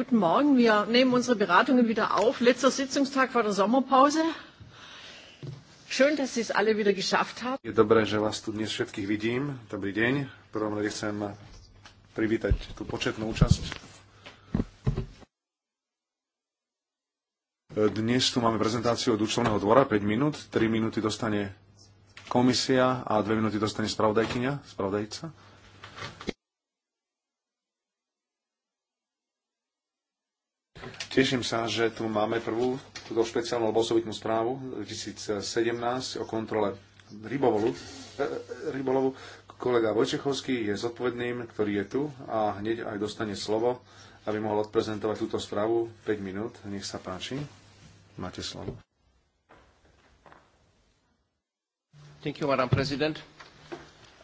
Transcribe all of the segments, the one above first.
Guten Morgen. Wir nehmen unsere Beratungen wieder auf. Letzter Sitzungstag vor der Sommerpause. Schön, dass Sie es alle wieder geschafft haben. Je dobré, že vás tu dnes všetkých vidím. Dobrý deň. prvom rade chcem privítať tú početnú účasť. Dnes tu máme prezentáciu od účtovného dvora, 5 minút. 3 minúty dostane komisia a 2 minúty dostane spravodajkyňa, spravodajca. Teším sa, že tu máme prvú túto špeciálnu alebo osobitnú správu 2017 o kontrole rybovolu, e, e, rybolovu. Kolega Vojčechovský je zodpovedným, ktorý je tu a hneď aj dostane slovo, aby mohol odprezentovať túto správu 5 minút. Nech sa páči. Máte slovo. Thank you, Madam President.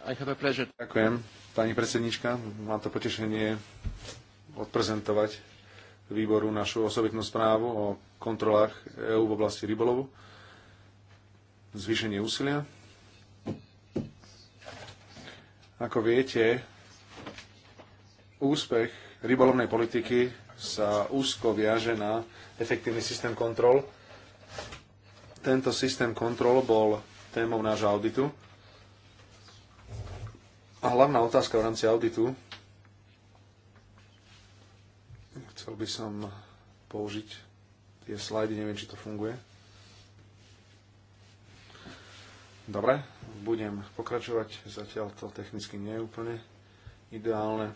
I have a pleasure. Ďakujem, pani predsednička. Mám to potešenie odprezentovať výboru našu osobitnú správu o kontrolách EÚ v oblasti rybolovu. Zvýšenie úsilia. Ako viete, úspech rybolovnej politiky sa úzko viaže na efektívny systém kontrol. Tento systém kontrol bol témou nášho auditu. A hlavná otázka v rámci auditu Chcel by som použiť tie slajdy, neviem, či to funguje. Dobre, budem pokračovať, zatiaľ to technicky nie je úplne ideálne.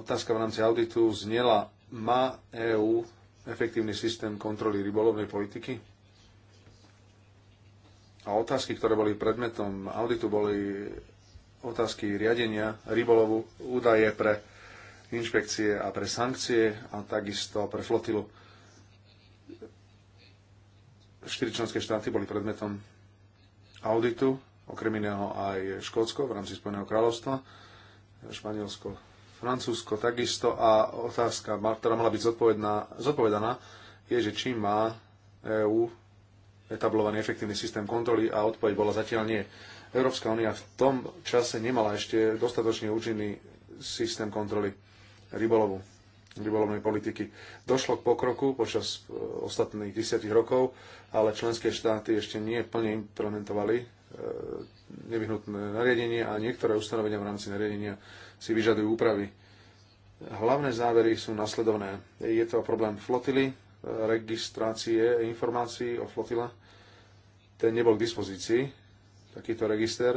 Otázka v rámci auditu znela, má EÚ efektívny systém kontroly rybolovnej politiky? A otázky, ktoré boli predmetom auditu, boli otázky riadenia rybolovu, údaje pre inšpekcie a pre sankcie a takisto pre flotilu. Štyri členské štáty boli predmetom auditu, okrem iného aj Škótsko v rámci Spojeného kráľovstva, Španielsko, Francúzsko takisto a otázka, ktorá mala byť zodpovedaná, je, že či má EÚ etablovaný efektívny systém kontroly a odpoveď bola zatiaľ nie. Európska únia v tom čase nemala ešte dostatočne účinný systém kontroly rybolovu, rybolovnej politiky. Došlo k pokroku počas e, ostatných desiatich rokov, ale členské štáty ešte nie plne implementovali e, nevyhnutné nariadenie a niektoré ustanovenia v rámci nariadenia si vyžadujú úpravy. Hlavné závery sú nasledovné. Je to problém flotily, e, registrácie informácií o flotile. Ten nebol k dispozícii, takýto register.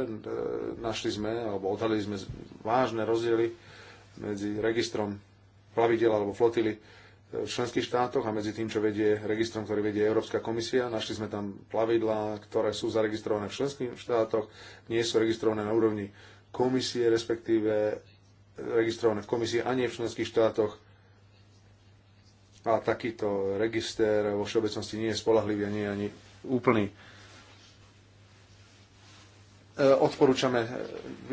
Našli sme, alebo odhalili sme vážne rozdiely medzi registrom plavidel alebo flotily e, v členských štátoch a medzi tým, čo vedie registrom, ktorý vedie Európska komisia. Našli sme tam plavidlá, ktoré sú zaregistrované v členských štátoch, nie sú registrované na úrovni komisie, respektíve e, registrované v komisii a nie v členských štátoch. A takýto register vo všeobecnosti nie je spolahlivý a nie je ani úplný. E, odporúčame e,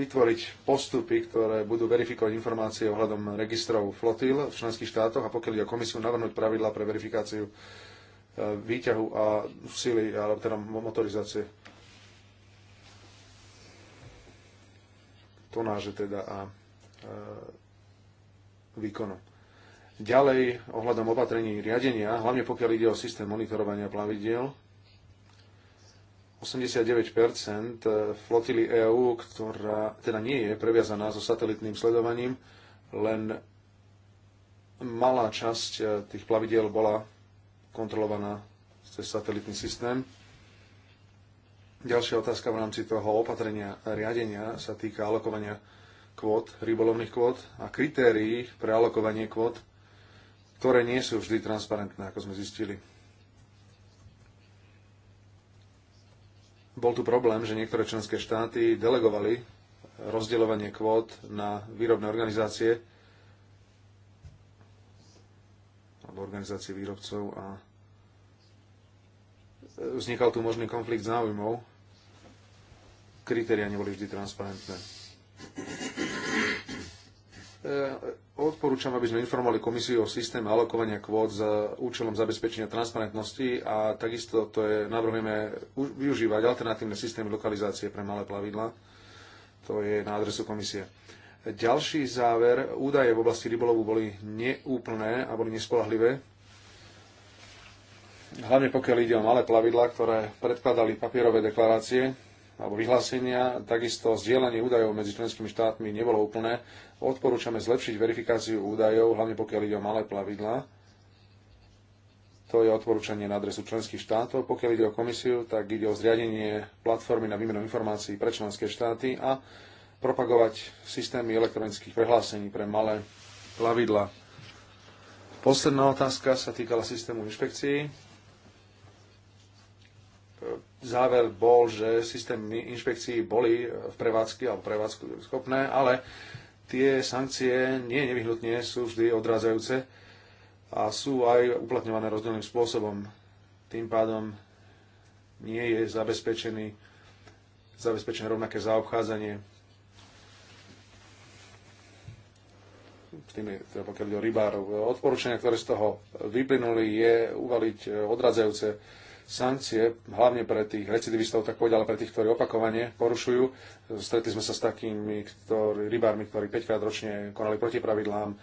vytvoriť postupy, ktoré budú verifikovať informácie ohľadom registrov flotil v členských štátoch a pokiaľ ide o komisiu navrhnúť pravidla pre verifikáciu e, výťahu a sily, alebo teda motorizácie. Tonáže teda a výkonu. Ďalej, ohľadom opatrení riadenia, hlavne pokiaľ ide o systém monitorovania plavidiel, 89 flotily EÚ, ktorá teda nie je previazaná so satelitným sledovaním, len malá časť eh, tých plavidiel bola kontrolovaná cez satelitný systém. Ďalšia otázka v rámci toho opatrenia riadenia sa týka alokovania kvót, rybolovných kvót a kritérií pre alokovanie kvót, ktoré nie sú vždy transparentné, ako sme zistili. Bol tu problém, že niektoré členské štáty delegovali rozdeľovanie kvót na výrobné organizácie alebo organizácie výrobcov a vznikal tu možný konflikt záujmov. Kritéria neboli vždy transparentné. Eh, odporúčam, aby sme informovali komisiu o systéme alokovania kvót za účelom zabezpečenia transparentnosti a takisto to je, navrhujeme využívať alternatívne systémy lokalizácie pre malé plavidla. To je na adresu komisie. Ďalší záver, údaje v oblasti rybolovu boli neúplné a boli nespolahlivé. Hlavne pokiaľ ide o malé plavidlá, ktoré predkladali papierové deklarácie, alebo vyhlásenia, takisto zdieľanie údajov medzi členskými štátmi nebolo úplné Odporúčame zlepšiť verifikáciu údajov, hlavne pokiaľ ide o malé plavidlá. To je odporúčanie na adresu členských štátov. Pokiaľ ide o komisiu, tak ide o zriadenie platformy na výmenu informácií pre členské štáty a propagovať systémy elektronických prehlásení pre malé plavidla. Posledná otázka sa týkala systému inšpekcií. Záver bol, že systémy inšpekcií boli v prevádzky alebo prevádzku schopné, ale tie sankcie nie nevyhnutne sú vždy odrádzajúce a sú aj uplatňované rozdielným spôsobom. Tým pádom nie je zabezpečený, zabezpečené rovnaké zaobchádzanie. tým je, teda pokiaľ ide o rybárov. Odporúčania, ktoré z toho vyplynuli, je uvaliť odradzajúce sankcie, hlavne pre tých recidivistov, tak povedať, ale pre tých, ktorí opakovane porušujú. Stretli sme sa s takými ktorý, rybármi, ktorí 5 krát ročne konali proti pravidlám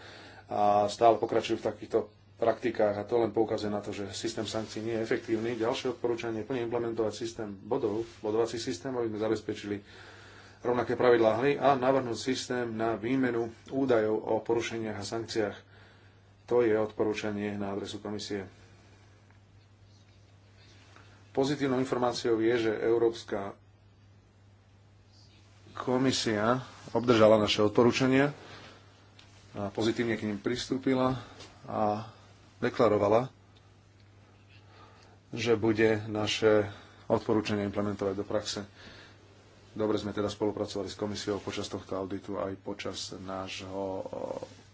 a stále pokračujú v takýchto praktikách a to len poukazuje na to, že systém sankcií nie je efektívny. Ďalšie odporúčanie je plne implementovať systém bodov, bodovací systém, aby sme zabezpečili rovnaké pravidlá hry a navrhnúť systém na výmenu údajov o porušeniach a sankciách. To je odporúčanie na adresu komisie. Pozitívnou informáciou je, že Európska komisia obdržala naše odporúčania a pozitívne k ním pristúpila a deklarovala, že bude naše odporúčania implementovať do praxe. Dobre sme teda spolupracovali s komisiou počas tohto auditu aj počas nášho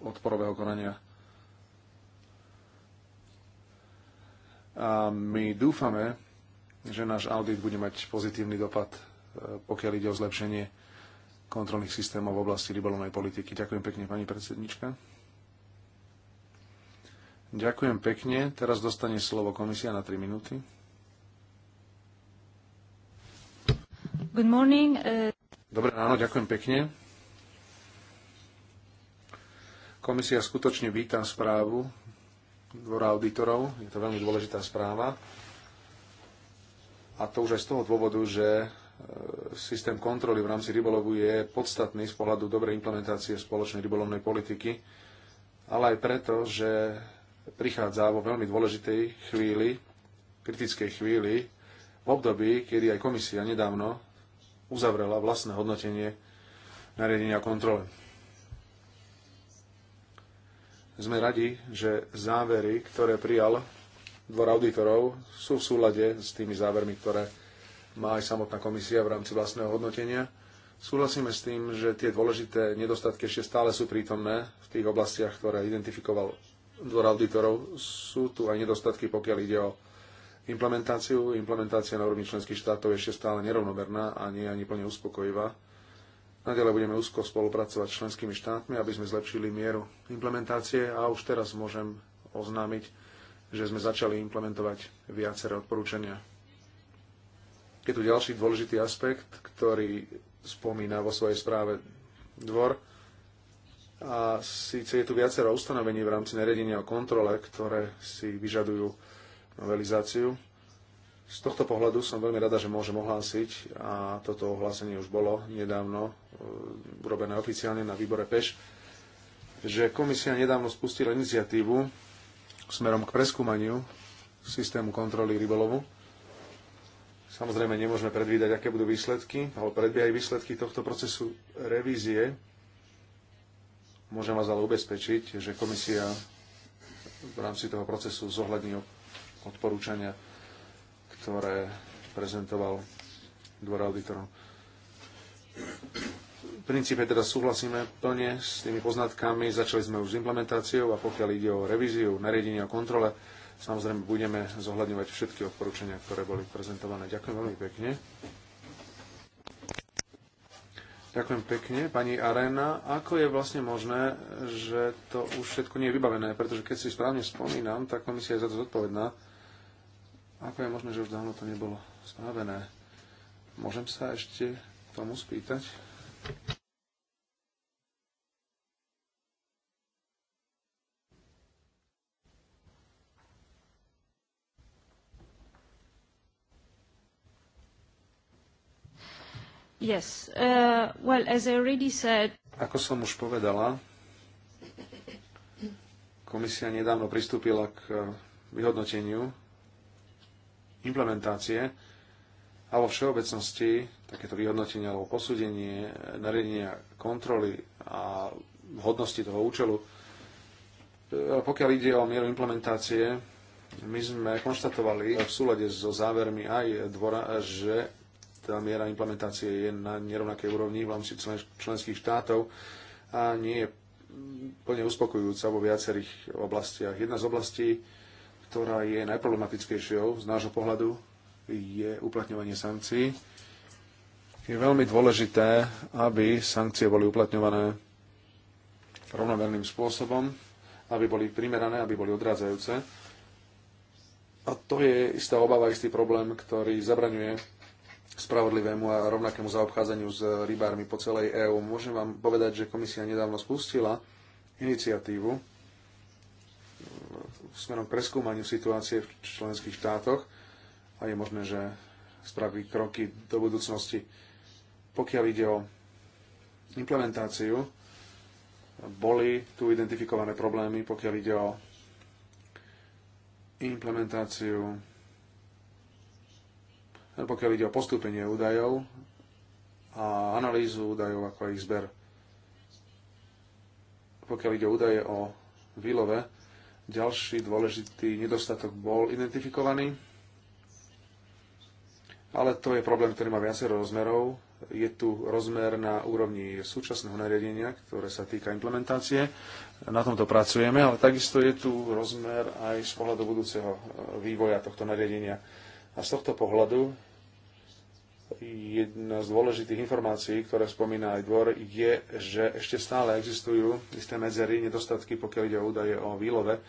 odporového konania. A my dúfame, že náš audit bude mať pozitívny dopad, e, pokiaľ ide o zlepšenie kontrolných systémov v oblasti rybolovnej politiky. Ďakujem pekne, pani predsednička. Ďakujem pekne. Teraz dostane slovo komisia na 3 minúty. Good morning. E, Dobre ráno, ďakujem pekne. Komisia skutočne víta správu dvora auditorov. Je to veľmi dôležitá správa. A to už aj z toho dôvodu, že e, systém kontroly v rámci rybolovu je podstatný z pohľadu dobrej implementácie spoločnej rybolovnej politiky, ale aj preto, že prichádza vo veľmi dôležitej chvíli, kritickej chvíli, v období, kedy aj komisia nedávno uzavrela vlastné hodnotenie nariadenia kontrole. Sme radi, že závery, ktoré prijal dvor auditorov sú v súlade s tými závermi, ktoré má aj samotná komisia v rámci vlastného hodnotenia. Súhlasíme s tým, že tie dôležité nedostatky ešte stále sú prítomné v tých oblastiach, ktoré identifikoval dvor auditorov. Sú tu aj nedostatky, pokiaľ ide o implementáciu. Implementácia na úrovni členských štátov je ešte stále nerovnomerná a nie ani plne uspokojivá. Naďalej budeme úzko spolupracovať s členskými štátmi, aby sme zlepšili mieru implementácie a už teraz môžem oznámiť, že sme začali implementovať viaceré odporúčania. Je tu ďalší dôležitý aspekt, ktorý spomína vo svojej správe dvor. A síce je tu viacero ustanovení v rámci nariadenia o kontrole, ktoré si vyžadujú novelizáciu. Z tohto pohľadu som veľmi rada, že môžem ohlásiť, a toto ohlásenie už bolo nedávno e, urobené oficiálne na výbore PEŠ, že komisia nedávno spustila iniciatívu smerom k preskúmaniu systému kontroly rybolovu. Samozrejme, nemôžeme predvídať, aké budú výsledky, ale predbiehaj výsledky tohto procesu revízie. Môžem vás ale ubezpečiť, že komisia v rámci toho procesu zohľadní odporúčania, ktoré prezentoval dvor auditorov princípe teda súhlasíme plne s tými poznatkami, začali sme už s implementáciou a pokiaľ ide o revíziu, nariadenie o kontrole, samozrejme budeme zohľadňovať všetky odporúčania, ktoré boli prezentované. Ďakujem veľmi pekne. Ďakujem pekne. Pani Arena, ako je vlastne možné, že to už všetko nie je vybavené? Pretože keď si správne spomínam, tak komisia je za to zodpovedná. Ako je možné, že už dávno to nebolo spravené? Môžem sa ešte tomu spýtať? Yes. Uh, well, as I already said... Ako som už povedala, komisia nedávno pristúpila k uh, vyhodnoteniu implementácie a vo všeobecnosti takéto vyhodnotenie alebo posúdenie eh, nariadenia kontroly a hodnosti toho účelu. Eh, pokiaľ ide o mieru implementácie, my sme konštatovali v súlade so závermi aj dvora, že tá miera implementácie je na nerovnakej úrovni v rámci členských štátov a nie je plne uspokojujúca vo viacerých oblastiach. Jedna z oblastí, ktorá je najproblematickejšou z nášho pohľadu, je uplatňovanie sankcií. Je veľmi dôležité, aby sankcie boli uplatňované rovnomerným spôsobom, aby boli primerané, aby boli odrádzajúce. A to je istá obava, istý problém, ktorý zabraňuje spravodlivému a rovnakému zaobchádzaniu s rybármi po celej EÚ. Môžem vám povedať, že komisia nedávno spustila iniciatívu smerom k preskúmaniu situácie v členských štátoch a je možné, že spraví kroky do budúcnosti. Pokiaľ ide o implementáciu, boli tu identifikované problémy, pokiaľ ide o implementáciu, pokiaľ ide o postúpenie údajov a analýzu údajov ako aj ich zber. Pokiaľ ide o údaje o výlove, ďalší dôležitý nedostatok bol identifikovaný ale to je problém, ktorý má viacero rozmerov. Je tu rozmer na úrovni súčasného nariadenia, ktoré sa týka implementácie. Na tomto pracujeme, ale takisto je tu rozmer aj z pohľadu budúceho e, vývoja tohto nariadenia. A z tohto pohľadu jedna z dôležitých informácií, ktoré spomína aj dvor, je, že ešte stále existujú isté medzery, nedostatky, pokiaľ ide o údaje o výlove e,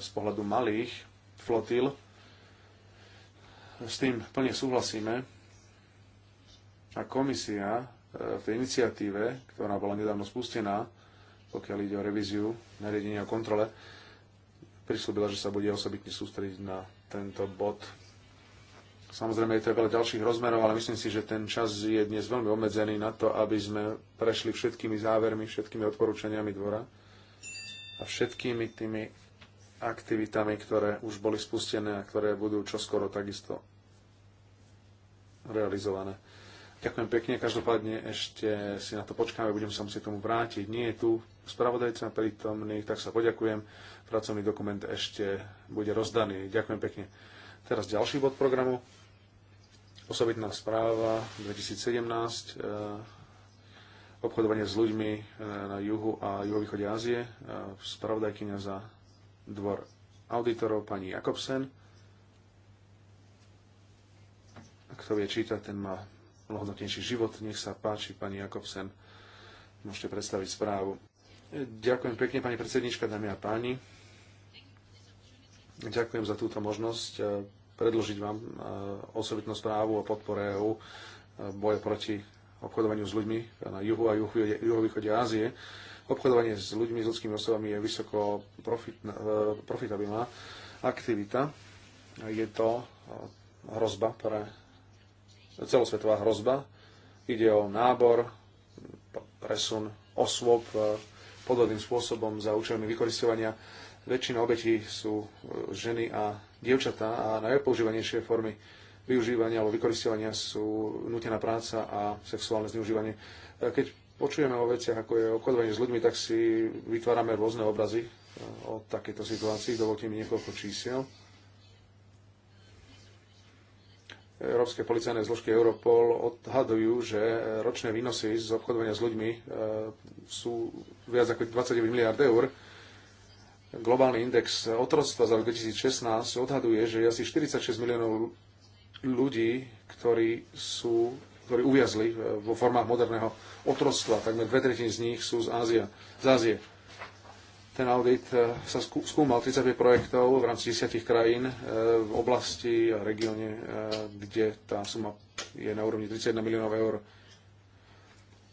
z pohľadu malých flotil, s tým plne súhlasíme. A komisia e, v tej iniciatíve, ktorá bola nedávno spustená, pokiaľ ide o revíziu nariadenia o kontrole, prislúbila, že sa bude osobitne sústrediť na tento bod. Samozrejme, je to veľa ďalších rozmerov, ale myslím si, že ten čas je dnes veľmi obmedzený na to, aby sme prešli všetkými závermi, všetkými odporúčaniami dvora a všetkými tými aktivitami, ktoré už boli spustené a ktoré budú čoskoro takisto realizované. Ďakujem pekne, každopádne ešte si na to počkáme, budem sa musieť tomu vrátiť. Nie je tu spravodajca prítomný, tak sa poďakujem. Pracovný dokument ešte bude rozdaný. Ďakujem pekne. Teraz ďalší bod programu. Osobitná správa 2017. E, obchodovanie s ľuďmi e, na juhu a juhovýchode Ázie. E, Spravodajkynia za dvor auditorov pani Jakobsen. Kto vie čítať, ten má plnohodnotnejší život. Nech sa páči, pani Jakobsen, môžete predstaviť správu. Ďakujem pekne, pani predsednička, dámy a páni. Ďakujem za túto možnosť eh, predložiť vám eh, osobitnú správu o podpore EU eh, boje proti obchodovaniu s ľuďmi na juhu a juhovýchode Ázie. Obchodovanie s ľuďmi, s ľudskými osobami je vysoko profit, e, profitabilná aktivita. Je to e, hrozba pre celosvetová hrozba. Ide o nábor, presun osôb e, podobným spôsobom za účelmi vykoristovania. Väčšina obetí sú ženy a dievčatá a najpoužívanejšie formy využívania alebo vykoristovania sú nutená práca a sexuálne zneužívanie. Keď počujeme o veciach, ako je obchodovanie s ľuďmi, tak si vytvárame rôzne obrazy e, o takejto situácii. Dovolte mi niekoľko čísiel. Európske policajné zložky Europol odhadujú, že ročné výnosy z obchodovania s ľuďmi e, sú viac ako 29 miliard eur. Globálny index otroctva za 2016 odhaduje, že je asi 46 miliónov ľudí, ktorí sú ktorí uviazli e, vo formách moderného otroctva. Takmer dve tretiny z nich sú z, Ázia, z Ázie. Ten audit e, sa skúmal 35 projektov v rámci 10 krajín e, v oblasti a regióne, kde tá suma je na úrovni 31 miliónov eur.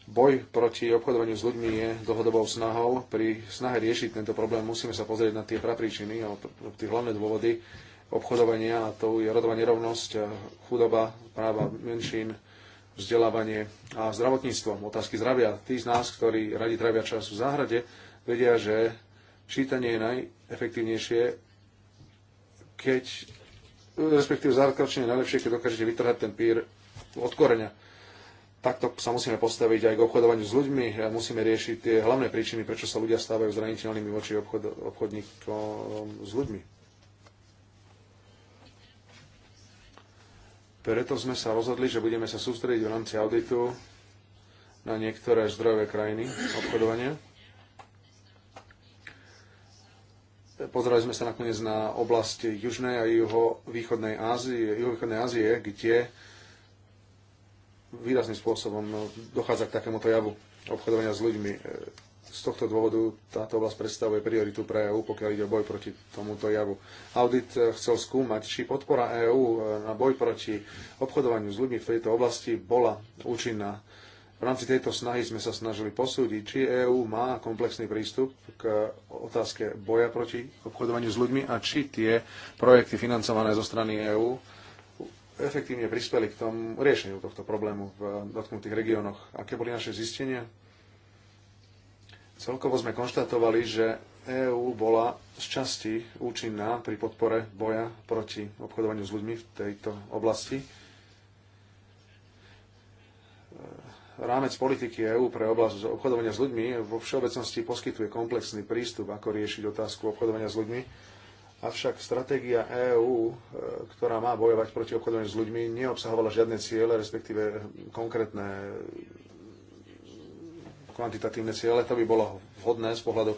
Boj proti obchodovaniu s ľuďmi je dlhodobou snahou. Pri snahe riešiť tento problém musíme sa pozrieť na tie prapríčiny, a tie hlavné dôvody obchodovania, a to je rodová nerovnosť, chudoba, práva menšín, vzdelávanie a zdravotníctvo, otázky zdravia. Tí z nás, ktorí radi trávia čas v záhrade, vedia, že čítanie je najefektívnejšie, keď respektíve zárodkočne je najlepšie, keď dokážete vytrhať ten pír od koreňa. Takto sa musíme postaviť aj k obchodovaniu s ľuďmi. Musíme riešiť tie hlavné príčiny, prečo sa ľudia stávajú zraniteľnými voči obchod, obchodníkom s ľuďmi. Preto sme sa rozhodli, že budeme sa sústrediť v rámci auditu na niektoré zdrojové krajiny obchodovania. Pozerali sme sa nakoniec na oblasti Južnej a Juhovýchodnej Ázie, Juhovýchodnej Ázie, kde výrazným spôsobom dochádza k takémuto javu obchodovania s ľuďmi z tohto dôvodu táto oblasť predstavuje prioritu pre EÚ, pokiaľ ide o boj proti tomuto javu. Audit e, chcel skúmať, či podpora EÚ e, na boj proti obchodovaniu s ľuďmi v tejto oblasti bola účinná. V rámci tejto snahy sme sa snažili posúdiť, či EÚ má komplexný prístup k otázke boja proti obchodovaniu s ľuďmi a či tie projekty financované zo strany EÚ efektívne prispeli k tomu riešeniu tohto problému v dotknutých regiónoch. Aké boli naše zistenia? Celkovo sme konštatovali, že EÚ bola z časti účinná pri podpore boja proti obchodovaniu s ľuďmi v tejto oblasti. Rámec politiky EÚ pre oblasť obchodovania s ľuďmi vo všeobecnosti poskytuje komplexný prístup, ako riešiť otázku obchodovania s ľuďmi. Avšak stratégia EÚ, ktorá má bojovať proti obchodovaniu s ľuďmi, neobsahovala žiadne ciele, respektíve konkrétne kvantitatívne ciele. To by bolo vhodné z pohľadu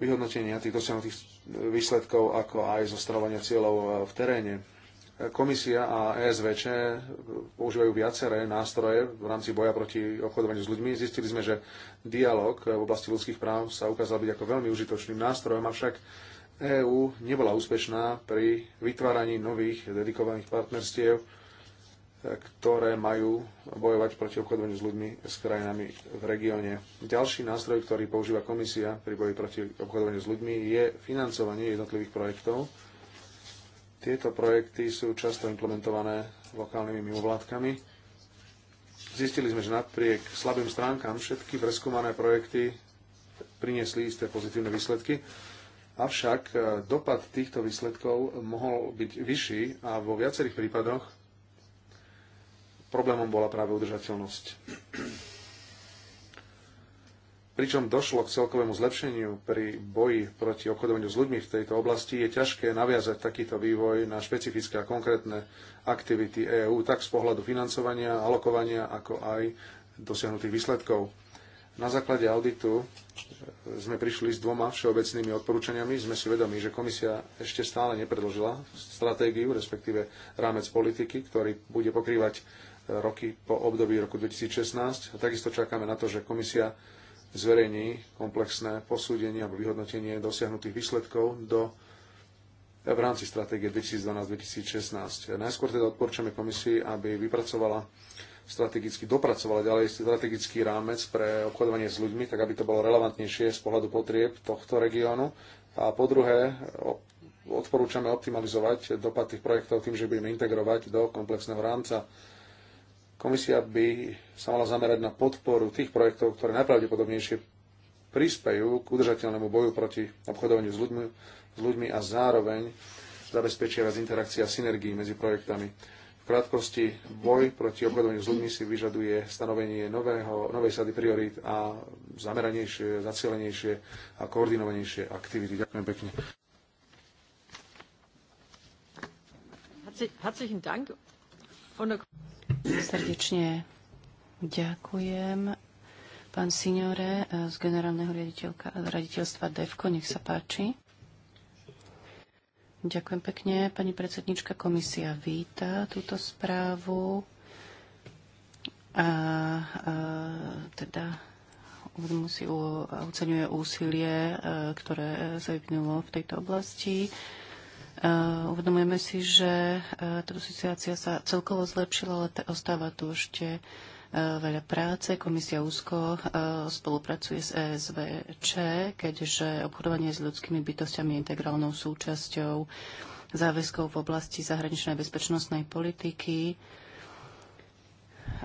vyhodnotenia tých dosiahnutých výsledkov, ako aj zostavovania cieľov e, v teréne. Komisia a ESVČ používajú viaceré nástroje v rámci boja proti obchodovaniu s ľuďmi. Zistili sme, že dialog v oblasti ľudských práv sa ukázal byť ako veľmi užitočným nástrojom, avšak EÚ nebola úspešná pri vytváraní nových dedikovaných partnerstiev ktoré majú bojovať proti obchodovaniu s ľuďmi s krajinami v regióne. Ďalší nástroj, ktorý používa komisia pri boji proti obchodovaniu s ľuďmi, je financovanie jednotlivých projektov. Tieto projekty sú často implementované lokálnymi mimovládkami. Zistili sme, že napriek slabým stránkam všetky preskúmané projekty priniesli isté pozitívne výsledky. Avšak dopad týchto výsledkov mohol byť vyšší a vo viacerých prípadoch problémom bola práve udržateľnosť. Pričom došlo k celkovému zlepšeniu pri boji proti obchodovaniu s ľuďmi v tejto oblasti, je ťažké naviazať takýto vývoj na špecifické a konkrétne aktivity EÚ, tak z pohľadu financovania, alokovania, ako aj dosiahnutých výsledkov. Na základe auditu e, sme prišli s dvoma všeobecnými odporúčaniami. Sme si vedomi, že komisia ešte stále nepredložila stratégiu, respektíve rámec politiky, ktorý bude pokrývať roky po období roku 2016. A takisto čakáme na to, že komisia zverejní komplexné posúdenie alebo vyhodnotenie dosiahnutých výsledkov do, v rámci stratégie 2012-2016. Najskôr teda odporúčame komisii, aby vypracovala strategicky dopracovala ďalej strategický rámec pre obchodovanie s ľuďmi, tak aby to bolo relevantnejšie z pohľadu potrieb tohto regiónu. A po druhé, odporúčame optimalizovať dopad tých projektov tým, že budeme integrovať do komplexného rámca Komisia by sa mala zamerať na podporu tých projektov, ktoré najpravdepodobnejšie prispejú k udržateľnému boju proti obchodovaniu s ľuďmi, s ľuďmi a zároveň zabezpečia viac interakcií a synergií medzi projektami. V krátkosti, boj proti obchodovaniu s ľuďmi si vyžaduje stanovenie nového, novej sady priorít a zameranejšie, zacielenejšie a koordinovanejšie aktivity. Ďakujem pekne. Herzlichen Dank. Srdečne ďakujem. Pán Signore eh, z generálneho raditeľstva DEVKO, nech sa páči. Ďakujem pekne. Pani predsednička komisia víta túto správu a, a teda musí, oceňuje úsilie, eh, ktoré eh, sa vyvinulo v tejto oblasti. Eh, uvedomujeme si, že eh, táto situácia sa celkovo zlepšila, ale ostáva tu ešte eh, veľa práce. Komisia úzko spolupracuje s ESVČ, keďže obchodovanie s ľudskými bytostiami je integrálnou súčasťou záväzkov v oblasti zahraničnej bezpečnostnej politiky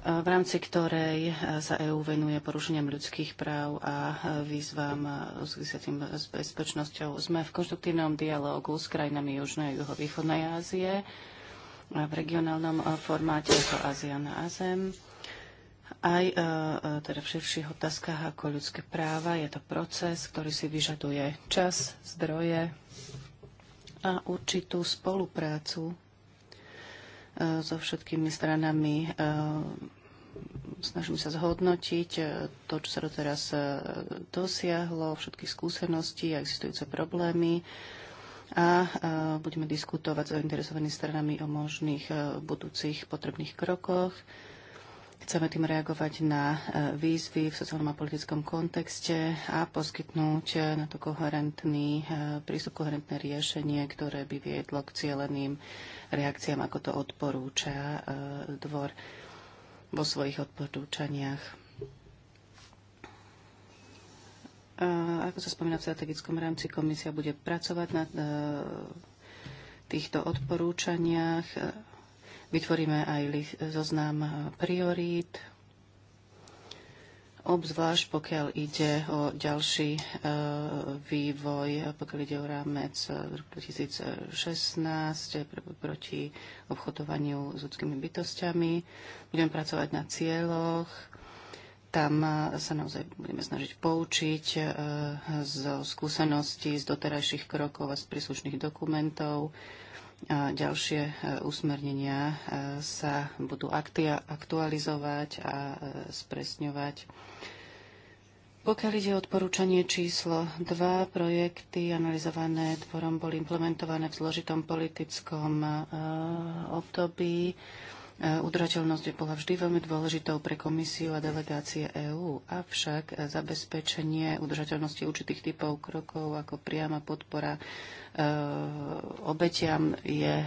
v rámci ktorej e, sa EÚ venuje porušeniam ľudských práv a e, výzvam e, súvisiacim s bezpečnosťou. Sme v konštruktívnom dialógu s krajinami Južnej a Juhovýchodnej Ázie v regionálnom formáte ako Ázia na Azem. Aj teda v širších otázkach ako ľudské práva je to proces, ktorý si vyžaduje čas, zdroje a určitú spoluprácu E, so všetkými stranami. E, Snažím sa zhodnotiť e, to, čo sa doteraz dosiahlo, všetky skúsenosti a existujúce problémy a budeme diskutovať s zainteresovanými stranami o možných budúcich potrebných krokoch. Chceme tým reagovať na e, výzvy v sociálnom a politickom kontexte a poskytnúť e, na to koherentný e, prístup, koherentné riešenie, ktoré by viedlo k cieleným reakciám, ako to odporúča dvor vo svojich odporúčaniach. Ako sa spomína v strategickom rámci, komisia bude pracovať na týchto odporúčaniach Vytvoríme aj zoznam eh, priorít, obzvlášť pokiaľ ide o ďalší eh, vývoj, pokiaľ ide o rámec eh, roku 2016 proti obchodovaniu s ľudskými bytostiami. Budeme pracovať na cieľoch, tam sa naozaj budeme snažiť poučiť zo skúseností z doterajších krokov a z príslušných dokumentov. Ďalšie e, usmernenia e, sa budú aktualizovať a e, spresňovať. Pokiaľ ide o odporúčanie číslo 2, projekty analyzované dvorom boli implementované v zložitom politickom období. Uh, Eh, udržateľnosť je bola vždy veľmi dôležitou pre komisiu a delegácie EÚ, avšak eh, zabezpečenie udržateľnosti určitých typov krokov ako priama podpora eh, obetiam je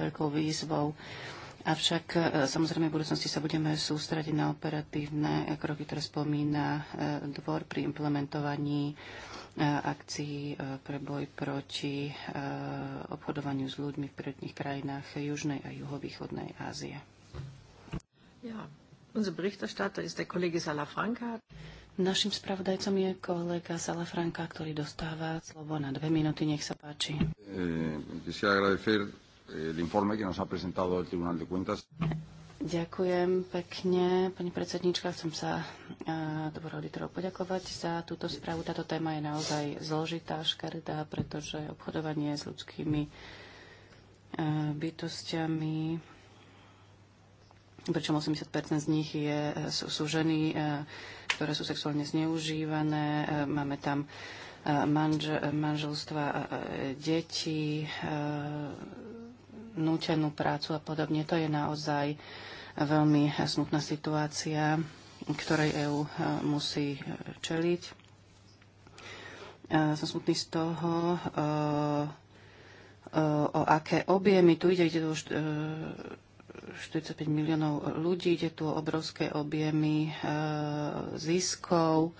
veľkou výzvou. Avšak e, samozrejme v budúcnosti sa budeme sústrediť na operatívne kroky, ktoré spomína e, dvor pri implementovaní e, akcií pre boj proti obchodovaniu s ľuďmi v prírodných krajinách Južnej a Juhovýchodnej Ázie. Ja, unser Berichterstatter ist der Kollege Salafranca. Našim spravodajcom je kolega Salafranca, ktorý dostáva slovo na dve minúty. Nech sa páči. E, el informe que nos ha presentado el Tribunal de Cuentas. Ďakujem pekne, pani predsednička. Chcem sa eh, dobrou auditorov poďakovať za túto správu. Táto téma je naozaj zložitá, škaredá, pretože obchodovanie s ľudskými eh, bytostiami, pričom 80 z nich je, eh, sú, sú ženy, ktoré sú sexuálne zneužívané. Máme tam manž, manželstva detí, nútenú prácu a podobne. To je naozaj veľmi smutná situácia, ktorej EÚ eh, musí eh, čeliť. Eh, som smutný z toho, o aké objemy tu ide. Ide tu 45 miliónov ľudí, ide tu o obrovské objemy ziskov,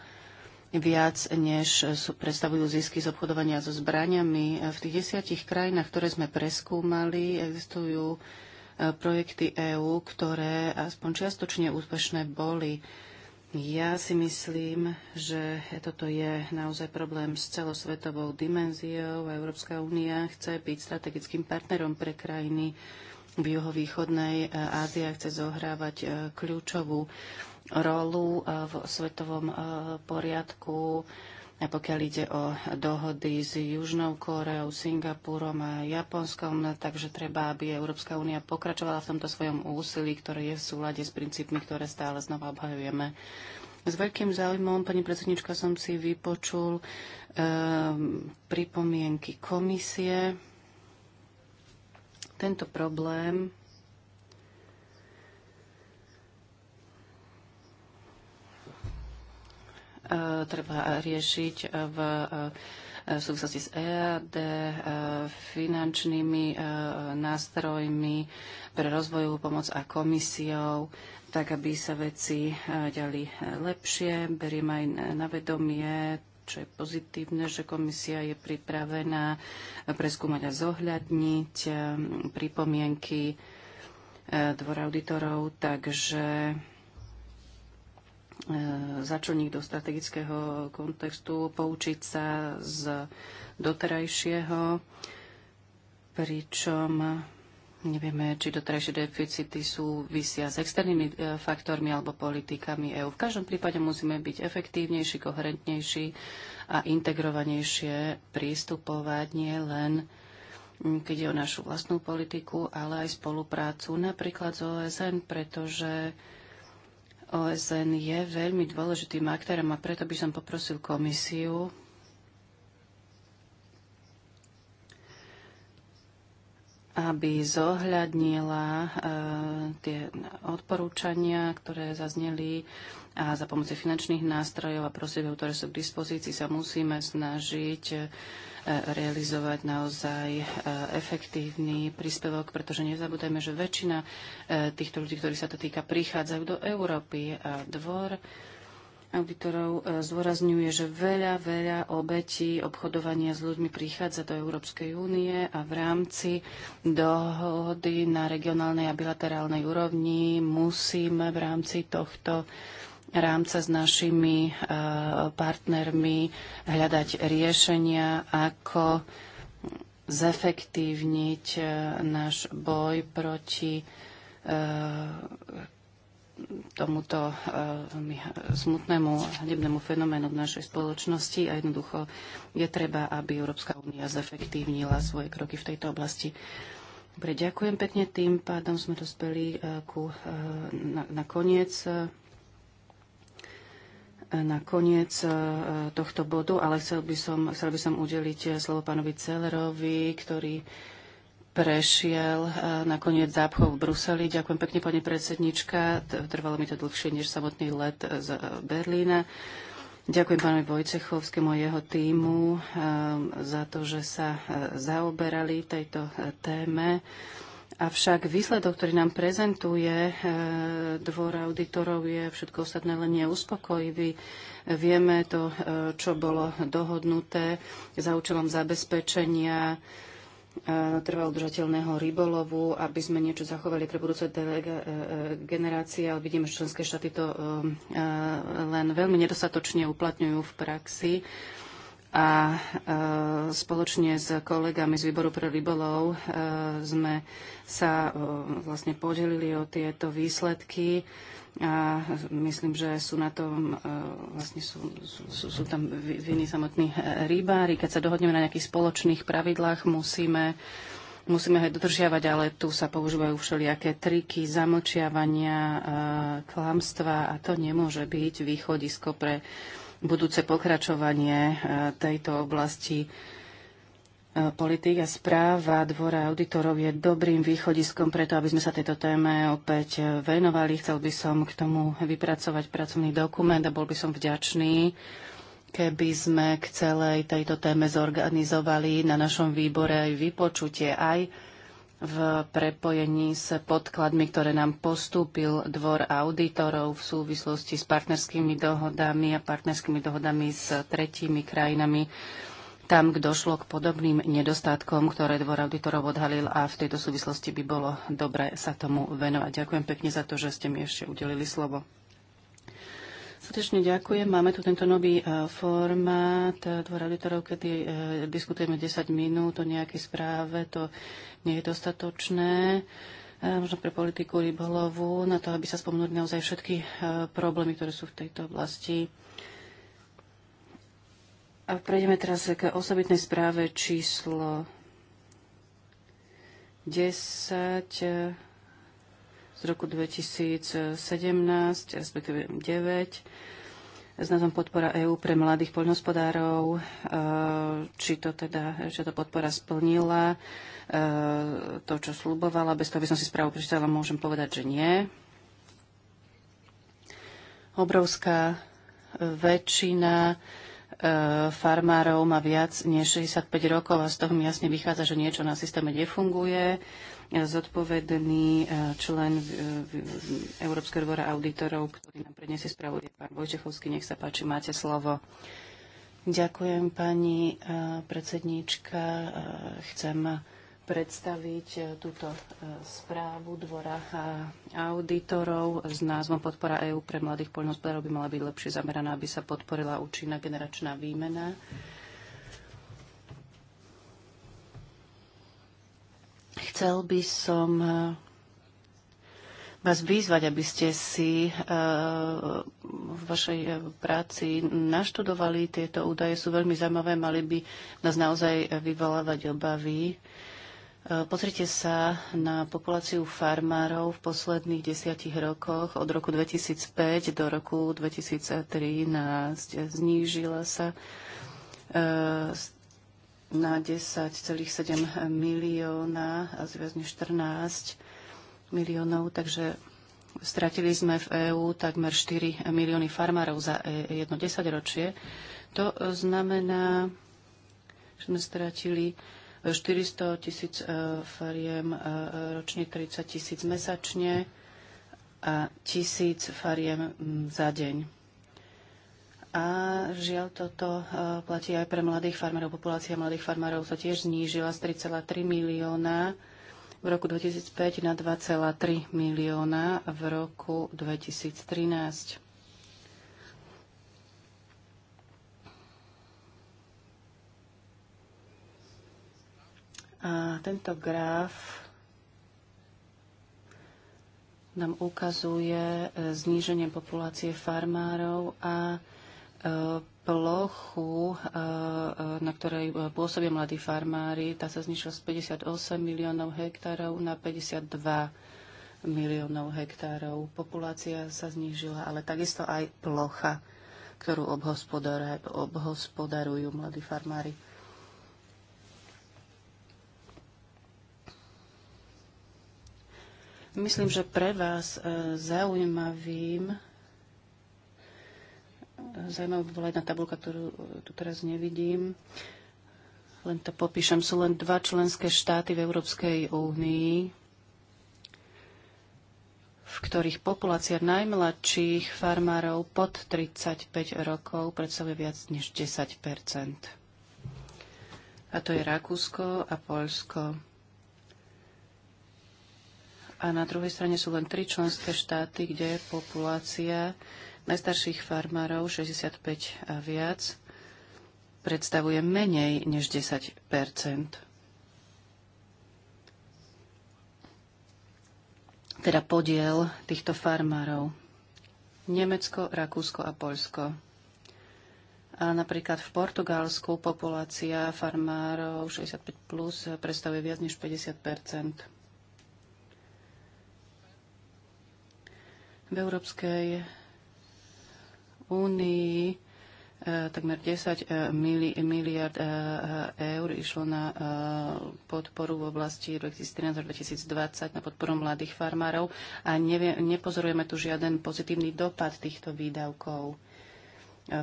viac, než sú, predstavujú zisky z obchodovania so zbraniami. V tých desiatich krajinách, ktoré sme preskúmali, existujú e, projekty EÚ, ktoré aspoň čiastočne úspešné boli. Ja si myslím, že toto je naozaj problém s celosvetovou dimenziou. Európska únia chce byť strategickým partnerom pre krajiny v juhovýchodnej e, Ázii a chce zohrávať e, kľúčovú rolu e, v svetovom e, poriadku, aj pokiaľ ide o dohody s Južnou Kóreou, Singapurom a Japonskom, takže treba, aby Európska únia pokračovala v tomto svojom úsilí, ktoré je v súlade s princípmi, ktoré stále znova obhajujeme. S veľkým záujmom, pani predsednička, som si vypočul um, pripomienky komisie. Tento problém E, treba riešiť v e, súvislosti s EAD, e, finančnými nástrojmi pre rozvojovú pomoc a komisiou, tak aby sa veci ďali lepšie. Beriem aj na vedomie čo je pozitívne, že komisia je pripravená preskúmať a zohľadniť pripomienky dvora auditorov, takže E, začleniť do strategického kontextu, poučiť sa z doterajšieho, pričom Nevieme, či doterajšie deficity súvisia s externými e, faktormi alebo politikami EÚ. V každom prípade musíme byť efektívnejší, koherentnejší a integrovanejšie prístupovať nie len keď je o našu vlastnú politiku, ale aj spoluprácu napríklad s OSN, pretože OSN je veľmi dôležitým aktérom a preto by som poprosil komisiu, aby zohľadnila eh, tie odporúčania, ktoré zazneli a za pomoci finančných nástrojov a prostriedkov, ktoré sú k dispozícii, sa musíme snažiť eh, realizovať naozaj eh, efektívny príspevok, pretože nezabúdajme, že väčšina týchto ľudí, ktorí sa to týka, prichádzajú do Európy. A dvor auditorov e, zdôrazňuje, že veľa, veľa obetí obchodovania s ľuďmi prichádza do Európskej únie a v rámci dohody na regionálnej a bilaterálnej úrovni musíme v rámci tohto rámca s našimi e, partnermi hľadať riešenia, ako zefektívniť e, náš boj proti tomuto e, smutnému hnebnému fenoménu v našej spoločnosti a jednoducho je treba, aby Európska únia zefektívnila svoje kroky v tejto oblasti. Dobre, ďakujem pekne. Tým pádom sme dospeli e, ku, e, na, na koniec na koniec tohto bodu, ale chcel by som, chcel by som udeliť slovo pánovi Celerovi, ktorý prešiel eh, nakoniec zápchou v Bruseli. Ďakujem pekne, pani predsednička. Trvalo mi to dlhšie než samotný let eh, z eh, Berlína. Ďakujem pánovi Vojcechovskému a jeho týmu za to, že sa zaoberali tejto téme. Avšak výsledok, ktorý nám prezentuje dvor auditorov, je všetko ostatné len neuspokojivý. Vieme to, čo bolo dohodnuté za účelom zabezpečenia trvalo udržateľného rybolovu, aby sme niečo zachovali pre budúce e, e, generácie, ale vidíme, že členské štáty to e, len veľmi nedostatočne uplatňujú v praxi. A spoločne s kolegami z výboru pre rybolov sme sa vlastne podelili o tieto výsledky a myslím, že sú na tom, e, vlastne sú, sú, sú tam viny samotní e, rybári. Keď sa dohodneme na nejakých spoločných pravidlách, musíme musíme ho dodržiavať, ale tu sa používajú všelijaké triky, zamlčiavania, e, klamstva a to nemôže byť východisko pre budúce pokračovanie e, tejto oblasti politik a správa Dvora auditorov je dobrým východiskom preto, aby sme sa tejto téme opäť venovali. Chcel by som k tomu vypracovať pracovný dokument a bol by som vďačný, keby sme k celej tejto téme zorganizovali na našom výbore aj vypočutie, aj v prepojení s podkladmi, ktoré nám postúpil dvor auditorov v súvislosti s partnerskými dohodami a partnerskými dohodami s tretími krajinami tam, kde došlo k podobným nedostatkom, ktoré dvor auditorov odhalil a v tejto súvislosti by bolo dobre sa tomu venovať. Ďakujem pekne za to, že ste mi ešte udelili slovo. Srdečne ďakujem. Máme tu tento nový e, formát e, dvora auditorov, kedy e, diskutujeme 10 minút o nejakej správe. To nie je dostatočné možno pre politiku rybolovu, na to, aby sa spomenuli naozaj všetky problémy, ktoré sú v tejto oblasti a prejdeme teraz k osobitnej správe číslo 10 eh, z roku 2017, respektíve 9, s názvom Podpora EÚ pre mladých poľnohospodárov, eh, či to teda, že to podpora splnila, eh, to, čo slúbovala. Bez toho, aby som si správu prečítala, môžem povedať, že nie. Obrovská väčšina E, farmárov má viac než 65 rokov a z toho mi jasne vychádza, že niečo na systéme nefunguje. E, zodpovedný e, člen Európskeho dvora auditorov, ktorý nám predniesie správu, je pán Vojtechovský. Nech sa páči, máte slovo. Ďakujem, pani predsedníčka. Chcem predstaviť e, túto e, správu dvora auditorov s názvom Podpora EÚ pre mladých poľnohospodárov by mala byť lepšie zameraná, aby sa podporila účinná generačná výmena. Chcel by som e, vás vyzvať, aby ste si v vašej práci naštudovali tieto údaje. Sú veľmi zaujímavé, mali by nás naozaj vyvolávať obavy. E, pozrite sa na populáciu farmárov v posledných desiatich rokoch. Od roku 2005 do roku 2013 znížila sa e, na 10,7 milióna a zviazne 14 miliónov, takže stratili sme v EÚ takmer 4 milióny farmárov za e, jedno desaťročie. To znamená, že sme stratili 400 tisíc e, fariem e, ročne, 30 tisíc mesačne a tisíc fariem za deň. A žiaľ, toto e, platí aj pre mladých farmárov. Populácia mladých farmárov sa tiež znížila z 3,3 milióna v roku 2005 na 2,3 milióna v roku 2013. A tento graf nám ukazuje e, zníženie populácie farmárov a e, plochu, e, na ktorej pôsobia mladí farmári, tá sa znišila z 58 miliónov hektárov na 52 miliónov hektárov. Populácia sa znížila, ale takisto aj plocha, ktorú obhospodarujú mladí farmári. Myslím, že pre vás e, zaujímavým zaujímavá bola jedna tabulka, ktorú e, tu teraz nevidím. Len to popíšem. Sú len dva členské štáty v Európskej únii, v ktorých populácia najmladších farmárov pod 35 rokov predstavuje viac než 10 A to je Rakúsko a Polsko. A na druhej strane sú len tri členské štáty, kde populácia najstarších farmárov 65 a viac predstavuje menej než 10 teda podiel týchto farmárov. Nemecko, Rakúsko a Poľsko. A napríklad v Portugalsku populácia farmárov 65 plus predstavuje viac než 50 V Európskej únii e, takmer 10 e, miliard e, eur išlo na podporu v oblasti 2013-2020 na podporu mladých farmárov a nevie, nepozorujeme tu žiaden pozitívny dopad týchto výdavkov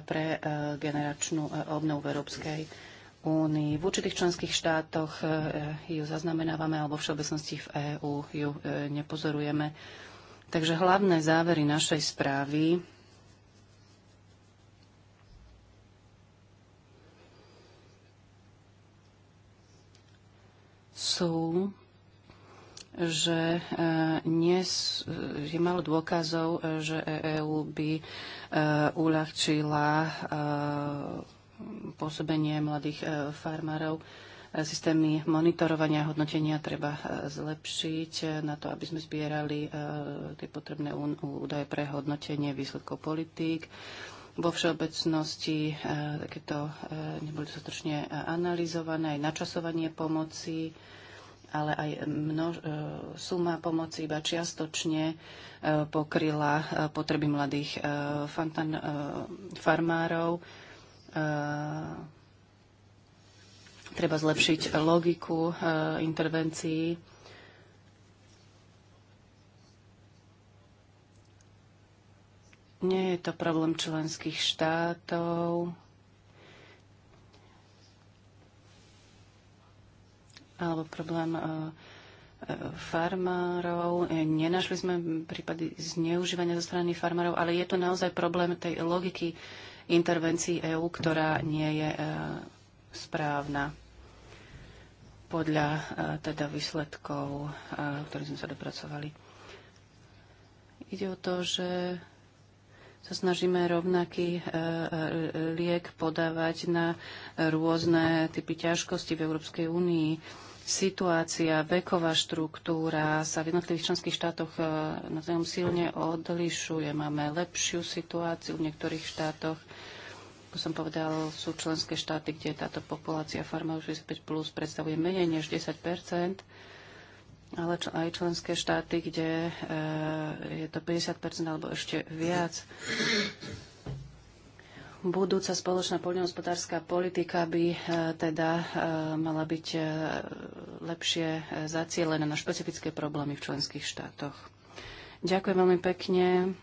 pre generačnú obnovu v Európskej únii. V určitých členských štátoch ju zaznamenávame alebo v všeobecnosti v EÚ ju nepozorujeme. Takže hlavné závery našej správy sú, že e, nie, je malo dôkazov, e, že EÚ e by uľahčila pôsobenie mladých farmárov E, systémy monitorovania a hodnotenia treba e, zlepšiť e, na to, aby sme zbierali tie potrebné údaje pre hodnotenie výsledkov politík vo všeobecnosti takéto neboli dostatočne analyzované, aj načasovanie pomoci, ale aj množ, suma pomoci iba čiastočne pokryla potreby mladých farmárov. Treba zlepšiť logiku e, intervencií. Nie je to problém členských štátov, alebo problém e, e, farmárov. Nenašli sme prípady zneužívania zo strany farmárov, ale je to naozaj problém tej logiky intervencií EÚ, ktorá nie je správna podľa e, teda výsledkov, e, ktorým sme sa dopracovali. Ide o to, že sa snažíme rovnaký e, liek podávať na rôzne typy ťažkosti v Európskej únii. Situácia, veková štruktúra sa v jednotlivých členských štátoch na silne odlišuje. Máme lepšiu situáciu v niektorých štátoch ako som povedal, sú členské štáty, kde táto populácia farma 65 plus predstavuje menej než 10 ale aj členské štáty, kde eh, je to 50 alebo ešte viac. Budúca spoločná poľnohospodárska politika by eh, teda eh, mala byť lepšie zacielená na špecifické problémy v členských štátoch. Ďakujem veľmi pekne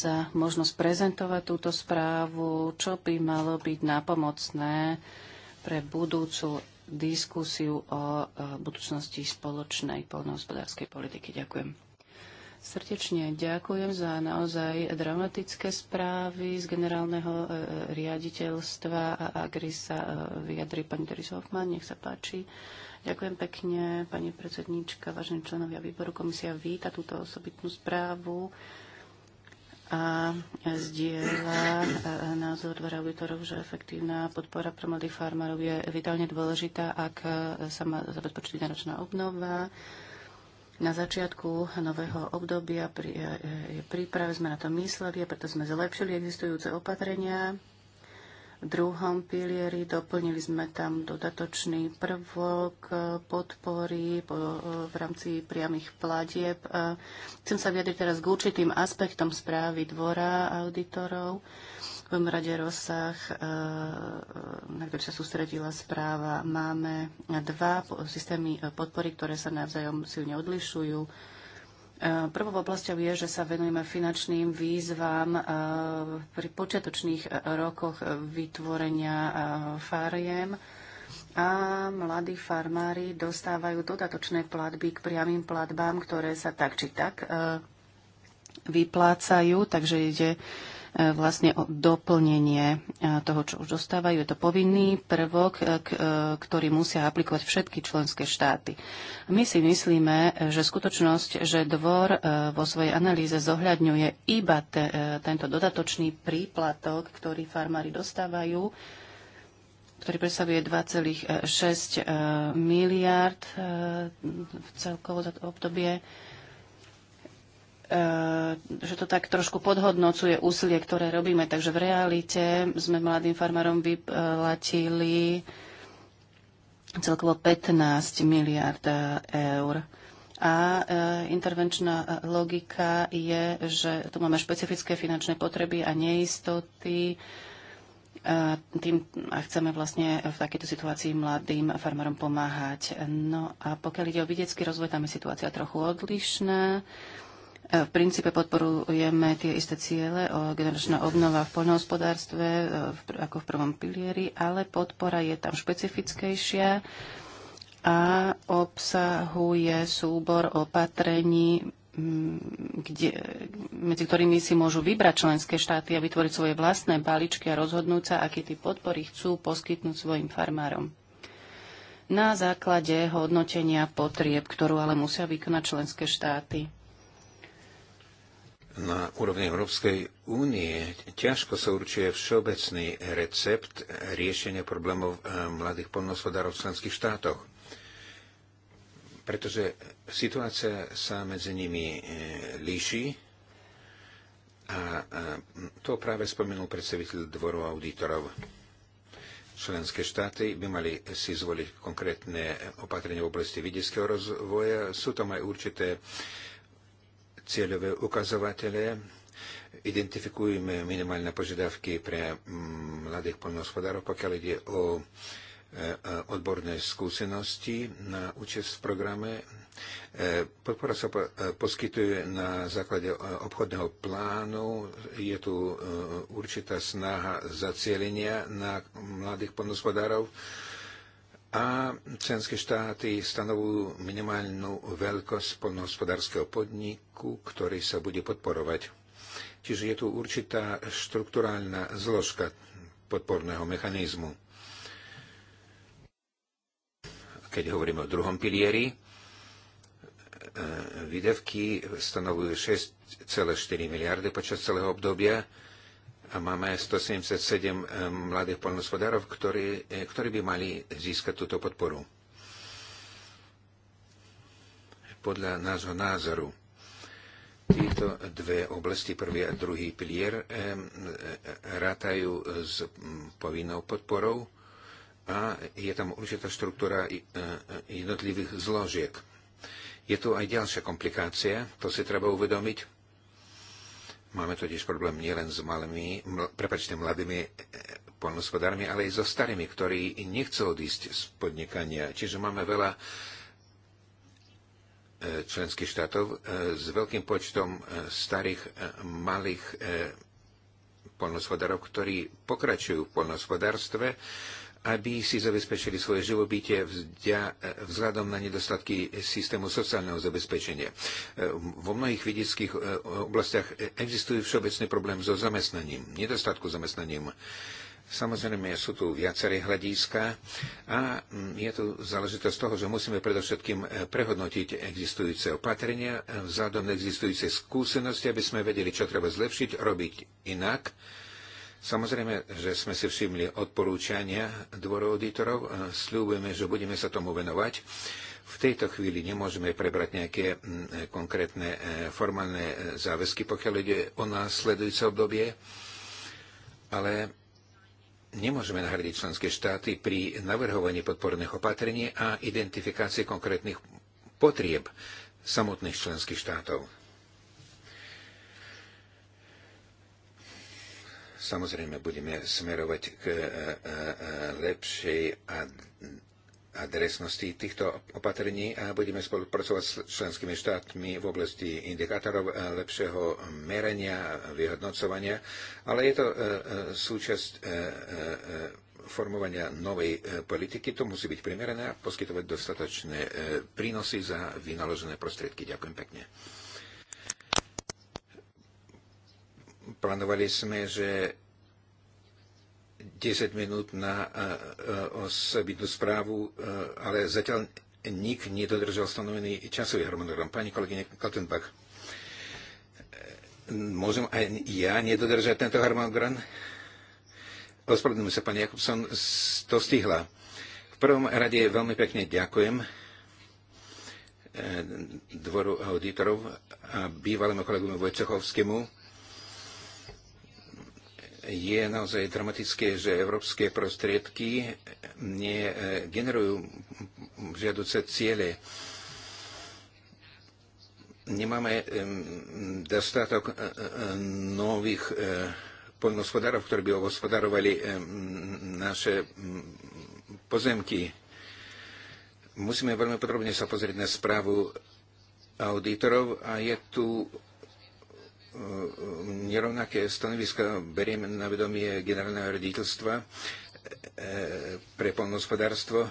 za možnosť prezentovať túto správu, čo by malo byť napomocné pre budúcu diskusiu o e, budúcnosti spoločnej poľnohospodárskej politiky. Ďakujem. Srdečne ďakujem za naozaj dramatické správy z generálneho e, e, riaditeľstva a Agri sa vyjadri pani Doris Hoffman, nech sa páči. Ďakujem pekne, pani predsedníčka, vážení členovia výboru. Komisia víta túto osobitnú správu a zdieľa e, názor dvora auditorov, že efektívna podpora pre mladých farmárov je vitálne dôležitá, ak e, sa má zabezpečiť náročná obnova. Na začiatku nového obdobia e, je príprave sme na to mysleli a preto sme zlepšili existujúce opatrenia druhom pilieri. Doplnili sme tam dodatočný prvok eh, podpory eh, v rámci priamých platieb. Eh, chcem sa vyjadriť teraz k určitým aspektom správy dvora auditorov. V prvom rade rozsah, na ktorý sa sústredila správa, máme dva systémy podpory, ktoré sa navzájom silne odlišujú Eh, prvou oblasťou je, že sa venujeme finančným výzvam eh, pri počiatočných eh, rokoch vytvorenia fariem a mladí farmári dostávajú dodatočné platby k priamým platbám, ktoré sa tak či tak vyplácajú, takže ide E, vlastne o doplnenie e, toho, čo už dostávajú. Je to povinný prvok, e, ktorý musia aplikovať všetky členské štáty. My si myslíme, že skutočnosť, že dvor vo svojej analýze zohľadňuje iba te, tento dodatočný príplatok, ktorý farmári dostávajú, ktorý predstavuje 2,6 miliard v celkovo za to obdobie, E, že to tak trošku podhodnocuje úsilie, ktoré robíme. Takže v realite sme mladým farmárom vyplatili celkovo 15 miliard e, eur. A e, intervenčná logika je, že tu máme špecifické finančné potreby a neistoty a, tým, a chceme vlastne v takejto situácii mladým farmárom pomáhať. No a pokiaľ ide o vidiecký rozvoj, tam je situácia trochu odlišná. E, v princípe podporujeme tie isté ciele o generačná obnova v poľnohospodárstve e, ako v prvom pilieri, ale podpora je tam špecifickejšia a obsahuje súbor opatrení, kde, medzi ktorými si môžu vybrať členské štáty a vytvoriť svoje vlastné balíčky a rozhodnúť sa, aký typ podpory chcú poskytnúť svojim farmárom na základe hodnotenia potrieb, ktorú ale musia vykonať členské štáty. Na úrovni Európskej únie ťažko sa určuje všeobecný recept riešenia problémov e, mladých polnohospodárov v členských štátoch, pretože situácia sa medzi nimi e, líši a e, to práve spomenul predstaviteľ dvoru auditorov. Členské štáty by mali si zvoliť konkrétne opatrenia v oblasti vidieckého rozvoja. Sú tam aj určité cieľové ukazovatele, identifikujeme minimálne požiadavky pre mladých poľnohospodárov, pokiaľ ide o odborné skúsenosti na účest v programe. Podpora sa poskytuje na základe obchodného plánu. Je tu určitá snaha zacielenia na mladých poľnohospodárov a členské štáty stanovujú minimálnu veľkosť poľnohospodárskeho podniku, ktorý sa bude podporovať. Čiže je tu určitá štruktúrálna zložka podporného mechanizmu. Keď hovoríme o druhom pilieri, e, výdavky stanovujú 6,4 miliardy počas celého obdobia máme 177 eh, mladých polnospodárov, ktorí, eh, ktorí by mali získať túto podporu. Podľa nášho názoru tieto dve oblasti, prvý a druhý pilier, eh, rátajú s mm, povinnou podporou a je tam určitá štruktúra jednotlivých zložiek. Je tu aj ďalšia komplikácia, to si treba uvedomiť. Máme totiž problém nielen s malými, ml, prepačte, mladými e, polnospodármi, ale aj so starými, ktorí nechcú odísť z podnikania. Čiže máme veľa e, členských štátov e, s veľkým počtom starých, malých polnospodárov, ktorí pokračujú v polnospodárstve, aby si zabezpečili svoje živobytie vzhľadom na nedostatky systému sociálneho zabezpečenia. Vo mnohých vidických e, oblastiach existuje všeobecný problém so zamestnaním, nedostatku zamestnaním. Samozrejme, sú tu viaceré hľadiska a mm, je tu záležitosť toho, že musíme predovšetkým e, prehodnotiť existujúce opatrenia e, vzhľadom na existujúce skúsenosti, aby sme vedeli, čo treba zlepšiť, robiť inak Samozrejme, že sme si všimli odporúčania dvoru auditorov. Sľúbujeme, že budeme sa tomu venovať. V tejto chvíli nemôžeme prebrať nejaké konkrétne e, formálne e, záväzky, pokiaľ ide o následujúce obdobie, ale nemôžeme nahradiť členské štáty pri navrhovaní podporných opatrení a identifikácii konkrétnych potrieb samotných členských štátov. Samozrejme, budeme smerovať k e, e, e, lepšej adresnosti týchto opatrení a budeme spolupracovať s členskými štátmi v oblasti indikátorov lepšieho merania, vyhodnocovania, ale je to súčasť formovania novej politiky. To musí byť primerané a poskytovať dostatočné prínosy za vynaložené prostriedky. Ďakujem pekne. plánovali sme, že 10 minút na e, e, osobitnú správu, e, ale zatiaľ nik nedodržal stanovený časový harmonogram. Pani kolegyne Kaltenbach, môžem aj ja nedodržať tento harmonogram? Ospravedlňujem sa, pani Jakobson, to stihla. V prvom rade veľmi pekne ďakujem dvoru auditorov a bývalému kolegovi Vojcechovskému je naozaj dramatické, že európske prostriedky negenerujú žiaduce ciele. Nemáme dostatok nových poľnohospodárov, ktorí by obospodarovali naše pozemky. Musíme veľmi podrobne sa pozrieť na správu auditorov a je tu nerovnaké stanoviska beriem na vedomie generálneho rediteľstva e, pre polnohospodárstvo.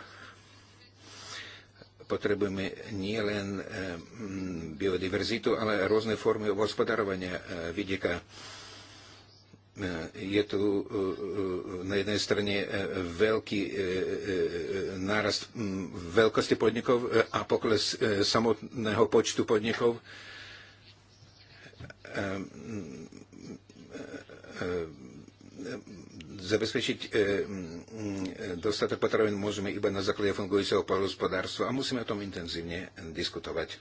Potrebujeme nielen e, biodiverzitu, ale rôzne formy hospodárovania e, vidieka. Je tu na jednej strane veľký nárast veľkosti podnikov a pokles samotného počtu podnikov Ehm, ehm, ehm, zabezpečiť dostatok potravín môžeme iba na základe fungujúceho poľnohospodárstva a musíme o tom intenzívne diskutovať.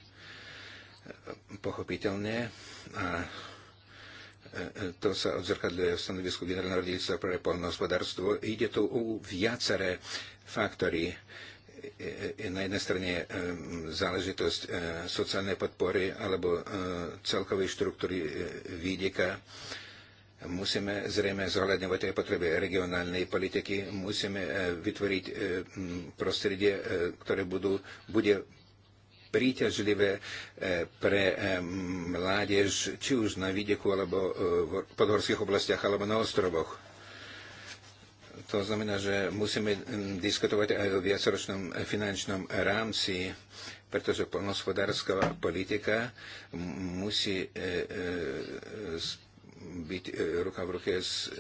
Pochopiteľne a e, e, to sa odzrkadľuje v stanovisku generálneho riaditeľstva pre poľnohospodárstvo. Ide tu o viaceré faktory na jednej strane záležitosť sociálnej podpory alebo celkovej štruktúry e, výdeka. Musíme zrejme zohľadňovať aj potreby regionálnej politiky, musíme e, vytvoriť e, prostredie, ktoré budú, bude príťažlivé pre mládež, či už na výdeku, alebo v podhorských oblastiach, alebo na ostrovoch. To znamená, že musíme hm, diskutovať aj o viacročnom eh, finančnom rámci, pretože polnospodárska politika musí eh, eh, byť ruka v ruke s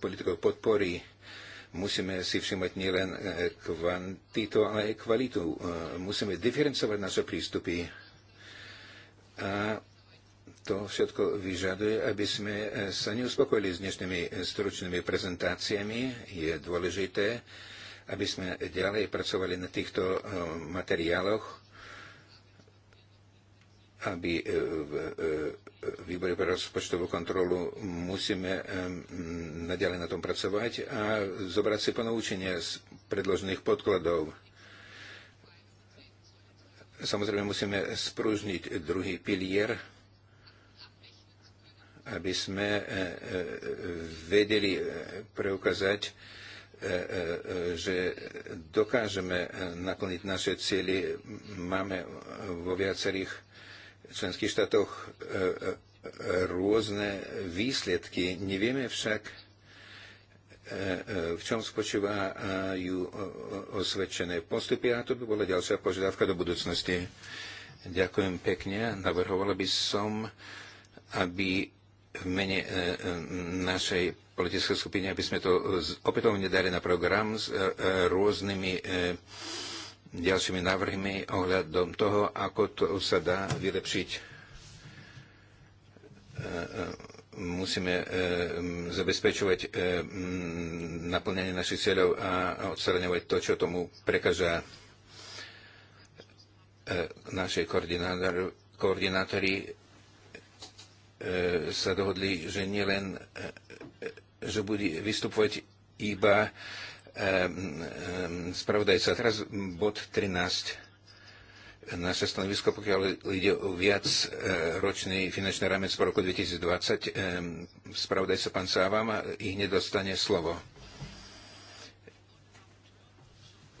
politikou podpory. Musíme si všimať nielen kvantitu, ale aj kvalitu. Musíme diferencovať naše prístupy a to všetko vyžaduje, aby sme e, sa neuspokojili s dnešnými e, stručnými prezentáciami. Je dôležité, aby sme ďalej pracovali na týchto e, materiáloch, aby v výbore pre rozpočtovú kontrolu musíme naďalej na tom pracovať a zobrať si ponaučenie z predložených podkladov. Samozrejme musíme sprúžniť druhý pilier aby sme e, e, vedeli e, preukázať, že dokážeme naplniť naše cieľy. Máme vo viacerých členských štátoch rôzne výsledky. Nevieme však, v čom spočívajú osvedčené postupy a to by bola ďalšia požiadavka do budúcnosti. Ďakujem pekne. Navrhovala by som, aby v mene e, e, našej politickej skupiny, aby sme to opätovne dali na program s e, rôznymi ďalšími návrhmi ohľadom toho, ako to sa dá vylepšiť. Musíme zabezpečovať naplnenie našich cieľov a odstraňovať to, čo tomu prekaža naši koordinátori E, sa dohodli, že nielen, e, e, že bude vystupovať iba spravodajca. Teraz bod 13. Naše stanovisko, pokiaľ ide o viac ročný finančný rámec po roku 2020, sa pán Sávam i ich nedostane slovo.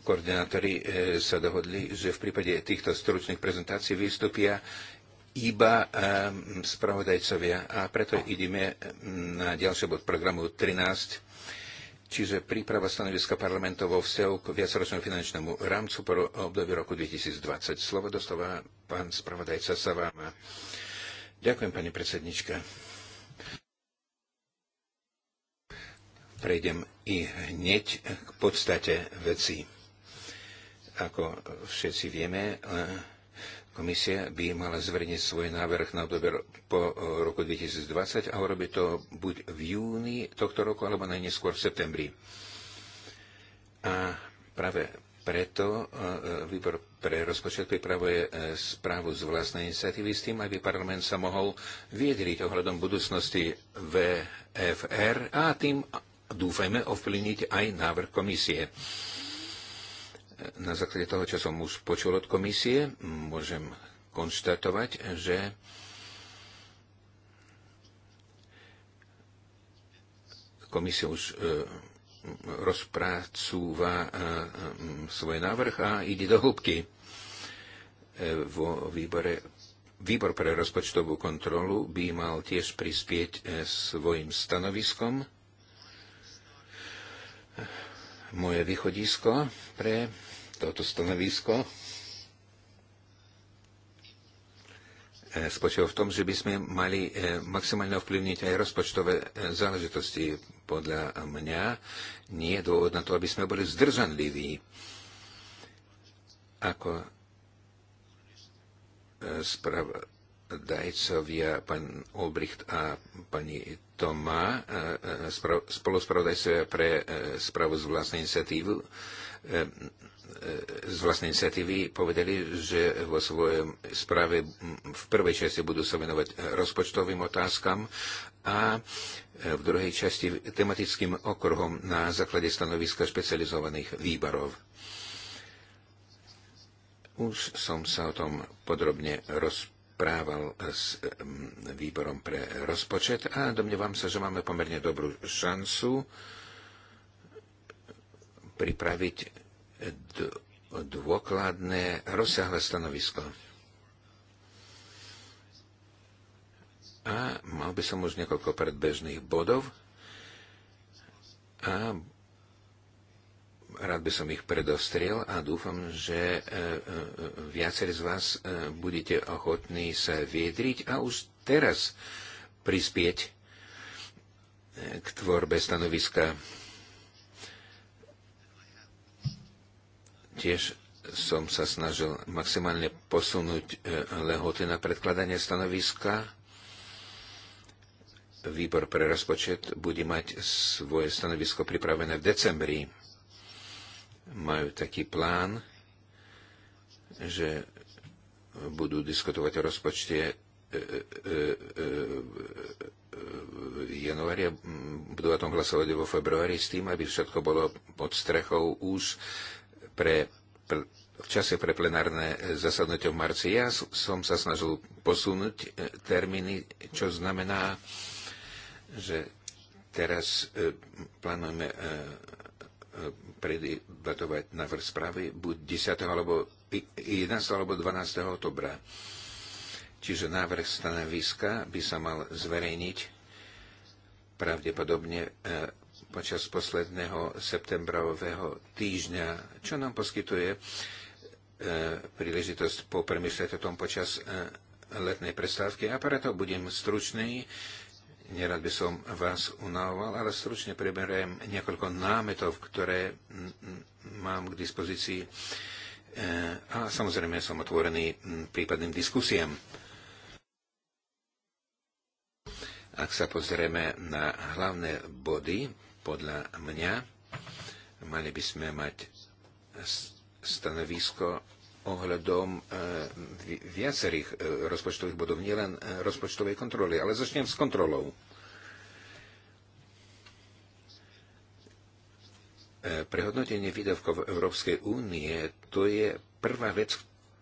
Koordinátori sa dohodli, že v prípade týchto stručných prezentácií vystúpia iba ehm, spravodajcovia a preto ideme ehm, na ďalší bod programu 13, čiže príprava stanoviska parlamentov vo vzťahu k viacročnému finančnému rámcu pro obdobie roku 2020. Slovo dostáva pán spravodajca Saváma. Ďakujem, pani predsednička. Prejdem i hneď k podstate veci. Ako všetci vieme, eh, Komisia by mala zverejniť svoj návrh na obdobie po eh, roku 2020 a urobiť to buď v júni tohto roku, alebo najneskôr v septembri. A práve preto eh, výbor pre rozpočet pripravuje eh, správu z vlastnej iniciatívy s tým, aby parlament sa mohol viedriť ohľadom budúcnosti VFR a tým dúfajme ovplyvniť aj návrh komisie. Na základe toho, čo som už počul od komisie, môžem konštatovať, že komisia už e, rozpracúva e, svoj návrh a ide do hĺbky. E, vo výbore, výbor pre rozpočtovú kontrolu by mal tiež prispieť svojim stanoviskom. Moje východisko pre toto stanovisko e, spočíval v tom, že by sme mali e, maximálne ovplyvniť aj rozpočtové e, záležitosti. Podľa mňa nie je dôvod na to, aby sme boli zdržanliví. Ako spravodajcovia pán Olbricht a pani Toma, spoluspravodajcovia pre spravu z vlastnej iniciatívy, E, z vlastnej iniciatívy povedali, že vo svojom správe v prvej časti budú sa venovať rozpočtovým otázkam a e, v druhej časti tematickým okruhom na základe stanoviska špecializovaných výborov. Už som sa o tom podrobne rozprával s e, výborom pre rozpočet a domnievam sa, že máme pomerne dobrú šancu pripraviť dôkladné, rozsiahle stanovisko. A mal by som už niekoľko predbežných bodov a rád by som ich predostrel a dúfam, že e, e, viacerí z vás e, budete ochotní sa viedriť a už teraz prispieť k tvorbe stanoviska Tiež som sa snažil maximálne posunúť e, lehoty na predkladanie stanoviska. Výbor pre rozpočet bude mať svoje stanovisko pripravené v decembri. Majú taký plán, že budú diskutovať o rozpočte e, e, v a budú o tom hlasovať vo februári s tým, aby všetko bolo pod strechou už pre, pre v čase pre plenárne zasadnutie v marci. Ja som sa snažil posunúť e, termíny, čo znamená, že teraz e, plánujeme e, predebatovať návrh správy buď 10. alebo 11. alebo 12. oktobra. Čiže návrh stanoviska by sa mal zverejniť pravdepodobne počas posledného septembrového týždňa, čo nám poskytuje e, príležitosť popremýšľať o tom počas e, letnej prestávky a preto budem stručný. Nerad by som vás unával, ale stručne preberiem niekoľko námetov, ktoré mám k dispozícii e, a samozrejme som otvorený prípadným diskusiám. Ak sa pozrieme na hlavné body, podľa mňa mali by sme mať stanovisko ohľadom e, viacerých e, rozpočtových bodov, nielen e, rozpočtovej kontroly, ale začnem s kontrolou. Prehodnotenie výdavkov Európskej únie to je prvá vec,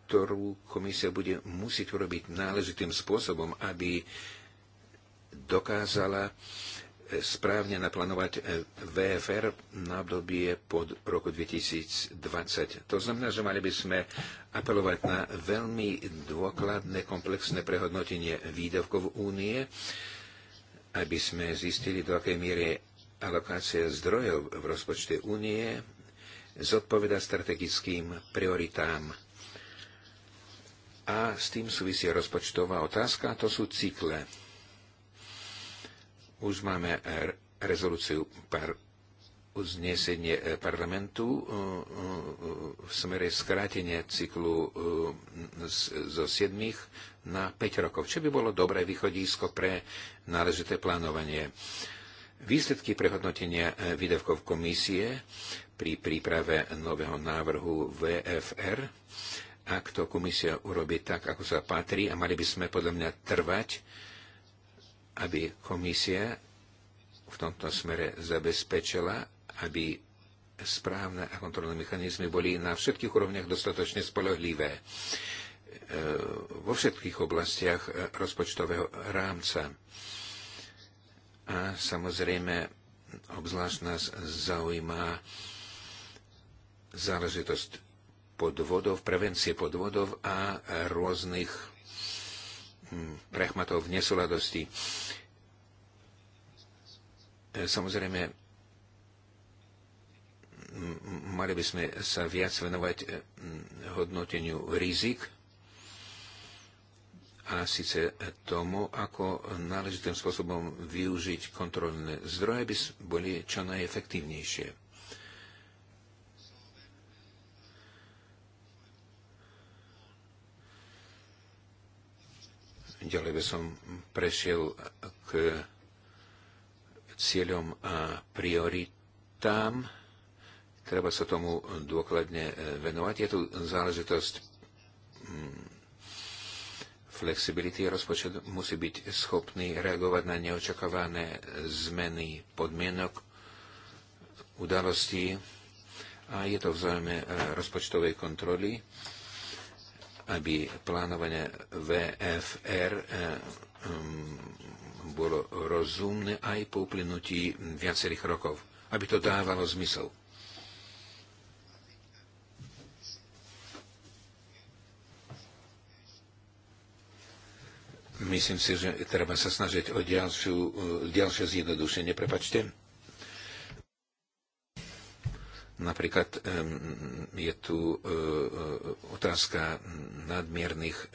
ktorú komisia bude musieť urobiť náležitým spôsobom, aby dokázala uh, správne naplánovať e, VFR na obdobie pod roku 2020. To znamená, že mali by sme apelovať na veľmi dôkladné komplexné prehodnotenie výdavkov únie, aby sme zistili, do akej miery alokácia zdrojov v rozpočte únie zodpoveda strategickým prioritám. A s tým súvisí rozpočtová otázka, to sú cykle už máme e, rezolúciu par uznesenie e, parlamentu e, v smere skrátenia cyklu zo 7 na 5 rokov, čo by bolo dobré východisko pre náležité plánovanie. Výsledky prehodnotenia výdavkov komisie pri príprave nového návrhu VFR, ak to komisia urobí tak, ako sa patrí, a mali by sme podľa mňa trvať aby komisia v tomto smere zabezpečila, aby správne a kontrolné mechanizmy boli na všetkých úrovniach dostatočne spolehlivé e, vo všetkých oblastiach e, rozpočtového rámca. A samozrejme, obzvlášť nás zaujíma záležitosť podvodov, prevencie podvodov a rôznych prechmatov v nesúladosti. E, samozrejme, mali by sme sa viac venovať e, hodnoteniu rizik a síce tomu, ako náležitým spôsobom využiť kontrolné zdroje, by boli čo najefektívnejšie. Ďalej by som prešiel k cieľom a prioritám. Treba sa tomu dôkladne venovať. Je tu záležitosť hm, flexibility. Rozpočet musí byť schopný reagovať na neočakávané zmeny podmienok, udalostí a je to v záujme eh, rozpočtovej kontroly aby plánovanie VFR eh, mm, bolo rozumné aj po uplynutí viacerých rokov, aby to dávalo zmysel. Myslím si, že treba sa snažiť o ďalšiu, eh, ďalšie zjednodušenie. Prepačte. Napríklad je tu e, e, otázka nadmiernych e,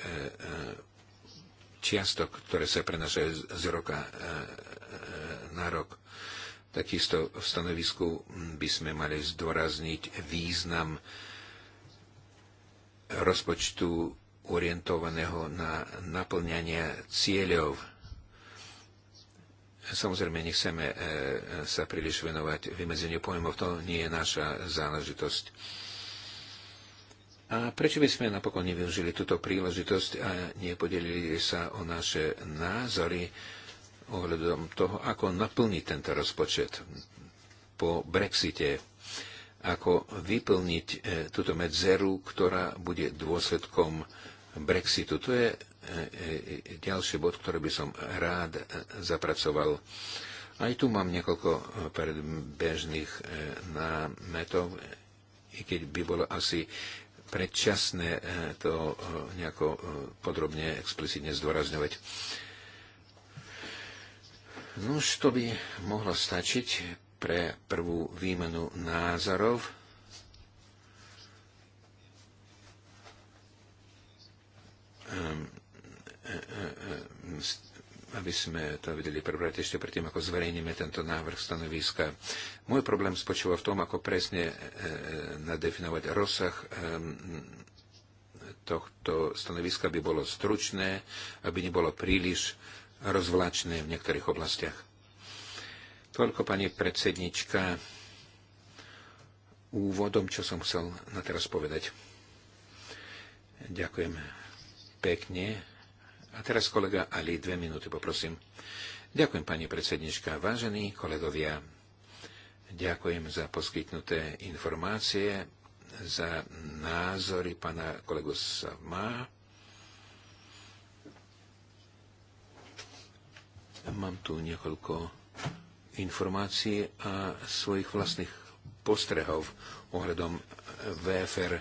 čiastok, ktoré sa prenašajú z roka na rok. Takisto v stanovisku by sme mali zdôrazniť význam rozpočtu orientovaného na naplňanie cieľov Samozrejme, nechceme e, sa príliš venovať vymedzeniu pojmov, to nie je naša záležitosť. A prečo by sme napokon nevyužili túto príležitosť a nepodelili sa o naše názory ohľadom toho, ako naplniť tento rozpočet po Brexite, ako vyplniť e, túto medzeru, ktorá bude dôsledkom Brexitu. To je E, e, e, ďalší bod, ktorý by som rád zapracoval. Aj tu mám niekoľko predbežných námetov, i keď by bolo asi predčasné to nejako podrobne, explicitne zdôrazňovať. No už to by mohlo stačiť pre prvú výmenu názorov. Um, E, e, e, aby sme to vedeli prebrať ešte predtým, ako zverejníme tento návrh stanoviska. Môj problém spočíva v tom, ako presne nadefinovať rozsah tohto stanoviska, aby bolo stručné, aby nebolo príliš rozvlačné v niektorých oblastiach. Toľko, pani predsednička, úvodom, čo som chcel na teraz povedať. Ďakujem pekne a teraz kolega Ali, dve minúty poprosím. Ďakujem, pani predsednička. Vážení kolegovia, ďakujem za poskytnuté informácie, za názory pana kolegu Savma. Mám tu niekoľko informácií a svojich vlastných postrehov ohľadom VFR.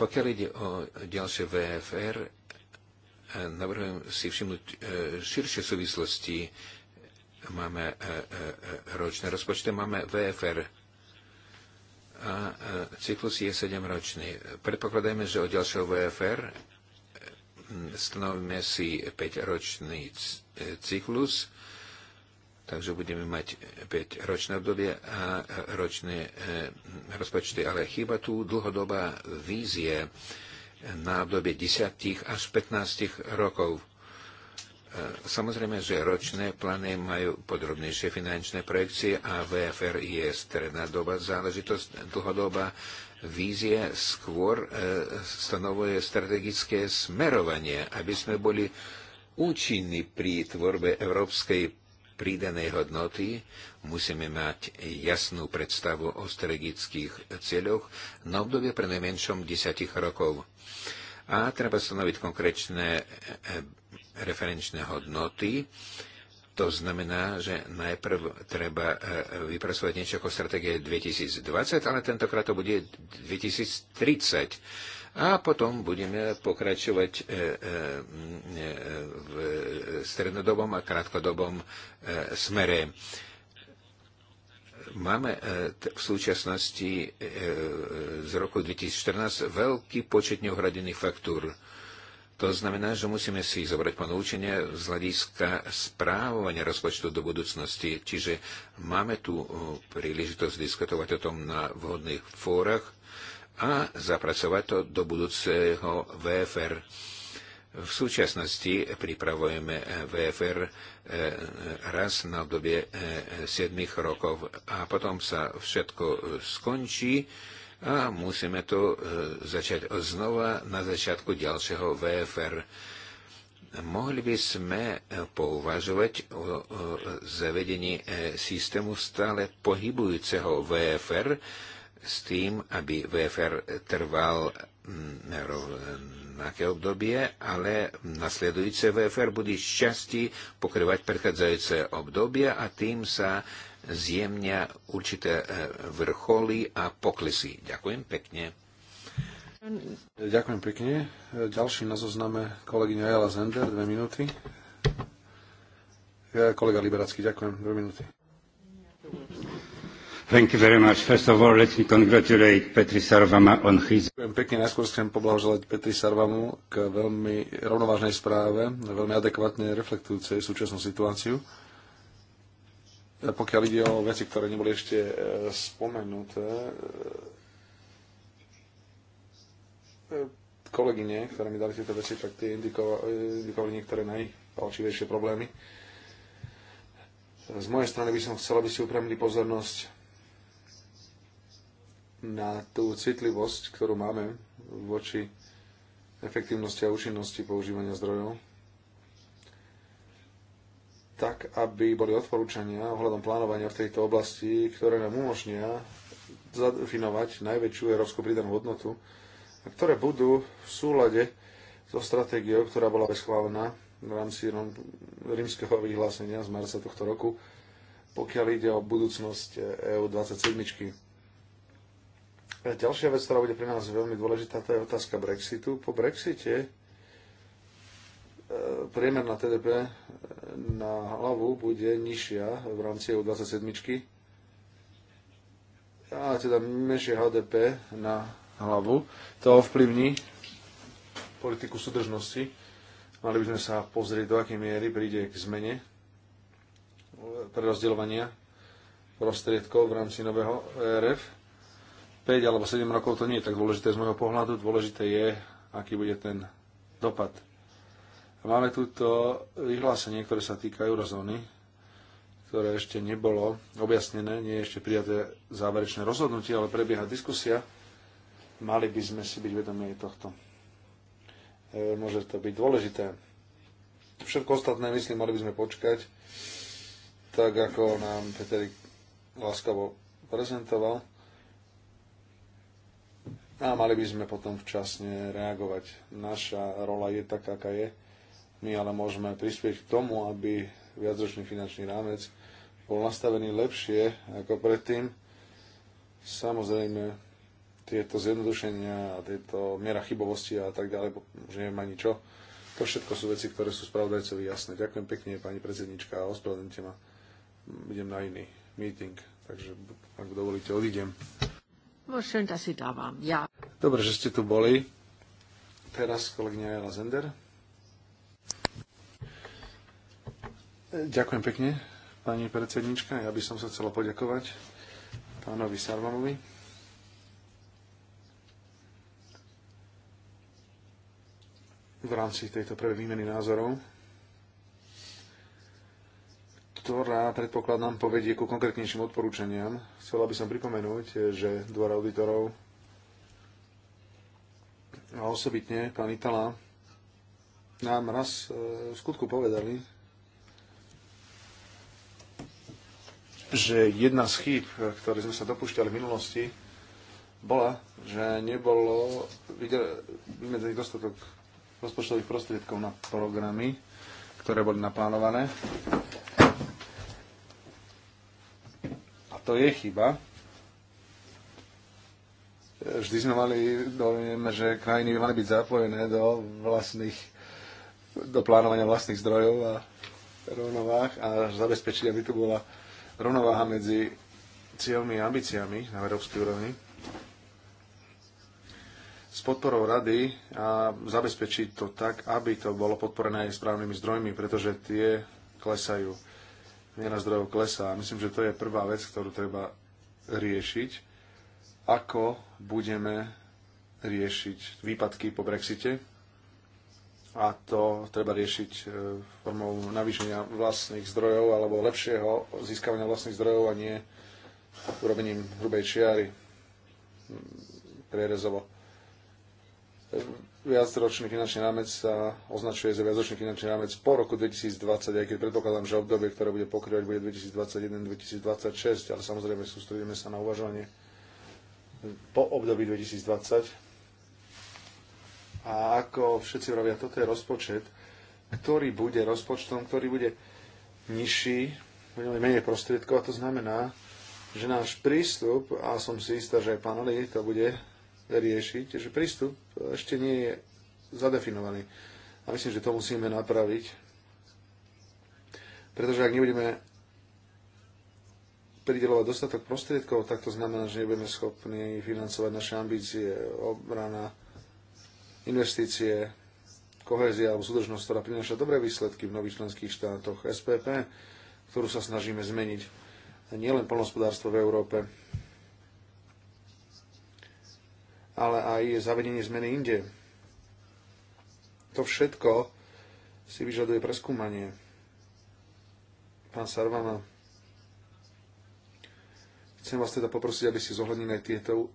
Pokiaľ ide o ďalšie VFR, E, navrhujem si všimnúť e, širšie súvislosti. Máme e, ročné rozpočty, máme VFR a cyklus je 7-ročný. Predpokladajme, že od ďalšieho VFR stanovíme si 5-ročný cyklus, takže budeme mať 5-ročné obdobie a ročné rozpočty. Ale chýba tu dlhodobá vízie na obdobie 10 až 15 rokov. E, samozrejme, že ročné plány majú podrobnejšie finančné projekcie a VFR je stredná doba záležitosť, dlhodobá vízie skôr e, stanovuje strategické smerovanie, aby sme boli účinní pri tvorbe európskej pridanej hodnoty, musíme mať jasnú predstavu o strategických cieľoch na obdobie pre najmenšom desiatich rokov. A treba stanoviť konkrétne e, e, referenčné hodnoty. To znamená, že najprv treba e, vypracovať niečo ako stratégie 2020, ale tentokrát to bude 2030 a potom budeme pokračovať e, e, e, v strednodobom a krátkodobom smere. Máme v súčasnosti z roku 2014 veľký počet neuhradených faktúr. To znamená, že musíme si zobrať ponúčenie z hľadiska správovania rozpočtu do budúcnosti. Čiže máme tu príležitosť diskutovať o tom na vhodných fórach a zapracovať to do budúceho VFR. V súčasnosti pripravujeme VFR eh, raz na obdobie 7 eh, rokov a potom sa všetko skončí a musíme to eh, začať znova na začiatku ďalšieho VFR. Mohli by sme pouvažovať o zavedení systému stále pohybujúceho VFR, s tým, aby VFR trval mm, rovnaké obdobie, ale nasledujúce VFR bude z časti pokrývať predchádzajúce obdobie a tým sa zjemnia určité e, vrcholy a poklesy. Ďakujem pekne. Ďakujem pekne. Ďalším na zozname kolegyňa Jela Zender, dve minúty. E, kolega Liberacký, ďakujem, dve minúty. Thank you very much. First of all, let me congratulate Petri Sarvama on his... Ďakujem pekne, najskôr chcem poblahoželať Petri Sarvamu k veľmi rovnovážnej správe, veľmi adekvátne reflektujúcej súčasnú situáciu. Pokiaľ ide o veci, ktoré neboli ešte e, spomenuté, e, e, kolegyne, ktoré mi dali tieto veci, tak tie indikovali niektoré najpalčivejšie problémy. Z mojej strany by som chcel, aby si upremili pozornosť na tú citlivosť, ktorú máme voči efektívnosti a účinnosti používania zdrojov, tak aby boli odporúčania ohľadom plánovania v tejto oblasti, ktoré nám umožnia zadefinovať najväčšiu európsku pridanú hodnotu a ktoré budú v súlade so stratégiou, ktorá bola schválená v rámci rímskeho vyhlásenia z marca tohto roku, pokiaľ ide o budúcnosť EU 27. Ďalšia vec, ktorá bude pre nás veľmi dôležitá, to je otázka Brexitu. Po Brexite e, priemer na TDP e, na hlavu bude nižšia v rámci EU27 a teda menšie HDP na hlavu. To ovplyvní politiku súdržnosti. Mali by sme sa pozrieť, do akej miery príde k zmene prerozdeľovania prostriedkov v rámci nového ERF 5 alebo 7 rokov to nie je tak dôležité z môjho pohľadu. Dôležité je, aký bude ten dopad. Máme túto vyhlásenie, ktoré sa týka eurozóny, ktoré ešte nebolo objasnené, nie je ešte prijaté záverečné rozhodnutie, ale prebieha diskusia. Mali by sme si byť vedomi aj tohto. E, môže to byť dôležité. Všetko ostatné, myslím, mali by sme počkať, tak ako nám Peterik láskavo prezentoval a mali by sme potom včasne reagovať. Naša rola je taká, aká je. My ale môžeme prispieť k tomu, aby viacročný finančný rámec bol nastavený lepšie ako predtým. Samozrejme, tieto zjednodušenia a tieto miera chybovosti a tak ďalej, už neviem ani čo. To všetko sú veci, ktoré sú spravodajcovi jasné. Ďakujem pekne, pani predsednička, a ospravedlňte ma. Idem na iný meeting, takže ak dovolíte, odídem. No, schön, dass Sie da waren. Ja. Dobre, že ste tu boli. Teraz kolegyňa Jela Zender. Ďakujem pekne, pani predsednička. Ja by som sa chcela poďakovať pánovi Sarvanovi. V rámci tejto prvej výmeny názorov, ktorá predpokladám povedie ku konkrétnejším odporúčaniam. Chcela by som pripomenúť, že Dvor auditorov a osobitne pán Itala nám raz e, v skutku povedali, že jedna z chýb, ktoré sme sa dopúšťali v minulosti, bola, že nebolo vymedzený dostatok rozpočtových prostriedkov na programy, ktoré boli naplánované. A to je chyba, Vždy sme mali, dovieme, že krajiny by mali byť zapojené do vlastných, do plánovania vlastných zdrojov a rovnováh a zabezpečiť, aby tu bola rovnováha medzi cieľmi a ambíciami na európskej úrovni s podporou rady a zabezpečiť to tak, aby to bolo podporené aj správnymi zdrojmi, pretože tie klesajú. Miera zdrojov klesá. Myslím, že to je prvá vec, ktorú treba riešiť ako budeme riešiť výpadky po Brexite a to treba riešiť e, formou navýšenia vlastných zdrojov alebo lepšieho získavania vlastných zdrojov a nie urobením hrubej čiary mm, prierezovo. E, viacročný finančný rámec sa označuje za viacročný finančný rámec po roku 2020, aj keď predpokladám, že obdobie, ktoré bude pokrývať, bude 2021-2026, ale samozrejme sústredíme sa na uvažovanie po období 2020. A ako všetci robia, toto je rozpočet, ktorý bude rozpočtom, ktorý bude nižší, budeme menej prostriedkov a to znamená, že náš prístup, a som si istá, že aj pán Ali to bude riešiť, že prístup ešte nie je zadefinovaný. A myslím, že to musíme napraviť. Pretože ak nebudeme pridelovať dostatok prostriedkov, tak to znamená, že nebudeme schopní financovať naše ambície, obrana, investície, kohézia alebo súdržnosť, ktorá prináša dobré výsledky v nových členských štátoch, SPP, ktorú sa snažíme zmeniť. Nielen polnospodárstvo v Európe, ale aj zavedenie zmeny inde. To všetko si vyžaduje preskúmanie. Pán Sarvana, Chcem vás teda poprosiť, aby ste zohľadnili aj tieto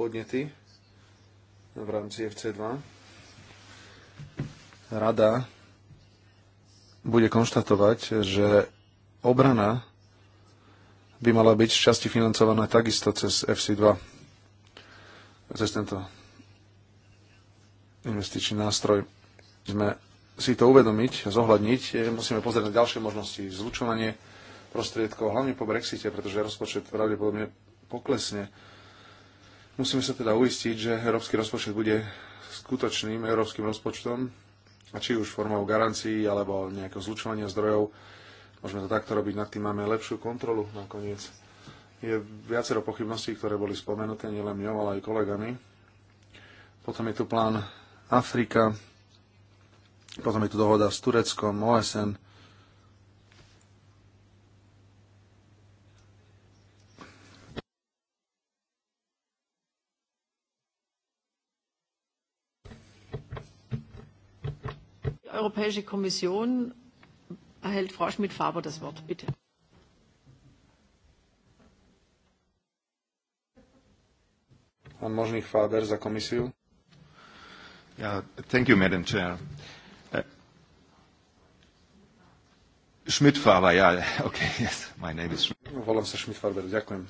podnety v rámci FC2. Rada bude konštatovať, že obrana by mala byť z časti financovaná takisto cez FC2, cez tento investičný nástroj. Sme si to uvedomiť, zohľadniť, musíme pozrieť na ďalšie možnosti, zlučovanie, prostriedkov, hlavne po Brexite, pretože rozpočet pravdepodobne poklesne. Musíme sa teda uistiť, že európsky rozpočet bude skutočným európskym rozpočtom, a či už formou garancií alebo nejakého zlučovania zdrojov. Môžeme to takto robiť, nad tým máme lepšiu kontrolu nakoniec. Je viacero pochybností, ktoré boli spomenuté nielen mňou, ale aj kolegami. Potom je tu plán Afrika, potom je tu dohoda s Tureckom, OSN, Europäische Kommission erhält Frau Schmidt-Faber das Wort. Bitte. Pán Možných Fáber za komisiu. Ja, thank you, Madam Chair. Uh, Schmidt-Faber, ja, okay, yes, my name is Schmidt. No, volám sa Schmidt-Faber, ďakujem.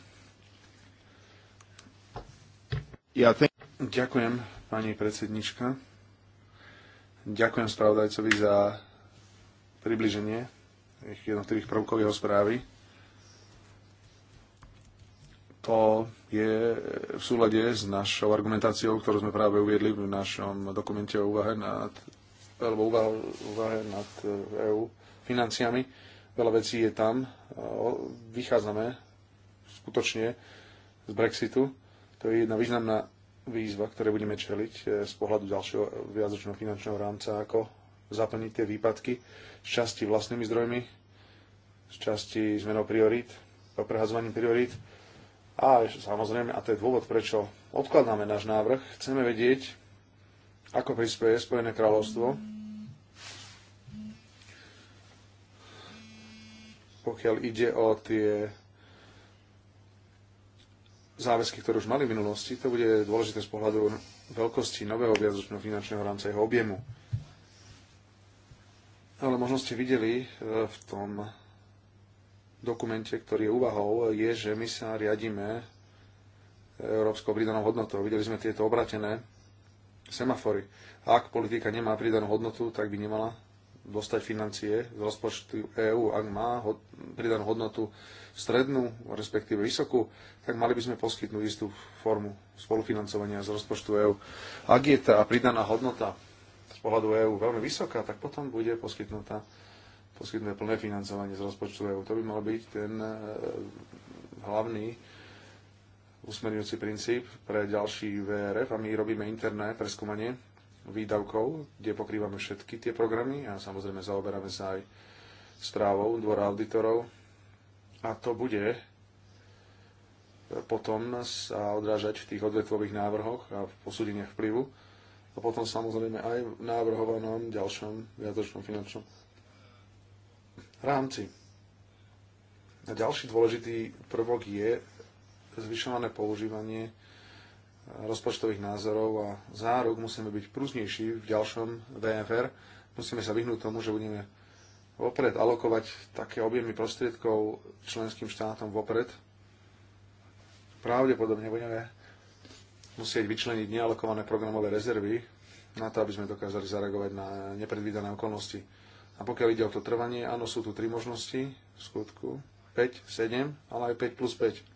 Ja, thank... Ďakujem, pani predsednička. Ďakujem spravodajcovi za približenie jednotlivých prvkov jeho správy. To je v súlade s našou argumentáciou, ktorú sme práve uviedli v našom dokumente o úvahe nad, alebo úvahe nad EU eh, e financiami. Veľa vecí je tam. Eh, vychádzame skutočne z Brexitu. To je jedna významná výzva, ktoré budeme čeliť e, z pohľadu ďalšieho viacročného finančného rámca, ako zaplniť tie výpadky z časti vlastnými zdrojmi, z časti zmenou priorít, prehadzovaním priorít. A samozrejme, a to je dôvod, prečo odkladáme náš návrh, chceme vedieť, ako prispieje Spojené kráľovstvo, pokiaľ ide o tie záväzky, ktoré už mali v minulosti, to bude dôležité z pohľadu veľkosti nového viacročného finančného rámca jeho objemu. Ale možno ste videli e, v tom dokumente, ktorý je úvahou, je, že my sa riadíme európskou pridanou hodnotou. Videli sme tieto obratené semafory. Ak politika nemá pridanú hodnotu, tak by nemala dostať financie z rozpočtu EÚ, ak má pridanú hodnotu strednú, respektíve vysokú, tak mali by sme poskytnúť istú formu spolufinancovania z rozpočtu EÚ. Ak je tá pridaná hodnota z pohľadu EÚ veľmi vysoká, tak potom bude poskytnutá poskytnuté plné financovanie z rozpočtu EÚ. To by mal byť ten e, hlavný usmerňujúci princíp pre ďalší VRF a my robíme interné preskúmanie výdavkov, kde pokrývame všetky tie programy a samozrejme zaoberáme sa aj správou dvora auditorov. A to bude potom sa odrážať v tých odvetvových návrhoch a v posúdeniach vplyvu a potom samozrejme aj v návrhovanom ďalšom viacročnom finančnom rámci. A ďalší dôležitý prvok je zvyšované používanie rozpočtových názorov a záruk musíme byť prúznejší v ďalšom VFR. Musíme sa vyhnúť tomu, že budeme vopred alokovať také objemy prostriedkov členským štátom vopred. Pravdepodobne budeme musieť vyčleniť nealokované programové rezervy na to, aby sme dokázali zareagovať na nepredvídané okolnosti. A pokiaľ ide o to trvanie, áno, sú tu tri možnosti, v skutku, 5, 7, ale aj 5 plus 5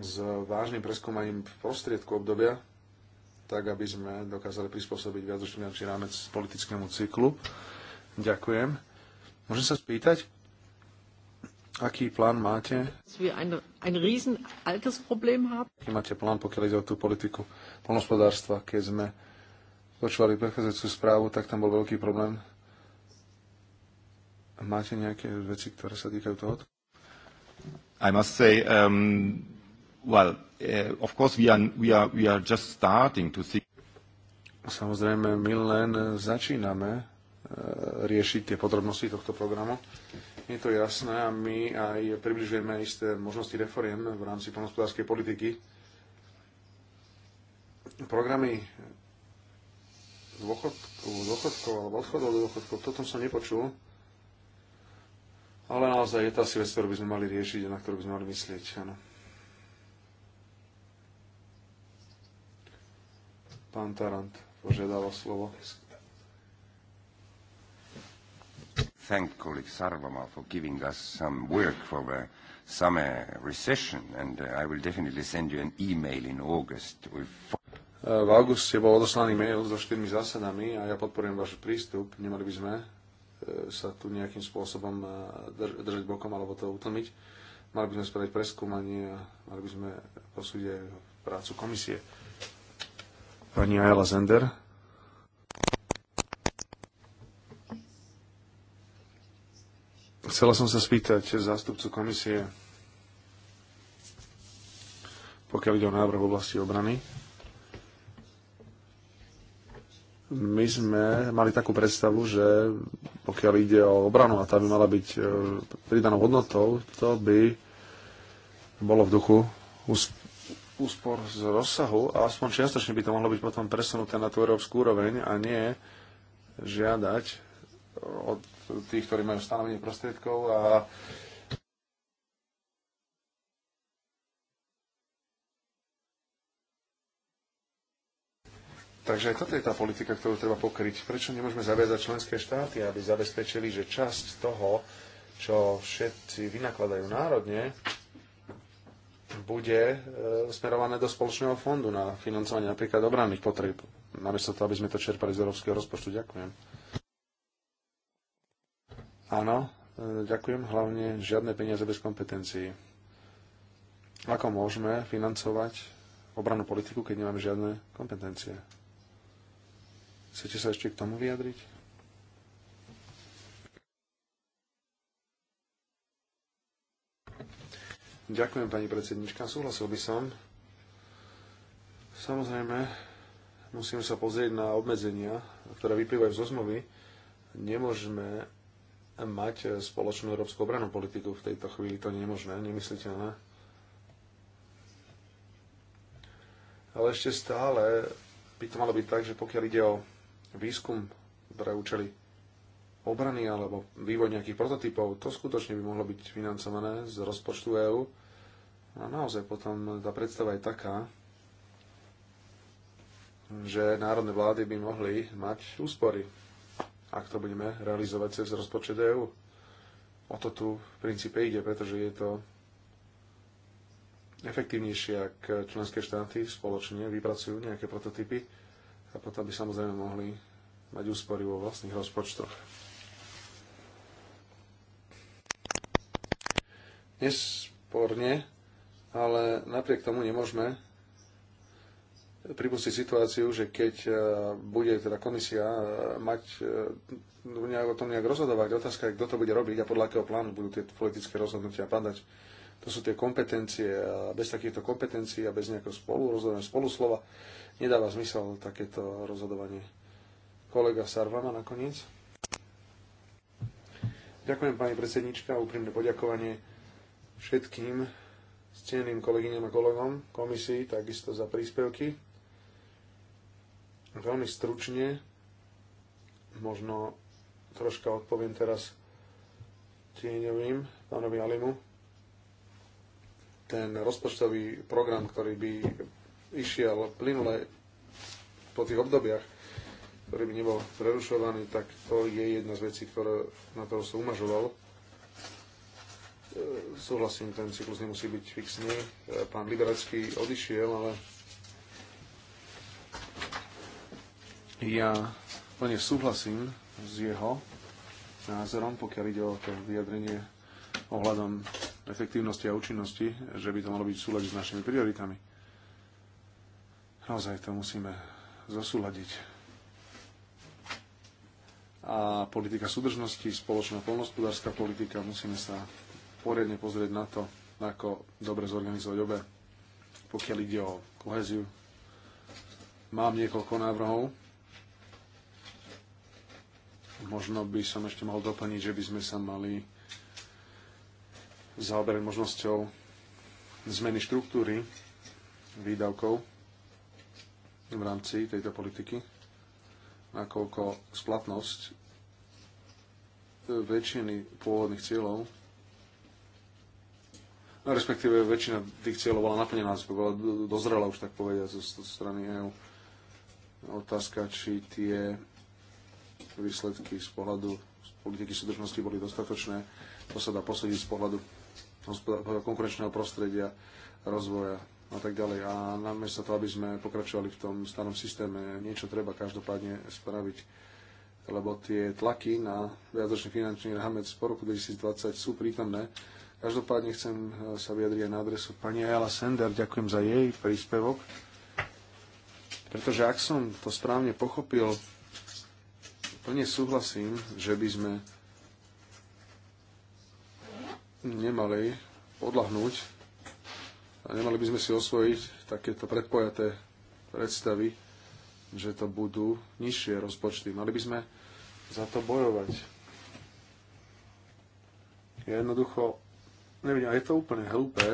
s vážnym preskúmaním v prostriedku obdobia, tak aby sme dokázali prispôsobiť viac finančný rámec politickému cyklu. Ďakujem. Môžem sa spýtať, aký plán máte? Aký máte plán, pokiaľ ide o tú politiku polnospodárstva? Keď sme počúvali prechádzajúcu správu, tak tam bol veľký problém. Máte nejaké veci, ktoré sa týkajú toho? I must say, um, Well, eh, of course we are, we are, we are just starting to see. Samozrejme, my len eh, začíname eh, riešiť tie podrobnosti tohto programu. Je to jasné a my aj približujeme isté možnosti reforiem v rámci poľnohospodárskej politiky. Programy dôchodkov, dôchodkov alebo odchodov do dôchodkov, toto som nepočul. Ale naozaj je to asi vec, ktorú by sme mali riešiť a na ktorú by sme mali myslieť. Áno. Pán Tarant požiadal slovo. Thank colleague Sarvama for giving us some work for the summer recession and uh, I will definitely send you an email in August with uh, v auguste bol odoslaný mail so štyrmi zásadami a ja podporujem váš prístup. Nemali by sme uh, sa tu nejakým spôsobom uh, držať bokom alebo to utlmiť. Mali by sme spraviť preskúmanie a mali by sme posúdiť prácu komisie. Pani Ayala Zender. Chcela som sa spýtať zástupcu komisie, pokiaľ ide o návrh v oblasti obrany. My sme mali takú predstavu, že pokiaľ ide o obranu a tá by mala byť eh, pridanou hodnotou, to by bolo v duchu úspor z rozsahu, a aspoň čiastočne by to mohlo byť potom presunuté na tú európsku úroveň a nie žiadať od tých, ktorí majú stanovenie prostriedkov a Takže aj toto je tá politika, ktorú treba pokryť. Prečo nemôžeme zaviazať členské štáty, aby zabezpečili, že časť toho, čo všetci vynakladajú národne, bude e, smerované do spoločného fondu na financovanie napríklad obranných potrieb, namiesto toho, aby sme to čerpali z európskeho rozpočtu. Ďakujem. Áno, e, ďakujem. Hlavne žiadne peniaze bez kompetencií. Ako môžeme financovať obranú politiku, keď nemáme žiadne kompetencie? Chcete sa ešte k tomu vyjadriť? Ďakujem, pani predsednička. Súhlasil by som. Samozrejme, musíme sa pozrieť na obmedzenia, ktoré vyplývajú zo zmluvy. Nemôžeme mať spoločnú európsku obranú politiku v tejto chvíli. To nie je možné, nemysliteľné. Ale ešte stále by to malo byť tak, že pokiaľ ide o výskum pre účely obrany alebo vývoj nejakých prototypov, to skutočne by mohlo byť financované z rozpočtu EÚ. A naozaj potom tá predstava je taká, že národné vlády by mohli mať úspory, ak to budeme realizovať cez rozpočet EÚ. O to tu v princípe ide, pretože je to efektívnejšie, ak členské štáty spoločne vypracujú nejaké prototypy a potom by samozrejme mohli mať úspory vo vlastných rozpočtoch. Nesporne, ale napriek tomu nemôžeme pripustiť situáciu, že keď e, bude teda komisia e, mať e, no, nejak o tom nejak rozhodovať, otázka je, kto to bude robiť a podľa akého plánu budú tie politické rozhodnutia padať. To sú tie kompetencie a bez takýchto kompetencií a bez nejakého spolu rozhodovania, slova nedáva zmysel takéto rozhodovanie. Kolega Sarvama nakoniec. Ďakujem pani predsednička, úprimné poďakovanie všetkým steným kolegyňam a kolegom komisii, takisto za príspevky. Veľmi stručne, možno troška odpoviem teraz tieňovým, pánovi Alimu. Ten rozpočtový program, ktorý by išiel plynule po tých obdobiach, ktorý by nebol prerušovaný, tak to je jedna z vecí, ktoré, na ktorú som umažoval Súhlasím, ten cyklus nemusí byť fixný. E, pán Liberecký odišiel, ale ja plne súhlasím s jeho názorom, pokiaľ ide o to vyjadrenie ohľadom efektívnosti a účinnosti, že by to malo byť v s našimi prioritami. Naozaj to musíme zosúľadiť. A politika súdržnosti, spoločná polnospodárska politika, musíme sa poriadne pozrieť na to, ako dobre zorganizovať obe. Pokiaľ ide o koheziu, mám niekoľko návrhov. Možno by som ešte mohol doplniť, že by sme sa mali zaoberať možnosťou zmeny štruktúry výdavkov v rámci tejto politiky, nakoľko splatnosť väčšiny pôvodných cieľov No, respektíve väčšina tých cieľov bola naplnená, bola dozrela už tak povedať zo, zo strany EU. Otázka, či tie výsledky z pohľadu z politiky súdržnosti boli dostatočné, to sa dá posúdiť z pohľadu konkurenčného prostredia, rozvoja a tak ďalej. A namiesto to aby sme pokračovali v tom starom systéme, niečo treba každopádne spraviť, lebo tie tlaky na viacročný finančný rámec po roku 2020 sú prítomné Každopádne chcem eh, sa vyjadriť aj na adresu pani Ayala Sender. Ďakujem za jej príspevok. Pretože ak som to správne pochopil, plne súhlasím, že by sme nemali odlahnúť a nemali by sme si osvojiť takéto predpojaté predstavy, že to budú nižšie rozpočty. Mali by sme za to bojovať. Jednoducho Neviem, a je to úplne hlúpe,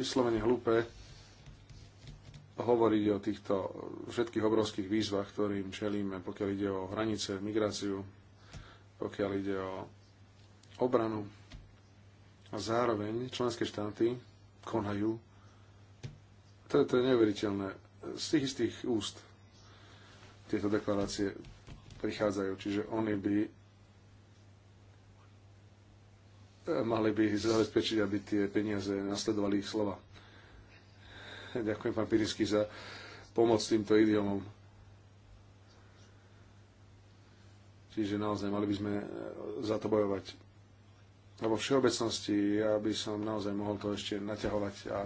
vyslovene hlúpe hovoriť o týchto všetkých obrovských výzvach, ktorým čelíme, pokiaľ ide o hranice, migráciu, pokiaľ ide o obranu. A zároveň členské štáty konajú. To, je, to je neuveriteľné. Z tých istých úst tieto deklarácie prichádzajú. Čiže oni by mali by zabezpečiť, aby tie peniaze nasledovali ich slova. Ďakujem pán Pirinský, za pomoc týmto idiomom. Čiže naozaj mali by sme eh, za to bojovať. A vo všeobecnosti ja by som naozaj mohol to ešte naťahovať a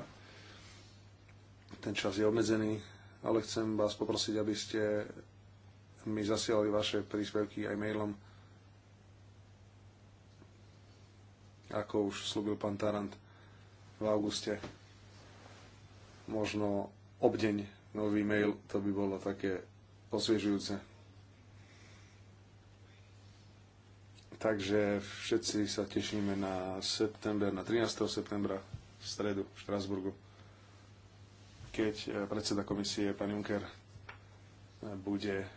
ten čas je obmedzený, ale chcem vás poprosiť, aby ste mi zasielali vaše príspevky aj mailom. ako už slúbil pán Tarant v auguste. Možno obdeň nový mail, to by bolo také osviežujúce. Takže všetci sa tešíme na september, na 13. septembra v stredu v Štrasburgu, keď eh, predseda komisie, pán Juncker, eh, bude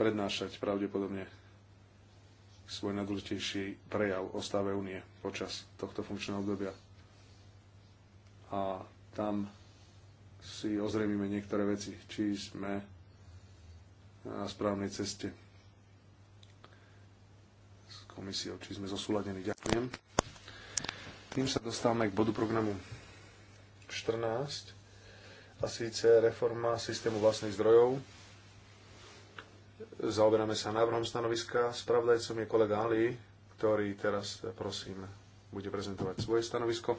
prednášať pravdepodobne svoj najdôležitejší prejav o stave únie počas tohto funkčného obdobia. A tam si ozrejmime niektoré veci, či sme na správnej ceste s komisiou, či sme zosúladení. Ďakujem. Tým sa dostávame k bodu programu 14 a síce reforma systému vlastných zdrojov Zaoberáme sa návrhom stanoviska. Spravodajcom je kolega Ali, ktorý teraz, eh, prosím, bude prezentovať svoje stanovisko.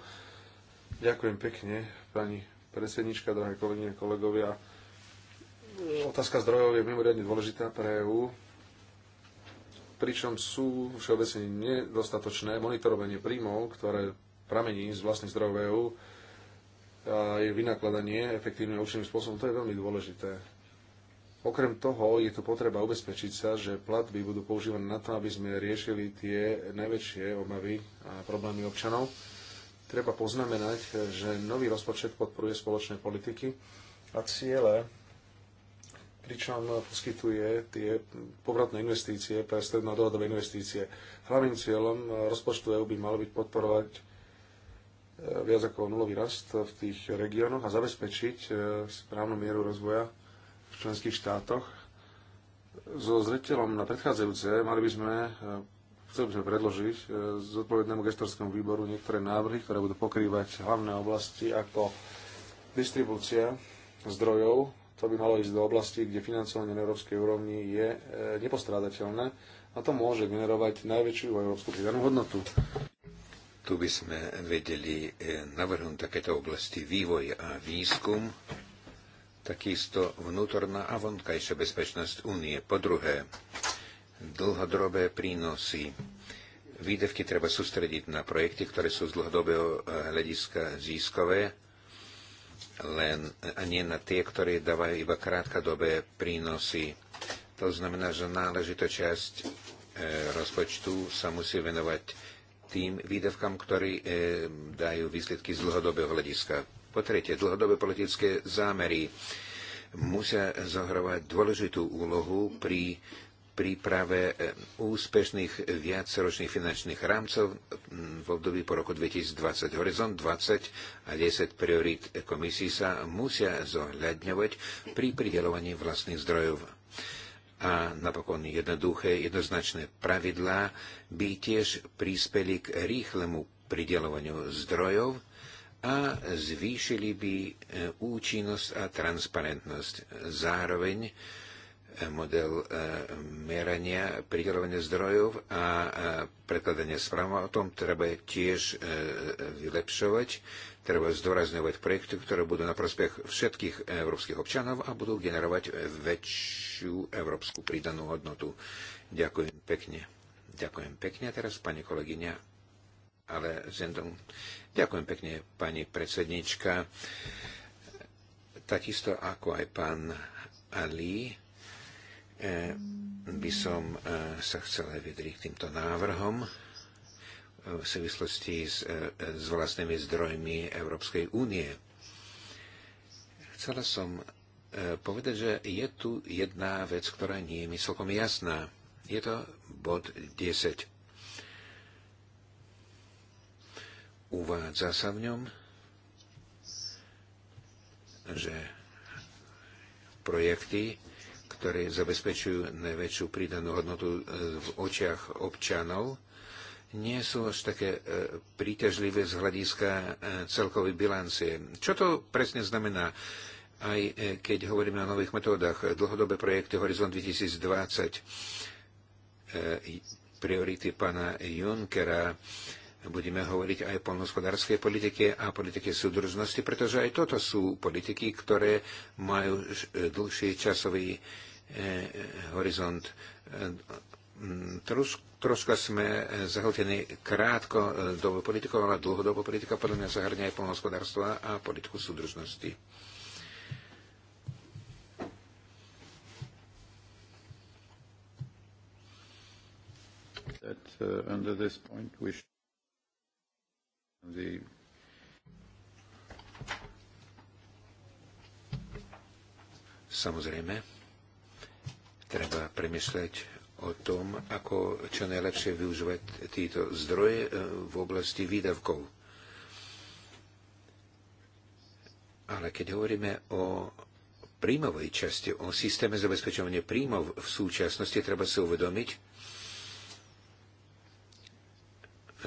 Ďakujem pekne, pani predsednička, drahé kolegyne, kolegovia. Otázka zdrojov je mimoriadne dôležitá pre EÚ, pričom sú všeobecne nedostatočné monitorovanie príjmov, ktoré pramení z vlastných zdrojov EÚ a je vynakladanie efektívne a účinným spôsobom. To je veľmi dôležité Okrem toho je tu potreba ubezpečiť sa, že platby budú používané na to, aby sme riešili tie najväčšie obavy a problémy občanov. Treba poznamenať, že nový rozpočet podporuje spoločné politiky a ciele, pričom poskytuje tie povratné investície pre dohodové investície. Hlavným cieľom rozpočtu EU by malo byť podporovať e, viac ako nulový rast v tých regiónoch a zabezpečiť e, správnu mieru rozvoja v členských štátoch. So zretelom na predchádzajúce mali by sme, eh, chceli by sme predložiť eh, zodpovednému gestorskému výboru niektoré návrhy, ktoré budú pokrývať hlavné oblasti ako distribúcia zdrojov. To by malo ísť do oblasti, kde financovanie na európskej úrovni je eh, nepostrádateľné a to môže generovať najväčšiu európsku pridanú hodnotu tu by sme vedeli navrhnúť takéto oblasti vývoj a výskum takisto vnútorná a vonkajšia bezpečnosť únie. Po druhé, dlhodobé prínosy. Výdavky treba sústrediť na projekty, ktoré sú z dlhodobého eh, hľadiska získové, len, a nie na tie, ktoré dávajú iba krátkodobé prínosy. To znamená, že náležitá časť e, rozpočtu sa musí venovať tým výdavkám, ktorí e, dajú výsledky z dlhodobého hľadiska po tretie, dlhodobé politické zámery musia zohrovať dôležitú úlohu pri príprave eh, úspešných viacročných finančných rámcov hm, v období po roku 2020. Horizont 20 a 10 priorít komisí sa musia zohľadňovať pri pridelovaní vlastných zdrojov. A napokon jednoduché, jednoznačné pravidlá by tiež prispeli k rýchlemu pridelovaniu zdrojov, a zvýšili by e, účinnosť a transparentnosť. Zároveň e, model e, merania, pridelovania zdrojov a prekladania správ o tom treba tiež vylepšovať. Treba zdôrazňovať projekty, ktoré budú na prospech všetkých európskych občanov a budú generovať väčšiu európsku pridanú hodnotu. Ďakujem pekne. Ďakujem pekne. Teraz pani kolegyňa ale Ďakujem pekne, pani predsednička. Takisto ako aj pán Ali, eh, by som eh, sa chcel vyjadriť k týmto návrhom eh, v súvislosti s, s vlastnými zdrojmi Európskej únie. Chcela som povedať, že je tu jedna vec, ktorá nie je mi celkom jasná. Je to bod 10 Uvádza sa v ňom, že projekty, ktoré zabezpečujú najväčšiu pridanú hodnotu e, v očiach občanov, nie sú až také e, príťažlivé z hľadiska e, celkovej bilancie. Čo to presne znamená? Aj keď hovoríme o nových metódach, dlhodobé projekty Horizon 2020, priority pána Junckera, Budeme hovoriť aj o polnohospodárskej politike a politike súdržnosti, pretože aj toto sú politiky, ktoré majú dlhší časový e, horizont. E, Trus, troška sme e, zahltení krátko do politikou, ale dlhodobo politika podľa mňa zahrňa aj polnohospodárstva a politiku súdržnosti. that uh, under this point we should The... Samozrejme, treba premyslieť o tom, ako čo najlepšie využívať tieto zdroje e, v oblasti výdavkov. Ale keď hovoríme o príjmovej časti, o systéme zabezpečovania príjmov v súčasnosti, treba si uvedomiť,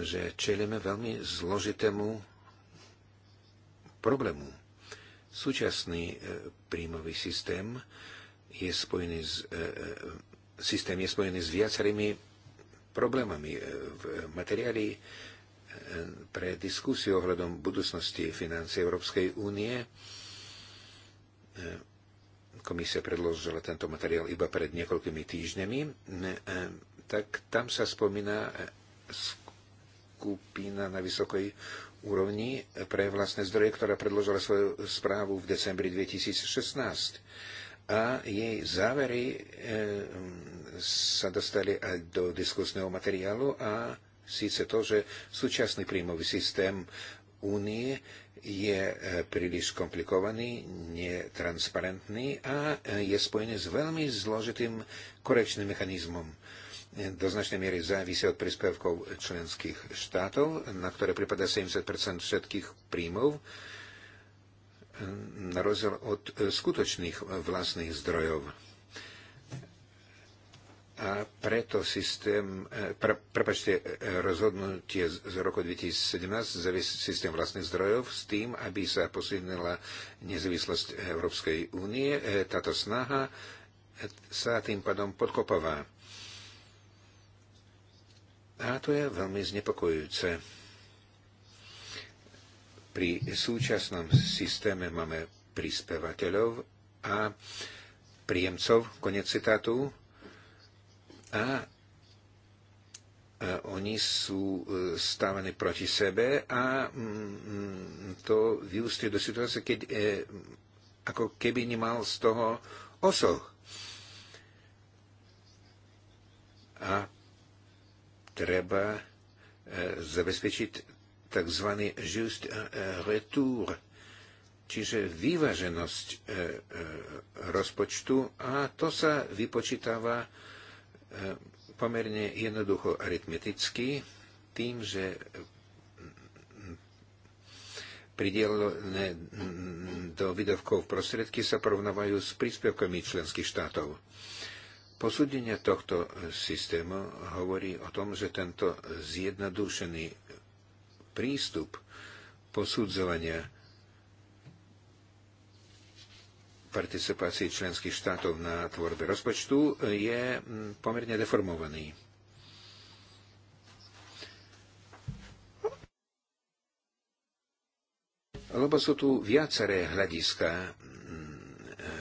že čelíme veľmi zložitému problému. Súčasný e, príjmový systém je spojený s, e, e, systém je spojený s viacerými problémami. V materiáli pre diskusiu ohľadom budúcnosti financie Európskej únie komisia predložila tento materiál iba pred niekoľkými týždňami, tak tam sa spomína skupina na vysokej úrovni pre vlastné zdroje, ktorá predložila svoju správu v decembri 2016. A jej závery e, sa dostali aj do diskusného materiálu a síce to, že súčasný príjmový systém únie je eh, príliš komplikovaný, netransparentný a eh, je spojený s veľmi zložitým korekčným mechanizmom do značnej miery závisí od príspevkov členských štátov, na ktoré pripada 70 všetkých príjmov, na rozdiel od e, skutočných vlastných zdrojov. A preto systém, e, pre, prepačte, e, rozhodnutie z roku 2017 zaviesť systém vlastných zdrojov s tým, aby sa posilnila nezávislosť Európskej únie. Táto snaha sa tým pádom podkopová. A to je veľmi znepokojujúce. Pri súčasnom systéme máme prispevateľov a príjemcov, konec citátu, a oni sú e, stávaní proti sebe a mm, to vyústie do situácie, keď e, ako keby nemal z toho osoch. A treba eh, zabezpečiť tzv. just eh, retour, čiže vyváženosť eh, rozpočtu a to sa vypočítava pomerne jednoducho aritmeticky tým, že pridelené do výdavkov prostriedky sa porovnávajú s príspevkami členských štátov. Posúdenie tohto e, systému hovorí o tom, že tento zjednodušený prístup posudzovania participácii členských štátov na tvorbe rozpočtu e, je pomerne deformovaný. Lebo sú tu viaceré hľadiska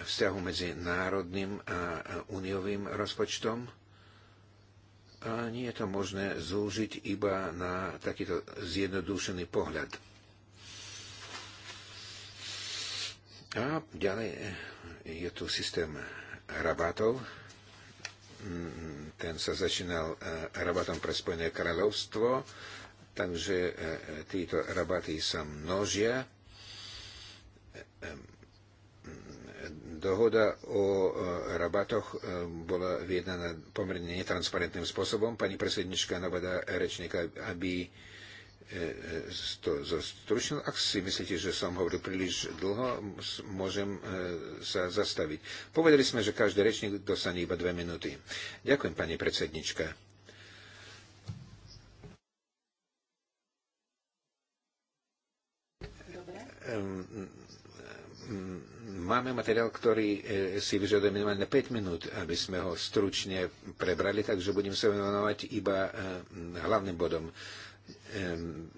vzťahu medzi národným a uniovým rozpočtom. A nie je to možné zúžiť iba na takýto zjednodušený pohľad. A ďalej je tu systém rabatov. Ten sa začínal e, rabatom pre Spojené kráľovstvo, takže e, e, títo rabaty sa množia dohoda o e, rabatoch e, bola vyjednaná pomerne netransparentným spôsobom. Pani predsednička navada rečníka, aby e, to zostručnil. Ak si myslíte, že som hovoril príliš dlho, môžem sa zastaviť. Povedali sme, že každý rečník dostane iba dve minúty. Ďakujem, pani predsednička. Dobre. Um, um, Máme materiál, ktorý e, si vyžaduje minimálne 5 minút, aby sme ho stručne prebrali, takže budem sa venovať iba e, hlavným bodom. E,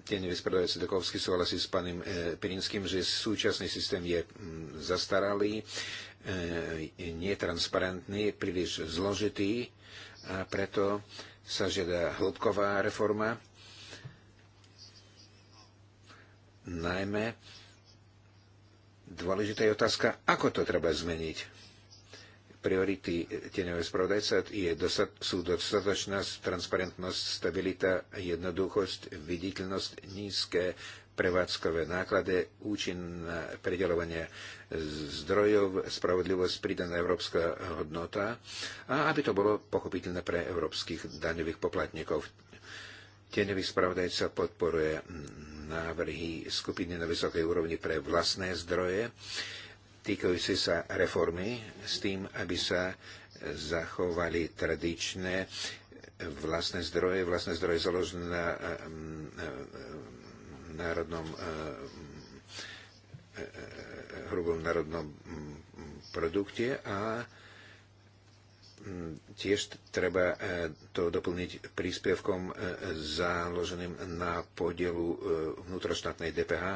Ten vyspravodajca Sedokovský súhlasí s pánom Pirinským, že súčasný systém je zastaralý, netransparentný, príliš zložitý a preto sa žiada hĺbková reforma, najmä Dôležitá je otázka, ako to treba zmeniť. Priority tieňového spravodajca je dosad, sú dostatočnosť, transparentnosť, stabilita, jednoduchosť, viditeľnosť, nízke prevádzkové náklady, účinné predelovanie zdrojov, spravodlivosť, pridaná európska hodnota a aby to bolo pochopiteľné pre európskych daňových poplatníkov. Tieňový spravodajca podporuje návrhy skupiny na vysokej úrovni pre vlastné zdroje týkajúce sa reformy s tým, aby sa zachovali tradičné vlastné zdroje, vlastné zdroje založené na eh, eh, národnom eh, hrubom národnom hm, produkte a Mm, tiež treba e, to doplniť príspevkom e, založeným na podielu e, vnútroštátnej DPH.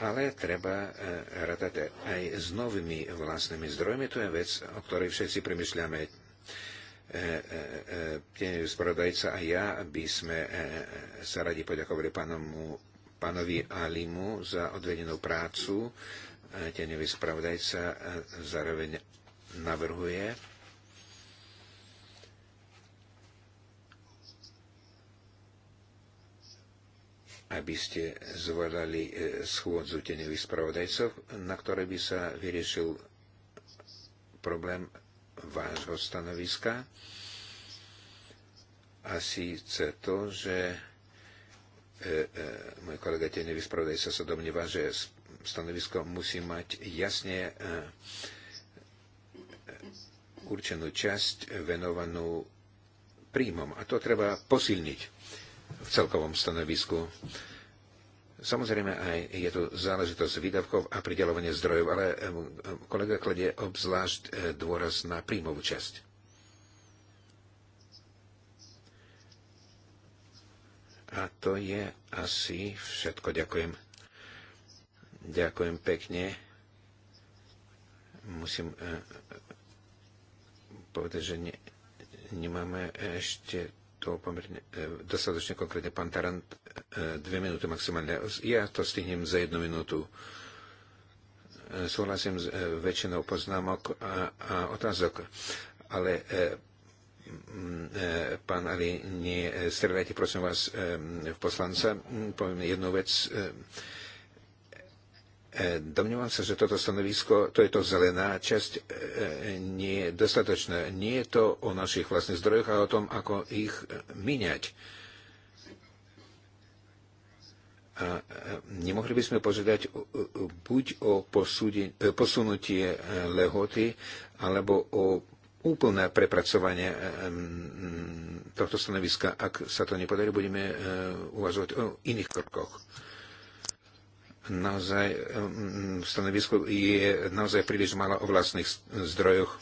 Ale treba ratať aj s novými vlastnými zdrojmi. To je vec, o ktorej všetci premyšľame. Spravodajca a ja by sme sa radi poďakovali pánovi Alimu za odvedenú prácu Tenevý spravodajca e, zároveň navrhuje, aby ste zvolali e, schôdzu tenevých spravodajcov, na ktorej by sa vyriešil problém vášho stanoviska. A síce to, že e, e, môj kolega tenevý spravodajca sa domnieva, že stanovisko musí mať jasne e, určenú časť venovanú príjmom. A to treba posilniť v celkovom stanovisku. Samozrejme aj je tu záležitosť výdavkov a pridelovanie zdrojov, ale e, kolega kladie obzvlášť e, dôraz na príjmovú časť. A to je asi všetko. Ďakujem. Ďakujem pekne. Musím e, povedať, že ne, nemáme ešte to pomerne e, dostatočne konkrétne. Pán Tarant, e, dve minúty maximálne. Ja to stihnem za jednu minútu súhlasím s väčšinou poznámok a, a otázok, ale pán Ali, nestredajte prosím vás v poslanca. Poviem jednu vec. E, E, domnievam sa, že toto stanovisko, to je to zelená časť, e, e, nie je dostatočná. Nie je to o našich vlastných zdrojoch ale o tom, ako ich míňať. A nemohli by sme požiadať buď o posúdi, posunutie lehoty, alebo o úplné prepracovanie tohto stanoviska. Ak sa to nepodarí, budeme uvažovať o iných krokoch naozaj v mm, stanovisku je naozaj príliš málo o vlastných zdrojoch,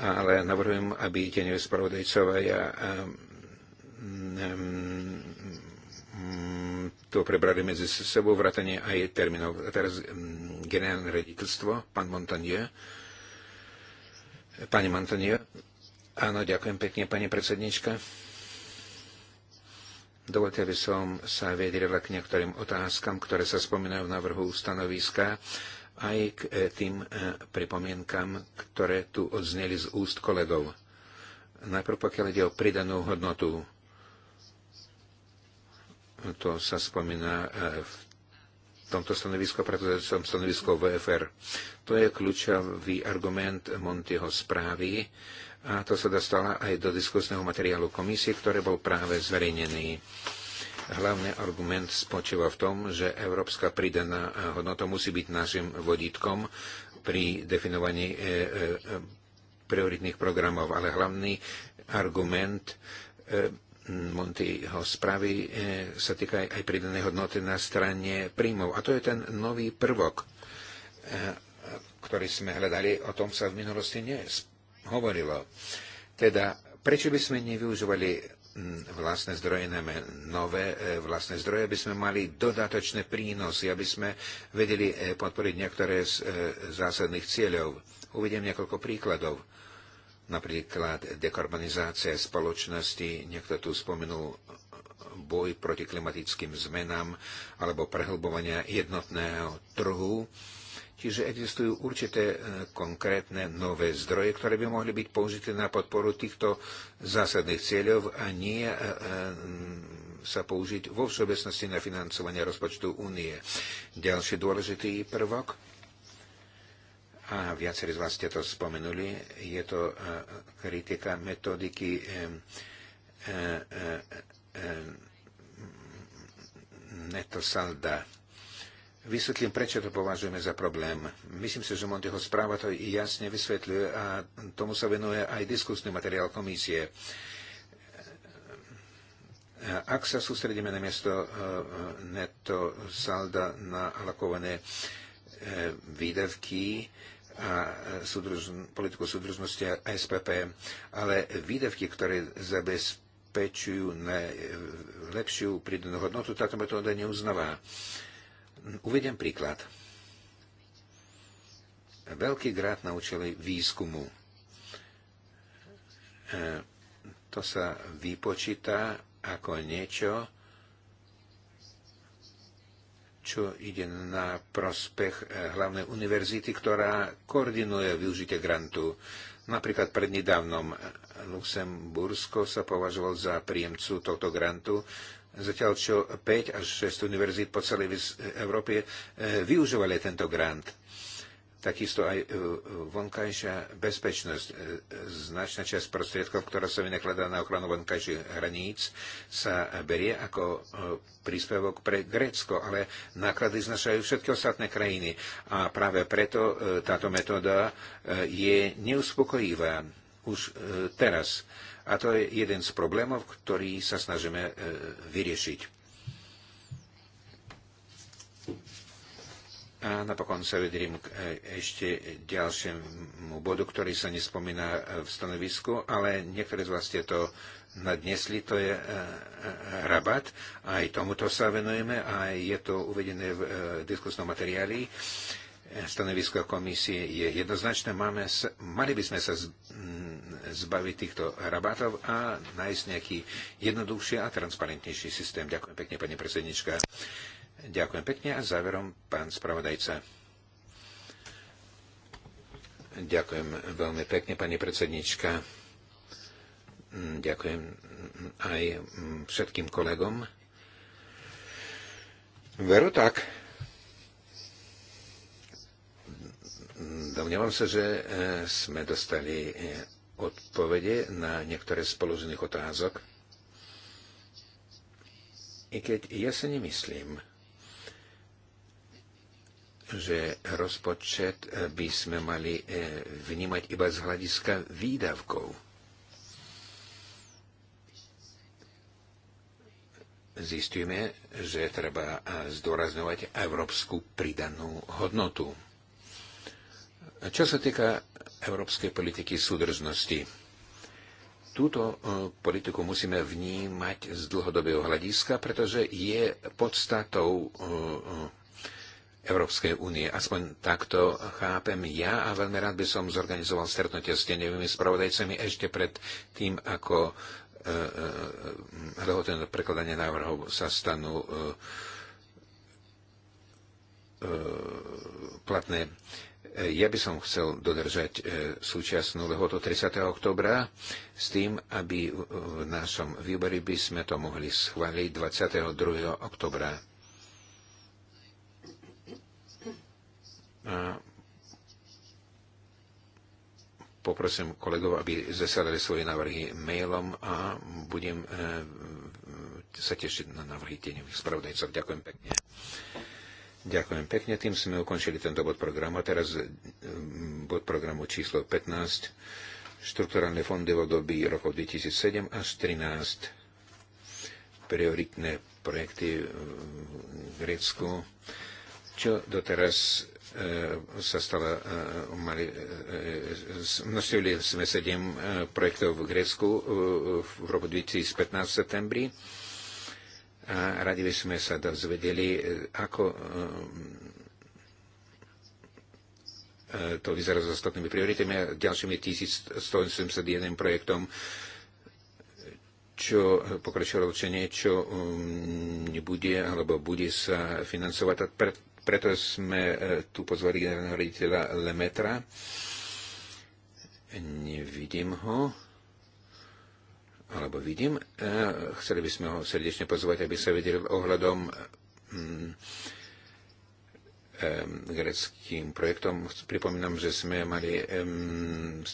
ale navrhujem, aby tieňoví spravodajcovia mm, mm, to prebrali medzi sebou, vrátanie aj termínov. A teraz generálne rediteľstvo, pán Montanier. Pani Montanier. Áno, ďakujem pekne, pani predsednička. Dovolte, aby som sa vyjadrila k niektorým otázkam, ktoré sa spomínajú v návrhu stanoviska, aj k e, tým e, pripomienkam, ktoré tu odzneli z úst kolegov. Najprv pokiaľ ide o pridanú hodnotu, to sa spomína e, v tomto stanovisku, pretože som stanovisko VFR. To je kľúčový argument Montyho správy, a to sa dostala aj do diskusného materiálu komisie, ktorý bol práve zverejnený. Hlavný argument spočíva v tom, že európska pridaná hodnota musí byť našim vodítkom pri definovaní e, e, prioritných programov, ale hlavný argument e, Montyho správy sa týka aj pridanej hodnoty na strane príjmov. A to je ten nový prvok, ktorý sme hľadali. O tom sa v minulosti nespovedalo hovorilo. Teda, prečo by sme nevyužívali mm, vlastné zdroje, najmä nové e, vlastné zdroje, aby sme mali dodatočné prínosy, aby sme vedeli e, podporiť niektoré z e, zásadných cieľov. Uvidím niekoľko príkladov. Napríklad dekarbonizácia spoločnosti, niekto tu spomenul boj proti klimatickým zmenám alebo prehlbovania jednotného trhu Čiže existujú určité e, konkrétne nové zdroje, ktoré by mohli byť použité na podporu týchto zásadných cieľov a nie e, e, sa použiť vo všeobecnosti na financovanie rozpočtu únie. Ďalší dôležitý prvok, a viacerí z vás ste to spomenuli, je to kritika metodiky netosalda. salda Vysvetlím, prečo to považujeme za problém. Myslím si, že Montyho správa to jasne vysvetľuje a tomu sa venuje aj diskusný materiál komisie. Ak sa sústredíme na miesto eh, neto salda na alokované eh, výdavky a politiku súdružnosti a SPP, ale výdavky, ktoré zabezpečujú eh, lepšiu prídenú hodnotu, táto metóda neuznáva. Uvediem príklad. Veľký grát na účely výskumu. E, to sa vypočíta ako niečo, čo ide na prospech e, hlavnej univerzity, ktorá koordinuje využitie grantu. Napríklad prednedávnom Luxembursko sa považoval za príjemcu tohto grantu zatiaľ čo 5 až 6 univerzít po celej Európe eh, využívali tento grant. Takisto aj eh, vonkajšia bezpečnosť. Eh, značná časť prostriedkov, ktorá sa vynakladá na ochranu vonkajších hraníc, sa berie ako príspevok pre Grécko, ale náklady znašajú všetky ostatné krajiny. A práve preto táto metóda je neuspokojivá už e, teraz. A to je jeden z problémov, ktorý sa snažíme e, vyriešiť. A napokon sa vedriem k e, ešte ďalšiemu bodu, ktorý sa nespomína v stanovisku, ale niektoré z vás ste to nadnesli, to je rabat. Aj tomuto sa venujeme a je to uvedené v diskusnom materiáli. Stanovisko komisie je jednoznačné. Máme, s, mali by sme sa z, m, mm, zbaviť týchto rabátov a nájsť nejaký jednoduchší a transparentnejší systém. Ďakujem pekne, pani predsednička. Ďakujem pekne a záverom pán spravodajca. Ďakujem veľmi pekne, pani predsednička. Mm, ďakujem aj mm, všetkým kolegom. Veru tak Domnievam sa, že e, sme dostali e, odpovede na niektoré z položených otázok. I keď ja si nemyslím, že rozpočet e, by sme mali vnímať iba z hľadiska výdavkov. Zistujeme, že treba zdôrazňovať európsku pridanú hodnotu. Čo sa týka európskej politiky súdržnosti, túto e, politiku musíme vnímať z dlhodobého hľadiska, pretože je podstatou e, e, Európskej únie. Aspoň takto chápem ja a veľmi rád by som zorganizoval stretnutie s tenevými spravodajcami ešte pred tým, ako lehoty na prekladanie návrhov sa stanú platné. E, E, ja by som chcel dodržať e, súčasnú lehotu 30. oktobra s tým, aby v našom výbore by sme to mohli schváliť 22. oktobra. A poprosím kolegov, aby zasadali svoje návrhy mailom a budem e, sa tešiť na návrhy tieňových spravodajcov. Ďakujem pekne. Ďakujem pekne, tým sme ukončili tento bod programu. A teraz e, bod programu číslo 15, štrukturálne fondy v období rokov 2007 až 2013. prioritné projekty v Grécku, čo doteraz e, sa stala, e, mali, navštívili sme sedem projektov v Grécku v roku 2015 v septembri a radi by sme sa dozvedeli, e, ako e, e, to vyzerá s ostatnými prioritami a ďalšími 1171 projektom, čo pokračuje rozličenie, čo mm, nebude alebo bude sa financovať. A preto sme tu pozvali generálneho riaditeľa Lemetra. Nevidím ho alebo vidím. Eh, chceli by sme ho srdečne pozvať, aby sa vedel ohľadom mm, eh, greckým projektom. Pripomínam, že sme mali 100%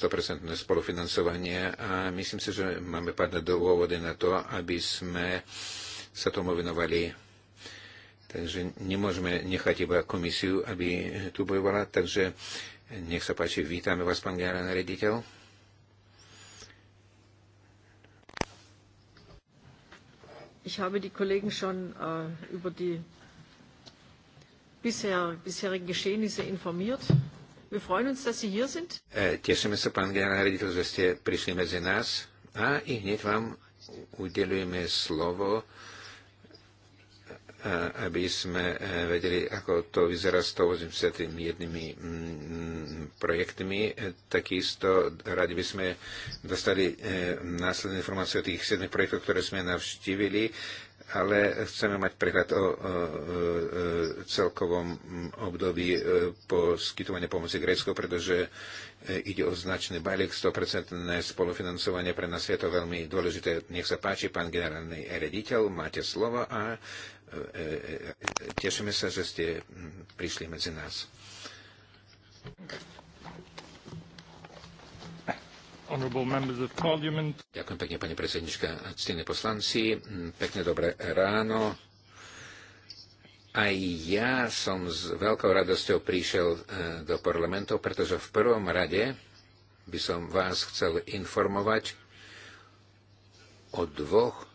mm, spolufinancovanie a myslím si, že máme padne dôvody na to, aby sme sa tomu venovali. Takže nemôžeme nechať iba komisiu, aby tu bojovala. Takže nech sa páči, vítame vás, pán generálny rediteľ. Ich habe die Kollegen schon äh, über die bisher, bisherigen Geschehnisse informiert. Wir freuen uns, dass Sie hier sind. Äh, tešíme sa, pán riaditeľ, že ste prišli medzi nás a i hneď vám udelujeme slovo aby sme e, vedeli, ako to vyzerá s jednými mm, projektmi. E, takisto radi by sme dostali e, následné informácie o tých 7 projektoch, ktoré sme navštívili ale chceme mať prehľad o celkovom období e, poskytovania pomoci Grécko, pretože e, ide o značný balík, 100% spolufinancovanie pre nás je to veľmi dôležité. Nech sa páči, pán generálny rediteľ, máte slovo a e, tešíme sa, že ste prišli medzi nás. Ďakujem pekne, pani predsednička a ctení poslanci. Mm, pekne dobré ráno. Aj ja som s veľkou radosťou prišiel eh, do parlamentu, pretože v prvom rade by som vás chcel informovať o dvoch eh,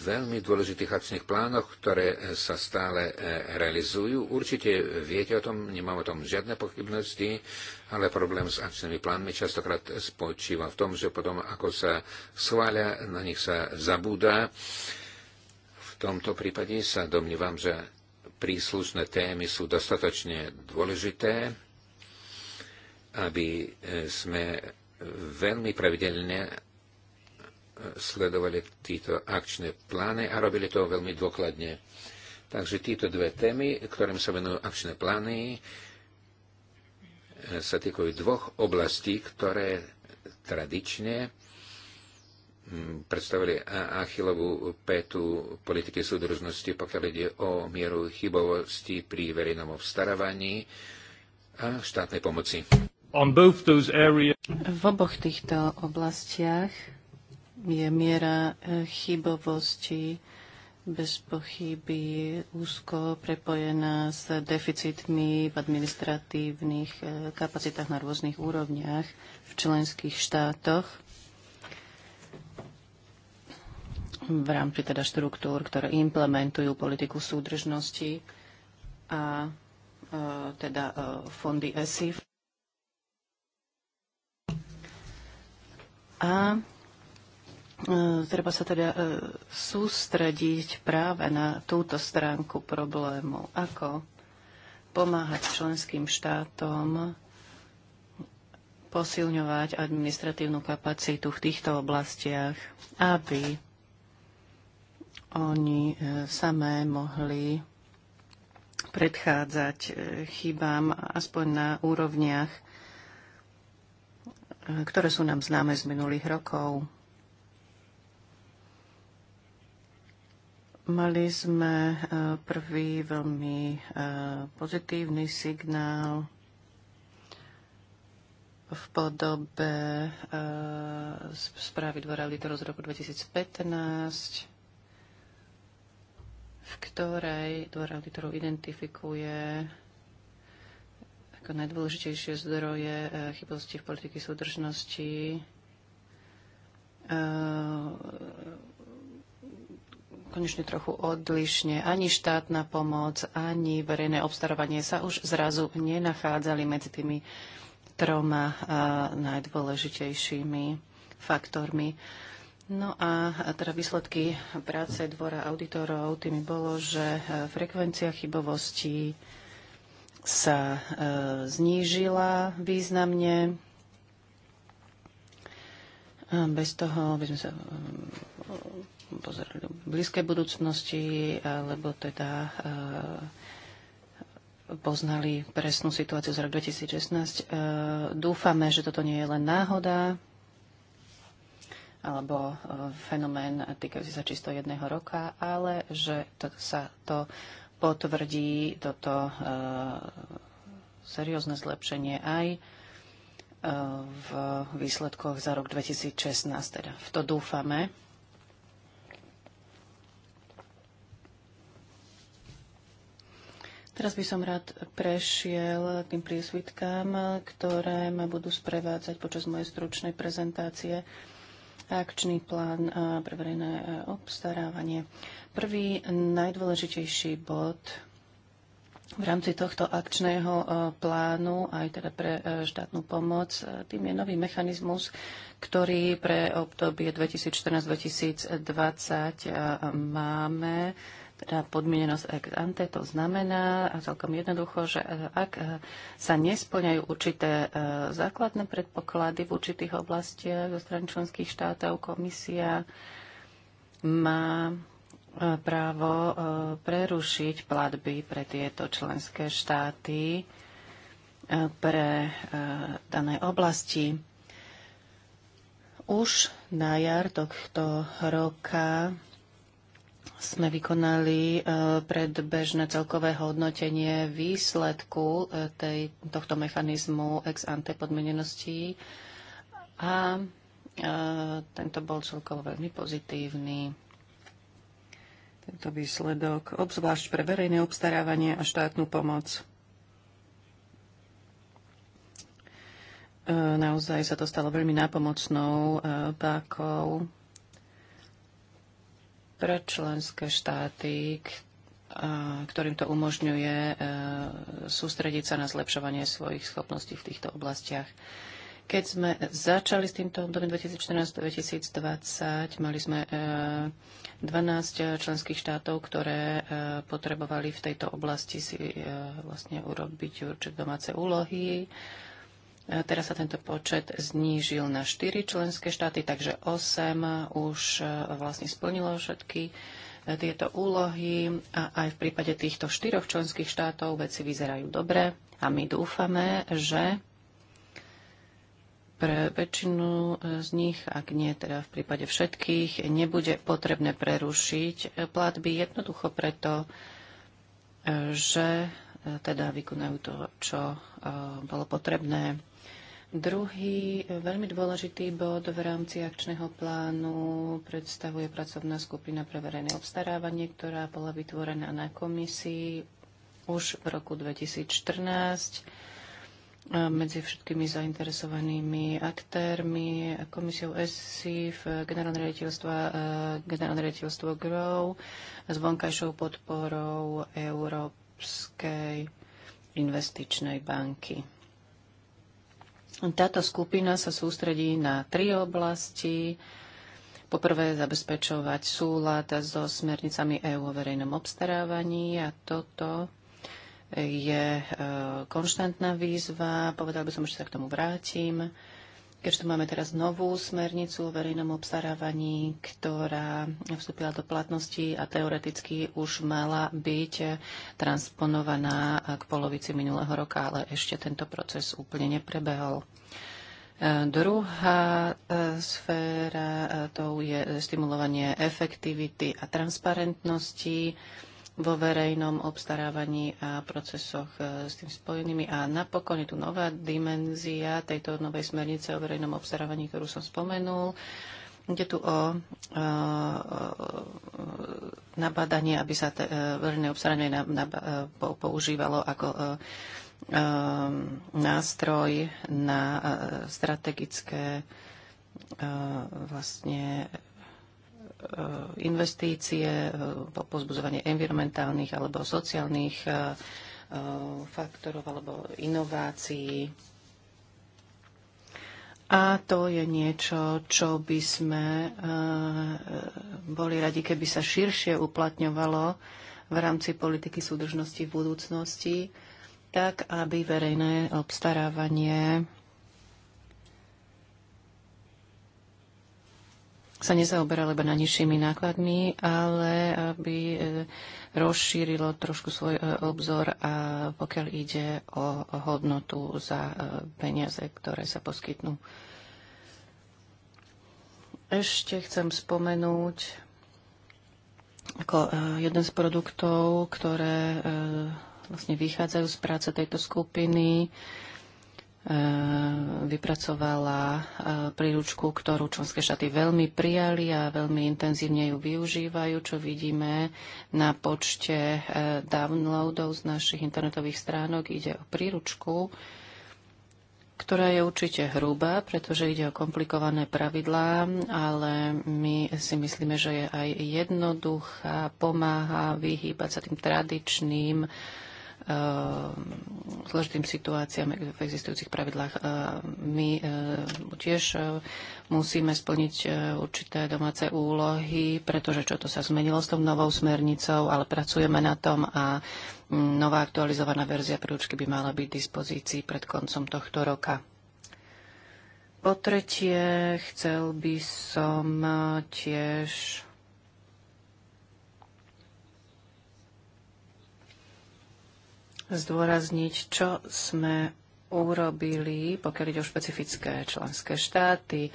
veľmi dôležitých akčných plánoch, ktoré eh, sa stále realizujú. Určite viete o tom, nemám o tom žiadne pochybnosti ale problém s akčnými plánmi častokrát spočíva v tom, že potom, ako sa schvália, na nich sa zabúda. V tomto prípade sa domnívam, že príslušné témy sú dostatočne dôležité, aby e, sme veľmi pravidelne e, sledovali títo akčné plány a robili to veľmi dôkladne. Takže títo dve témy, ktorým sa venujú akčné plány, sa týkajú dvoch oblastí, ktoré tradične mm, predstavili Achillovú pétu politiky súdržnosti, pokiaľ ide o mieru chybovosti pri verejnom obstarávaní a štátnej pomoci. V oboch týchto oblastiach je miera eh, chybovosti bez pochyby úzko prepojená s deficitmi v administratívnych eh, kapacitách na rôznych úrovniach v členských štátoch v rámci teda štruktúr, ktoré implementujú politiku súdržnosti a eh, teda eh, fondy ESIF. A E, treba sa teda e, sústrediť práve na túto stránku problému. Ako pomáhať členským štátom posilňovať administratívnu kapacitu v týchto oblastiach, aby oni e, samé mohli predchádzať chybám aspoň na úrovniach, ktoré sú nám známe z minulých rokov. Mali sme eh, prvý veľmi eh, pozitívny signál v podobe eh, správy Dvora auditorov z roku 2015, v ktorej Dvora Litoru identifikuje ako najdôležitejšie zdroje chybosti v politiky súdržnosti konečne trochu odlišne. Ani štátna pomoc, ani verejné obstarovanie sa už zrazu nenachádzali medzi tými troma a, najdôležitejšími faktormi. No a teda výsledky práce Dvora auditorov tými bolo, že e, frekvencia chybovosti sa e, znížila významne. Bez toho by sme sa pozerať do blízkej budúcnosti, lebo teda e, poznali presnú situáciu z roku 2016. E, dúfame, že toto nie je len náhoda alebo e, fenomén týkajúci sa čisto jedného roka, ale že to, sa to potvrdí, toto seriózne zlepšenie aj v výsledkoch za rok 2016. Teda v to dúfame. Teraz by som rád prešiel k tým priesvitkám, ktoré ma budú sprevádzať počas mojej stručnej prezentácie akčný plán pre verejné e, obstarávanie. Prvý najdôležitejší bod v rámci tohto akčného e, plánu aj teda pre e, štátnu pomoc, tým je nový mechanizmus, ktorý pre obdobie 2014-2020 máme teda podmienenosť ex ante to znamená a celkom jednoducho, že e, ak e, sa nesplňajú určité e, základné predpoklady v určitých oblastiach zo strany členských štátov, komisia má právo prerušiť platby pre tieto členské štáty pre dané oblasti. Už na jar tohto roka sme vykonali e, predbežné celkové hodnotenie výsledku e, tej, tohto mechanizmu ex ante podmeneností a e, tento bol celkovo veľmi pozitívny. Tento výsledok, obzvlášť pre verejné obstarávanie a štátnu pomoc. Naozaj sa to stalo veľmi nápomocnou pákou pre členské štáty, ktorým to umožňuje e, sústrediť sa na zlepšovanie svojich schopností v týchto oblastiach. Keď sme začali s týmto obdobím 2014-2020, mali sme 12 e, e, členských štátov, ktoré potrebovali v tejto oblasti si vlastne urobiť určite domáce úlohy E, teraz sa tento počet znížil na 4 členské štáty, takže 8 už e, vlastne splnilo všetky e, tieto úlohy a aj v prípade týchto štyroch členských štátov veci vyzerajú dobre a my dúfame, že pre väčšinu z nich, ak nie teda v prípade všetkých, nebude potrebné prerušiť platby jednoducho preto, že teda vykonajú to, čo bolo potrebné Druhý e, veľmi dôležitý bod v rámci akčného plánu predstavuje pracovná skupina pre verejné obstarávanie, ktorá bola vytvorená na komisii už v roku 2014 e, medzi všetkými zainteresovanými aktérmi, komisiou ESIF, generálne riaditeľstvo, e, generálne riaditeľstvo GROW s vonkajšou podporou Európskej investičnej banky. Táto skupina sa sústredí na tri oblasti. Poprvé zabezpečovať súlad so smernicami EÚ o verejnom obstarávaní a toto je e, konštantná výzva. Povedal by som, že sa k tomu vrátim. Keďže tu máme teraz novú smernicu o verejnom obstarávaní, ktorá vstúpila do platnosti a teoreticky už mala byť transponovaná k polovici minulého roka, ale ešte tento proces úplne neprebehol. E, druhá e, sféra e, to je stimulovanie efektivity a transparentnosti vo verejnom obstarávaní a procesoch e, s tým spojenými. A napokon je tu nová dimenzia tejto novej smernice o verejnom obstarávaní, ktorú som spomenul. Ide tu o, o, e, o e, aby sa te, verejné obstarávanie na, na, používalo ako o, nástroj na strategické vlastne Eh, investície, eh, pozbuzovanie environmentálnych alebo sociálnych eh, faktorov alebo inovácií. A to je niečo, čo by sme boli radi, keby sa širšie uplatňovalo v rámci politiky súdržnosti v budúcnosti, tak aby verejné obstarávanie sa nezaoberalo iba na nižšími nákladmi, ale aby e, rozšírilo trošku svoj e, obzor, a pokiaľ ide o hodnotu za e, peniaze, ktoré sa poskytnú. Ešte chcem spomenúť ako jeden z produktov, ktoré vlastne vychádzajú z práce tejto skupiny, E, vypracovala e, príručku, ktorú členské štáty veľmi prijali a veľmi intenzívne ju využívajú, čo vidíme na počte e, downloadov z našich internetových stránok. Ide o príručku, ktorá je určite hrubá, pretože ide o komplikované pravidlá, ale my si myslíme, že je aj jednoduchá, pomáha vyhýbať sa tým tradičným Ehm, zložitým situáciám v existujúcich pravidlách. Ehm, my ehm, tiež musíme splniť určité domáce úlohy, pretože čo to sa zmenilo s tou novou smernicou, ale pracujeme na tom a mm, nová aktualizovaná verzia príručky by mala byť v dispozícii pred koncom tohto roka. Po tretie, chcel by som tiež zdôrazniť, čo sme urobili, pokiaľ ide o špecifické členské štáty. E,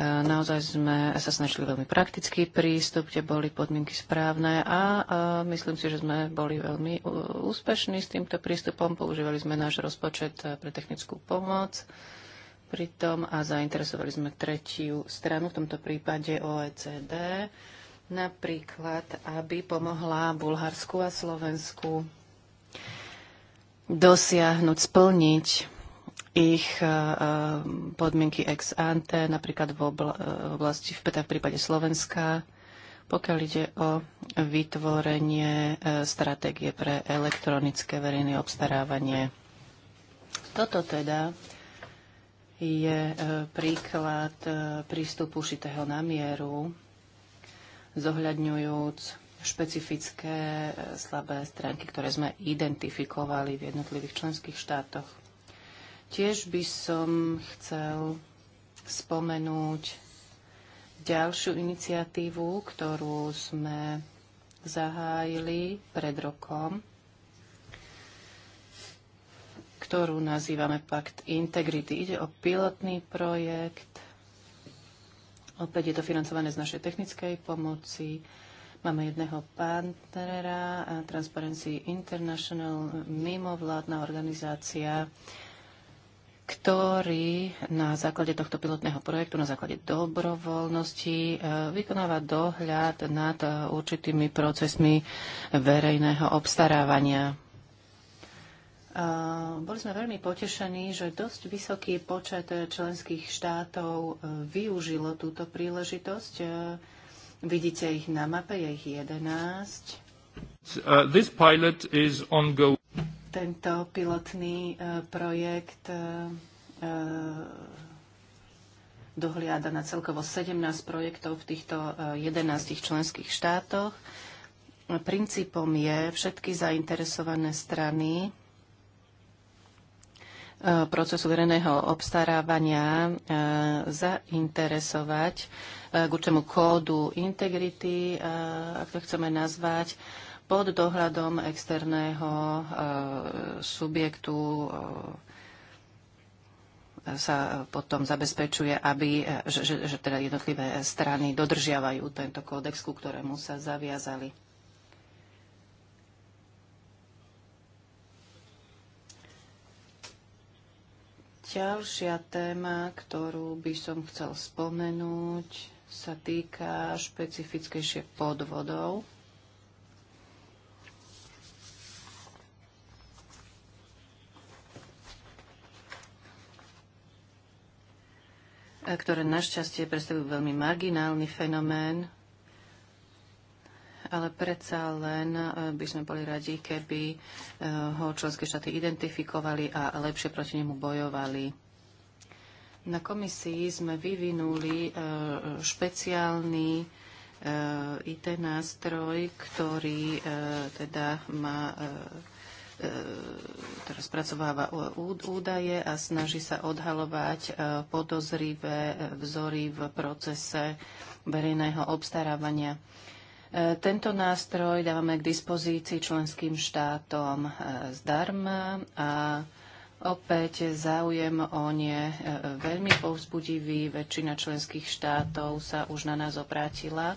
naozaj sme sa snažili veľmi praktický prístup, kde boli podmienky správne a myslím si, že sme boli veľmi úspešní s týmto prístupom. Používali sme náš rozpočet e, pre technickú pomoc pritom a zainteresovali sme tretiu stranu, v tomto prípade OECD, napríklad, aby pomohla Bulharsku a Slovensku dosiahnuť, splniť ich eh, eh, podmienky ex ante, napríklad v eh, oblasti, v prípade Slovenska, pokiaľ ide o vytvorenie stratégie pre elektronické verejné obstarávanie. Toto teda je príklad prístupu šitého namieru, zohľadňujúc špecifické e, slabé stránky, ktoré sme identifikovali v jednotlivých členských štátoch. Tiež by som chcel spomenúť ďalšiu iniciatívu, ktorú sme zahájili pred rokom, ktorú nazývame Pakt Integrity. Ide o pilotný projekt. Opäť je to financované z našej technickej pomoci Máme jedného partnera, eh, Transparency International, mimovládna organizácia, ktorý na základe tohto pilotného projektu, na základe dobrovoľnosti eh, vykonáva dohľad nad eh, určitými procesmi verejného obstarávania. Boli sme veľmi potešení, že dosť vysoký počet členských štátov využilo túto príležitosť Vidíte ich na mape, je ich 11. Uh, this pilot is ongoing. Tento pilotný uh, projekt uh, dohliada na celkovo 17 projektov v týchto 11 členských štátoch. Princípom je všetky zainteresované strany procesu verejného obstarávania zainteresovať k určemu kódu integrity, eh, ak to chceme nazvať, pod dohľadom externého eh, subjektu eh, sa potom zabezpečuje, aby, že, že, že teda jednotlivé strany dodržiavajú tento kódex, ku ktorému sa zaviazali. Ďalšia téma, ktorú by som chcel spomenúť, sa týka špecifickejšie podvodov. E, ktoré našťastie predstavujú veľmi marginálny fenomén, ale predsa len e, by sme boli radi, keby e, ho členské štáty identifikovali a lepšie proti nemu bojovali. Na komisii sme vyvinuli e, špeciálny e, IT nástroj, ktorý e, teda má ktorá teda spracováva údaje a snaží sa odhalovať podozrivé vzory v procese verejného obstarávania. Tento nástroj dávame k dispozícii členským štátom zdarma a Opäť záujem o nie e, veľmi povzbudivý. Väčšina členských štátov sa už na nás obrátila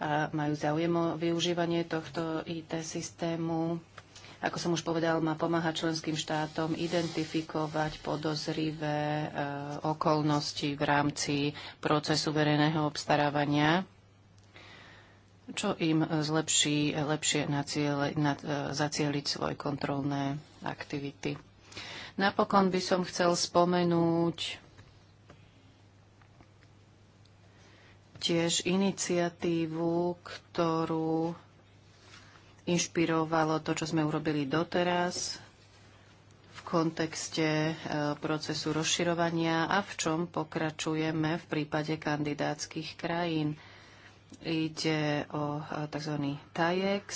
a majú záujem o využívanie tohto IT systému. Ako som už povedal, má pomáhať členským štátom identifikovať podozrivé e, okolnosti v rámci procesu verejného obstarávania čo im e, zlepší e, lepšie na, e, zacieliť svoje kontrolné aktivity. Napokon by som chcel spomenúť tiež iniciatívu, ktorú inšpirovalo to, čo sme urobili doteraz v kontekste procesu rozširovania a v čom pokračujeme v prípade kandidátskych krajín. Ide o e, tzv. TAIEX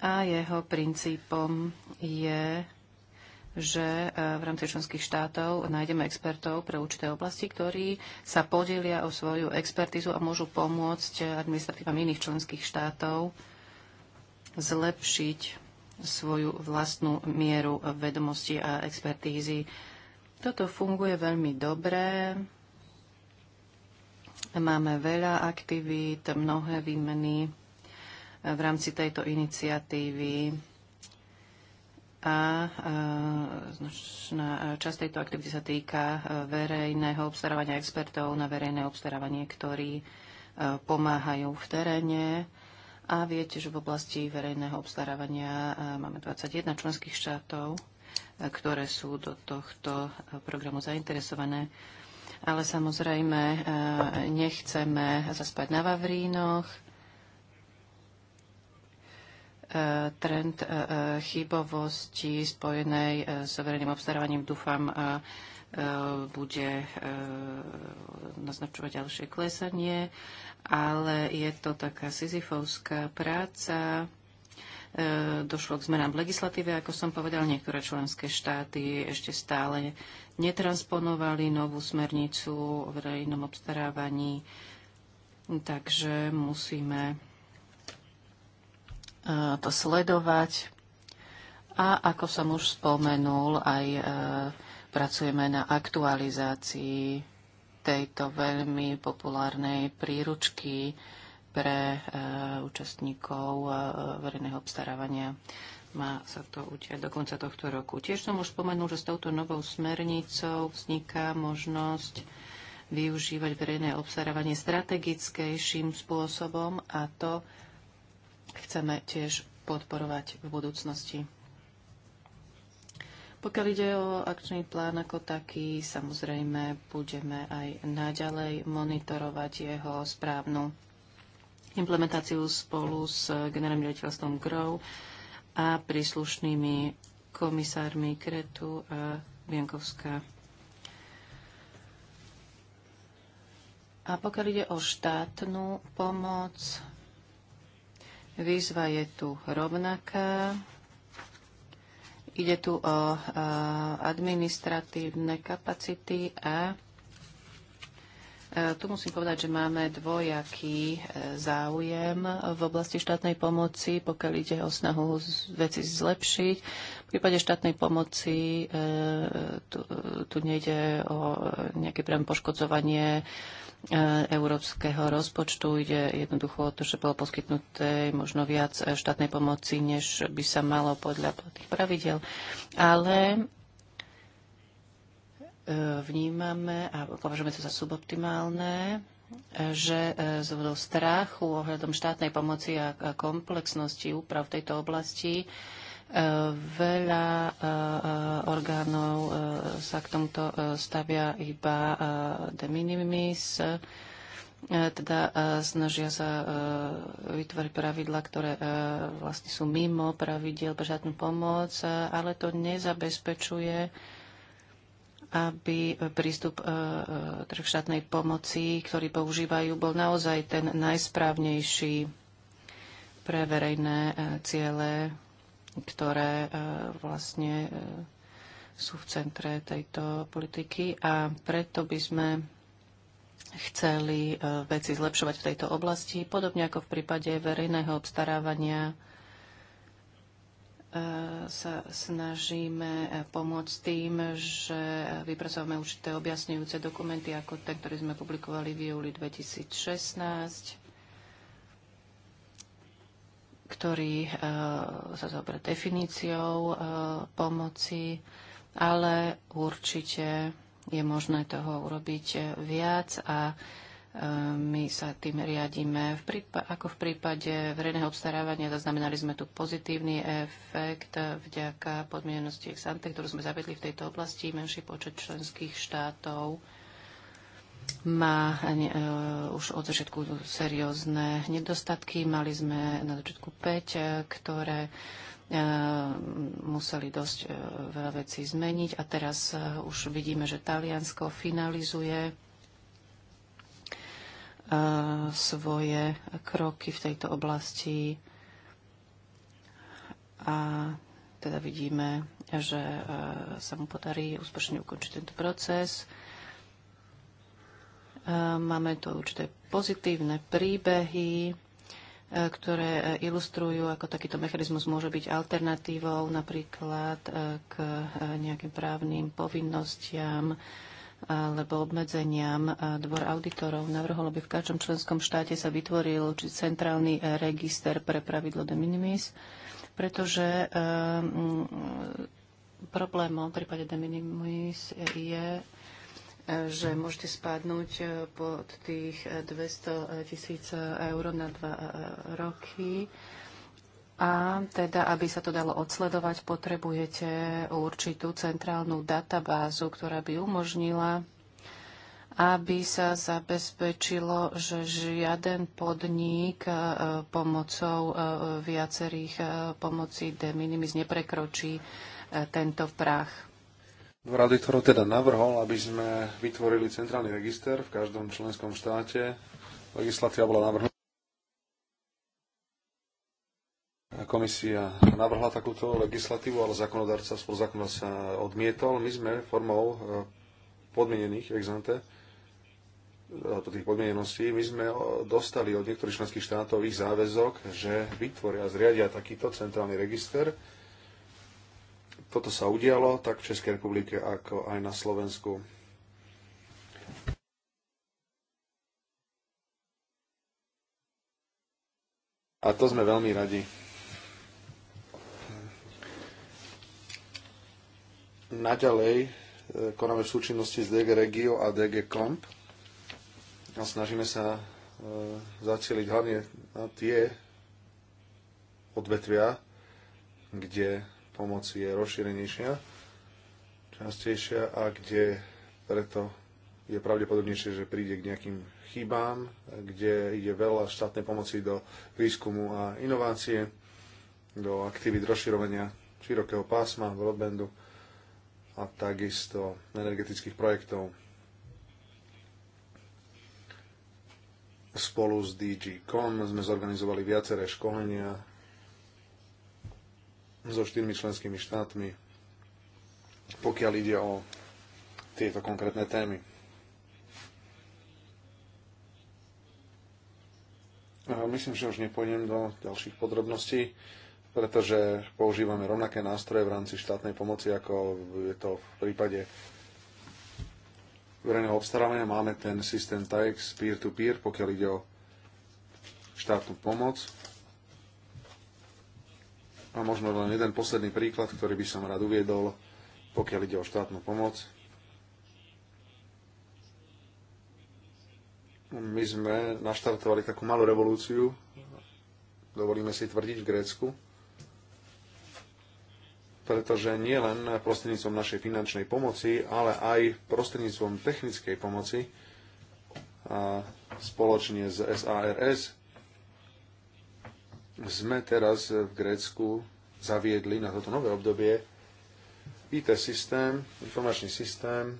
a jeho princípom je, že e, v rámci členských štátov nájdeme expertov pre určité oblasti, ktorí sa podelia o svoju expertizu a môžu pomôcť administratívam iných členských štátov zlepšiť svoju vlastnú mieru vedomosti a expertízy. Toto funguje veľmi dobre Máme veľa aktivít, mnohé výmeny eh, v rámci tejto iniciatívy a eh, značná eh, časť tejto aktivity sa týka verejného obstarávania expertov na verejné obstarávanie, ktorí pomáhajú v teréne. A viete, že v oblasti verejného obstarávania máme 21 členských štátov, ktoré sú do tohto programu zainteresované ale samozrejme e, nechceme zaspať na Vavrínoch. E, trend e, chybovosti spojenej s verejným obstarávaním dúfam bude naznačovať ďalšie klesanie, ale je to taká sizifovská práca E, došlo k zmenám v legislatíve. Ako som povedal, niektoré členské štáty ešte stále netransponovali novú smernicu o verejnom obstarávaní, takže musíme e, to sledovať. A ako som už spomenul, aj e, pracujeme na aktualizácii tejto veľmi populárnej príručky pre eh, účastníkov eh, verejného obstarávania. Má sa to utiať do konca tohto roku. Tiež som už spomenul, že s touto novou smernicou vzniká možnosť využívať verejné obstarávanie strategickejším spôsobom a to chceme tiež podporovať v budúcnosti. Pokiaľ ide o akčný plán ako taký, samozrejme budeme aj naďalej monitorovať jeho správnu implementáciu spolu s generálnym riaditeľstvom GROW a príslušnými komisármi Kretu a Biankovská. A pokiaľ ide o štátnu pomoc, výzva je tu rovnaká. Ide tu o administratívne kapacity a E, tu musím povedať, že máme dvojaký e, záujem v oblasti štátnej pomoci, pokiaľ ide o snahu veci zlepšiť. V prípade štátnej pomoci e, tu, tu nejde o nejaké priam poškodzovanie európskeho rozpočtu. Ide jednoducho o to, že bolo poskytnuté možno viac štátnej pomoci, než by sa malo podľa tých pravidel. Ale vnímame a považujeme to za suboptimálne, že e, z vodou strachu ohľadom štátnej pomoci a komplexnosti úprav v tejto oblasti e, veľa e, orgánov sa k tomuto stavia iba de minimis, teda snažia sa vytvoriť pravidla, ktoré vlastne sú mimo pravidiel pre štátnu pomoc, ale to nezabezpečuje aby prístup e, e, trh štátnej pomoci, ktorý používajú, bol naozaj ten najsprávnejší pre verejné e, ciele, ktoré vlastne sú v centre tejto politiky a preto by sme chceli veci zlepšovať v tejto oblasti, podobne ako v prípade verejného obstarávania sa snažíme pomôcť tým, že vypracovame určité objasňujúce dokumenty, ako ten, ktorý sme publikovali v júli 2016 ktorý e, sa zaoberá definíciou e, pomoci, ale určite je možné toho urobiť e, viac a my sa tým riadíme. V prípa- ako v prípade verejného obstarávania zaznamenali sme tu pozitívny efekt vďaka podmienenosti ex ante, ktorú sme zavedli v tejto oblasti. Menší počet členských štátov má e, už od začiatku seriózne nedostatky. Mali sme na začiatku 5, eh, ktoré eh, museli dosť veľa vecí zmeniť a teraz už vidíme, že Taliansko finalizuje Eh, svoje kroky v tejto oblasti a teda vidíme, že eh, sa mu podarí úspešne ukončiť tento proces. Eh, máme tu určité pozitívne príbehy, ktoré ilustrujú, ako takýto mechanizmus môže byť alternatívou napríklad k nejakým právnym povinnostiam, alebo obmedzeniam dvor auditorov navrhol, aby v každom členskom štáte sa vytvoril či centrálny e, register pre pravidlo de minimis, pretože e, problémom v prípade de minimis je e, že môžete spadnúť pod tých 200 tisíc eur na dva roky a teda, aby sa to dalo odsledovať, potrebujete určitú centrálnu databázu, ktorá by umožnila, aby sa zabezpečilo, že žiaden podnik e, pomocou e, viacerých e, pomocí de minimis neprekročí tento prach. Dvor auditorov teda navrhol, aby sme vytvorili centrálny register v každom členskom štáte. Legislatíva bola navrhnutá. Komisia navrhla takúto legislatívu, ale zákonodárca, spoluzákonodárca sa odmietol. My sme formou e, podmienených exante, alebo tých podmieneností, my sme e, dostali od niektorých členských štátov ich záväzok, že vytvoria, zriadia takýto centrálny register. Toto sa udialo tak v Českej republike, ako aj na Slovensku. A to sme veľmi radi. Naďalej e, konáme v súčinnosti s DG Regio a DG Comp a snažíme sa e, zacieliť hlavne na tie odvetvia, kde pomoc je rozšírenejšia, častejšia a kde preto je pravdepodobnejšie, že príde k nejakým chybám, kde ide veľa štátnej pomoci do výskumu a inovácie, do aktivít rozširovania širokého pásma, broadbandu a takisto energetických projektov spolu s DG.com sme zorganizovali viaceré školenia so štyrmi členskými štátmi, pokiaľ ide o tieto konkrétne témy. Myslím, že už nepôjdem do ďalších podrobností pretože používame rovnaké nástroje v rámci štátnej pomoci, ako je to v prípade verejného obstarávania. Máme ten systém TAEX peer-to-peer, pokiaľ ide o štátnu pomoc. A možno len jeden posledný príklad, ktorý by som rád uviedol, pokiaľ ide o štátnu pomoc. My sme naštartovali takú malú revolúciu, dovolíme si tvrdiť v Grécku, pretože nie len prostredníctvom našej finančnej pomoci, ale aj prostredníctvom technickej pomoci a spoločne s SARS sme teraz v Grécku zaviedli na toto nové obdobie IT systém, informačný systém,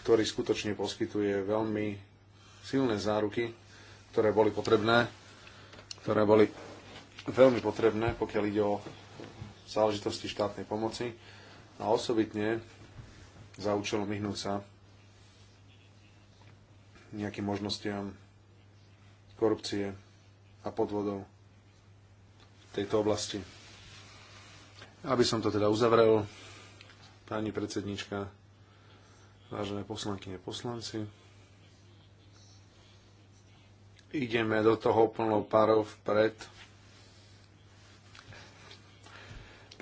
ktorý skutočne poskytuje veľmi silné záruky, ktoré boli potrebné, ktoré boli veľmi potrebné, pokiaľ ide o záležitosti štátnej pomoci a osobitne za účelom vyhnúť sa nejakým možnostiam korupcie a podvodov v tejto oblasti. Aby som to teda uzavrel, pani predsednička, vážené poslankyne, poslanci, ideme do toho plnou parov vpred.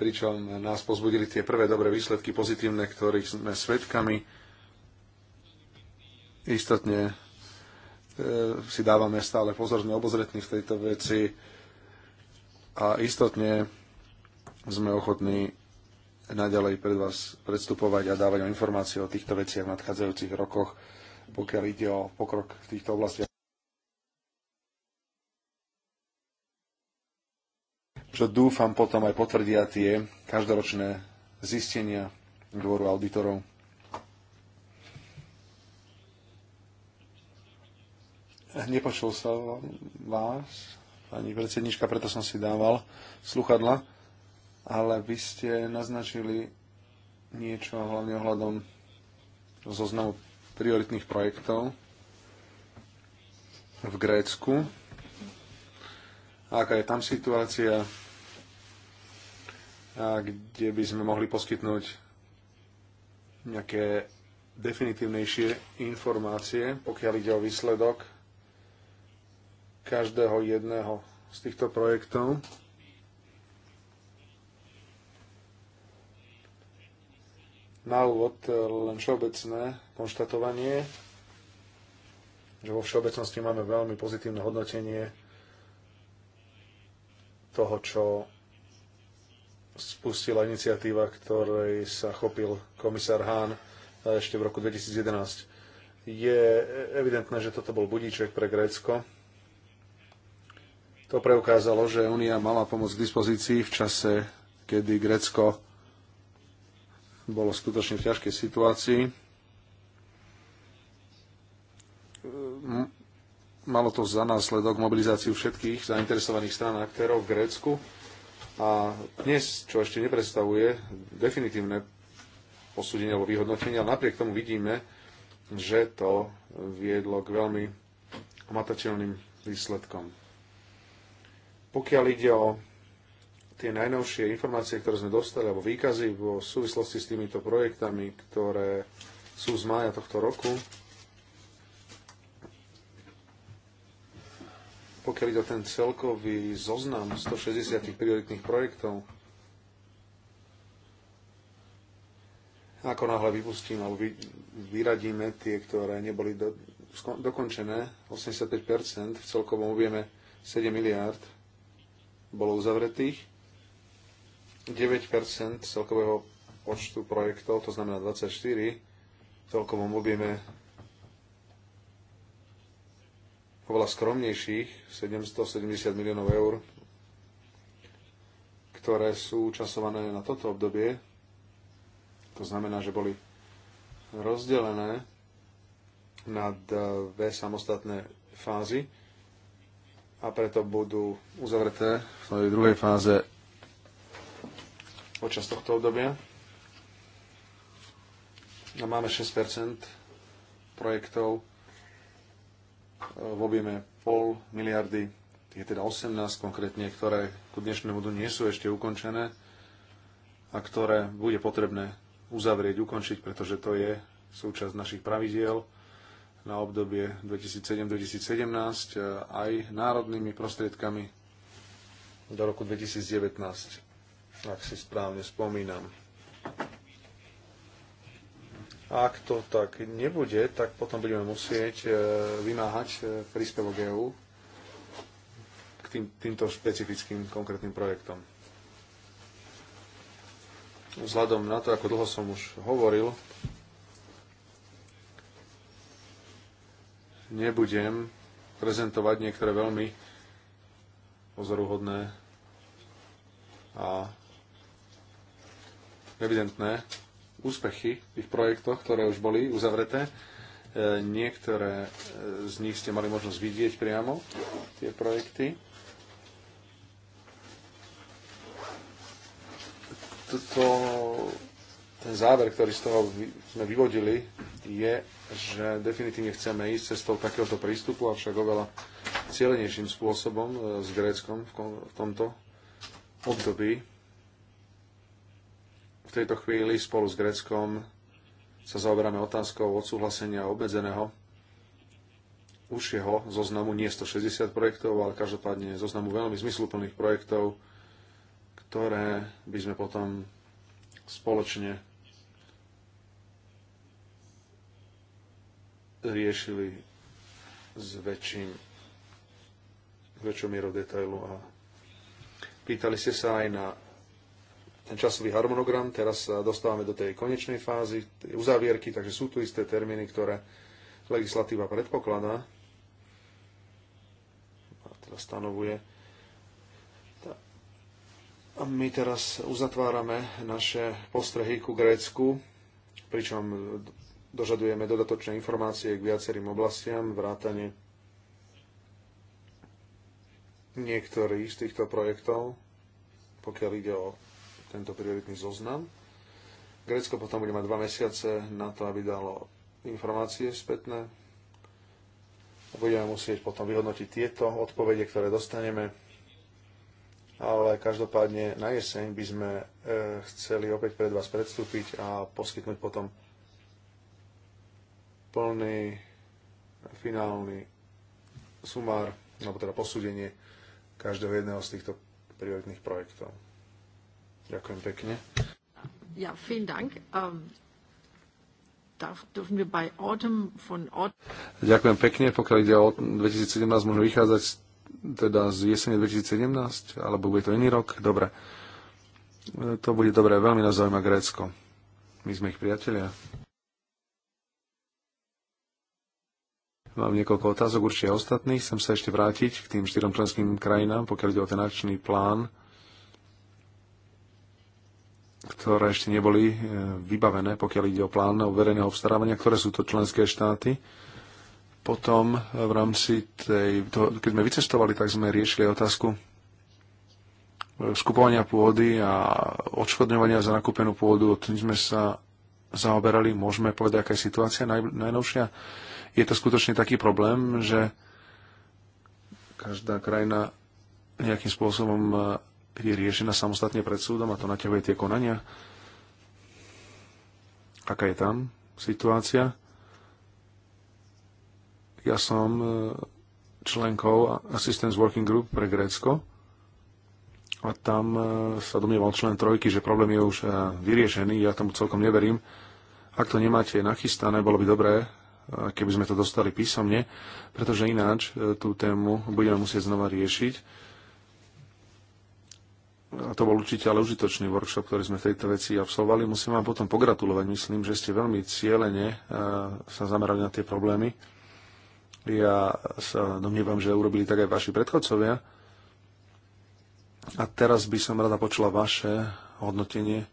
pričom nás pozbudili tie prvé dobré výsledky pozitívne, ktorých sme svedkami. Istotne e, si dávame stále pozor, sme obozretní v tejto veci a istotne sme ochotní naďalej pred vás predstupovať a dávať vám informácie o týchto veciach v nadchádzajúcich rokoch, pokiaľ ide o pokrok v týchto oblastiach. čo dúfam potom aj potvrdia tie každoročné zistenia dvoru auditorov. Nepočul sa vás, pani predsednička, preto som si dával sluchadla, ale vy ste naznačili niečo hlavne ohľadom zoznamu prioritných projektov v Grécku. Aká je tam situácia? kde by sme mohli poskytnúť nejaké definitívnejšie informácie, pokiaľ ide o výsledok každého jedného z týchto projektov. Na úvod e, len všeobecné konštatovanie, že vo všeobecnosti máme veľmi pozitívne hodnotenie toho, čo spustila iniciatíva, ktorej sa chopil komisár Hahn e, ešte v roku 2011. Je evidentné, že toto bol budíček pre Grécko. To preukázalo, že Únia mala pomoc k dispozícii v čase, kedy Grécko bolo skutočne v ťažkej situácii. Malo to za následok mobilizáciu všetkých zainteresovaných strán a aktérov v Grécku a dnes, čo ešte nepredstavuje definitívne posúdenie alebo vyhodnotenie, ale napriek tomu vidíme, že to viedlo k veľmi matateľným výsledkom. Pokiaľ ide o tie najnovšie informácie, ktoré sme dostali, alebo výkazy v súvislosti s týmito projektami, ktoré sú z mája tohto roku, pokiaľ ide o ten celkový zoznam 160 prioritných projektov, ako náhle vypustím alebo vy, vyradíme tie, ktoré neboli do, skon, dokončené, 85% v celkovom objeme 7 miliárd bolo uzavretých, 9% celkového počtu projektov, to znamená 24, v celkovom objeme oveľa skromnejších 770 miliónov eur, ktoré sú časované na toto obdobie. To znamená, že boli rozdelené na dve samostatné fázy a preto budú uzavreté v tej druhej fáze počas tohto obdobia. A máme 6 projektov v objeme pol miliardy, je teda 18 konkrétne, ktoré ku dnešnému dňu nie sú ešte ukončené a ktoré bude potrebné uzavrieť, ukončiť, pretože to je súčasť našich pravidiel na obdobie 2007-2017 aj národnými prostriedkami do roku 2019, ak si správne spomínam. Ak to tak nebude, tak potom budeme musieť e, vymáhať e, príspevok EU k tým, týmto špecifickým konkrétnym projektom. Vzhľadom na to, ako dlho som už hovoril, nebudem prezentovať niektoré veľmi pozoruhodné a evidentné úspechy v ich projektoch, ktoré už boli uzavreté. E, niektoré e, z nich ste mali možnosť vidieť priamo, tie projekty. Toto, ten záver, ktorý z toho sme vyvodili, je, že definitívne chceme ísť cestou takéhoto prístupu, avšak oveľa cieľenejším spôsobom e, s Gréckom v tomto období v tejto chvíli spolu s Greckom sa zaoberáme otázkou odsúhlasenia obmedzeného už jeho zoznamu, nie 160 projektov, ale každopádne zoznamu veľmi zmysluplných projektov, ktoré by sme potom spoločne riešili s väčším, väčšou mierou detailu a pýtali ste sa aj na ten časový harmonogram. Teraz sa dostávame do tej konečnej fázy, tej uzavierky, takže sú tu isté termíny, ktoré legislatíva predpokladá a teraz stanovuje. A my teraz uzatvárame naše postrehy ku Grécku, pričom dožadujeme dodatočné informácie k viacerým oblastiam, vrátane niektorých z týchto projektov, pokiaľ ide o tento prioritný zoznam. Grécko potom bude mať dva mesiace na to, aby dalo informácie spätné. A budeme musieť potom vyhodnotiť tieto odpovede, ktoré dostaneme. Ale každopádne na jeseň by sme e, chceli opäť pred vás predstúpiť a poskytnúť potom plný finálny sumár, alebo teda posúdenie každého jedného z týchto prioritných projektov. Ďakujem pekne. Ja, vielen Dank. Um, ähm, darf, dürfen wir bei Autumn von Autumn... Ďakujem pekne. Pokiaľ ide o 2017, môžeme vychádzať teda z jesene 2017, alebo bude to iný rok? Dobre. E, to bude dobré. Veľmi nás zaujíma Grécko. My sme ich priatelia. Mám niekoľko otázok, určite ostatných. Chcem sa ešte vrátiť k tým štyrom členským krajinám, pokiaľ ide o ten akčný plán ktoré ešte neboli e, vybavené, pokiaľ ide o plán o verejného obstarávania, ktoré sú to členské štáty. Potom v rámci tej, to, keď sme vycestovali, tak sme riešili otázku e, skupovania pôdy a odškodňovania za nakúpenú pôdu. O tým sme sa zaoberali. Môžeme povedať, aká je situácia naj, najnovšia. Je to skutočne taký problém, že každá krajina nejakým spôsobom e, je riešená samostatne pred súdom a to naťahuje tie konania? Aká je tam situácia? Ja som e, členkou Assistance Working Group pre Grécko a tam e, sa domnieval člen trojky, že problém je už e, vyriešený, ja tomu celkom neverím. Ak to nemáte nachystané, bolo by dobré, keby sme to dostali písomne, pretože ináč tú tému budeme musieť znova riešiť a to bol určite ale užitočný workshop, ktorý sme v tejto veci absolvovali. Musím vám potom pogratulovať. Myslím, že ste veľmi cieľene e, sa zamerali na tie problémy. Ja sa domnievam, že urobili tak aj vaši predchodcovia. A teraz by som rada počula vaše hodnotenie.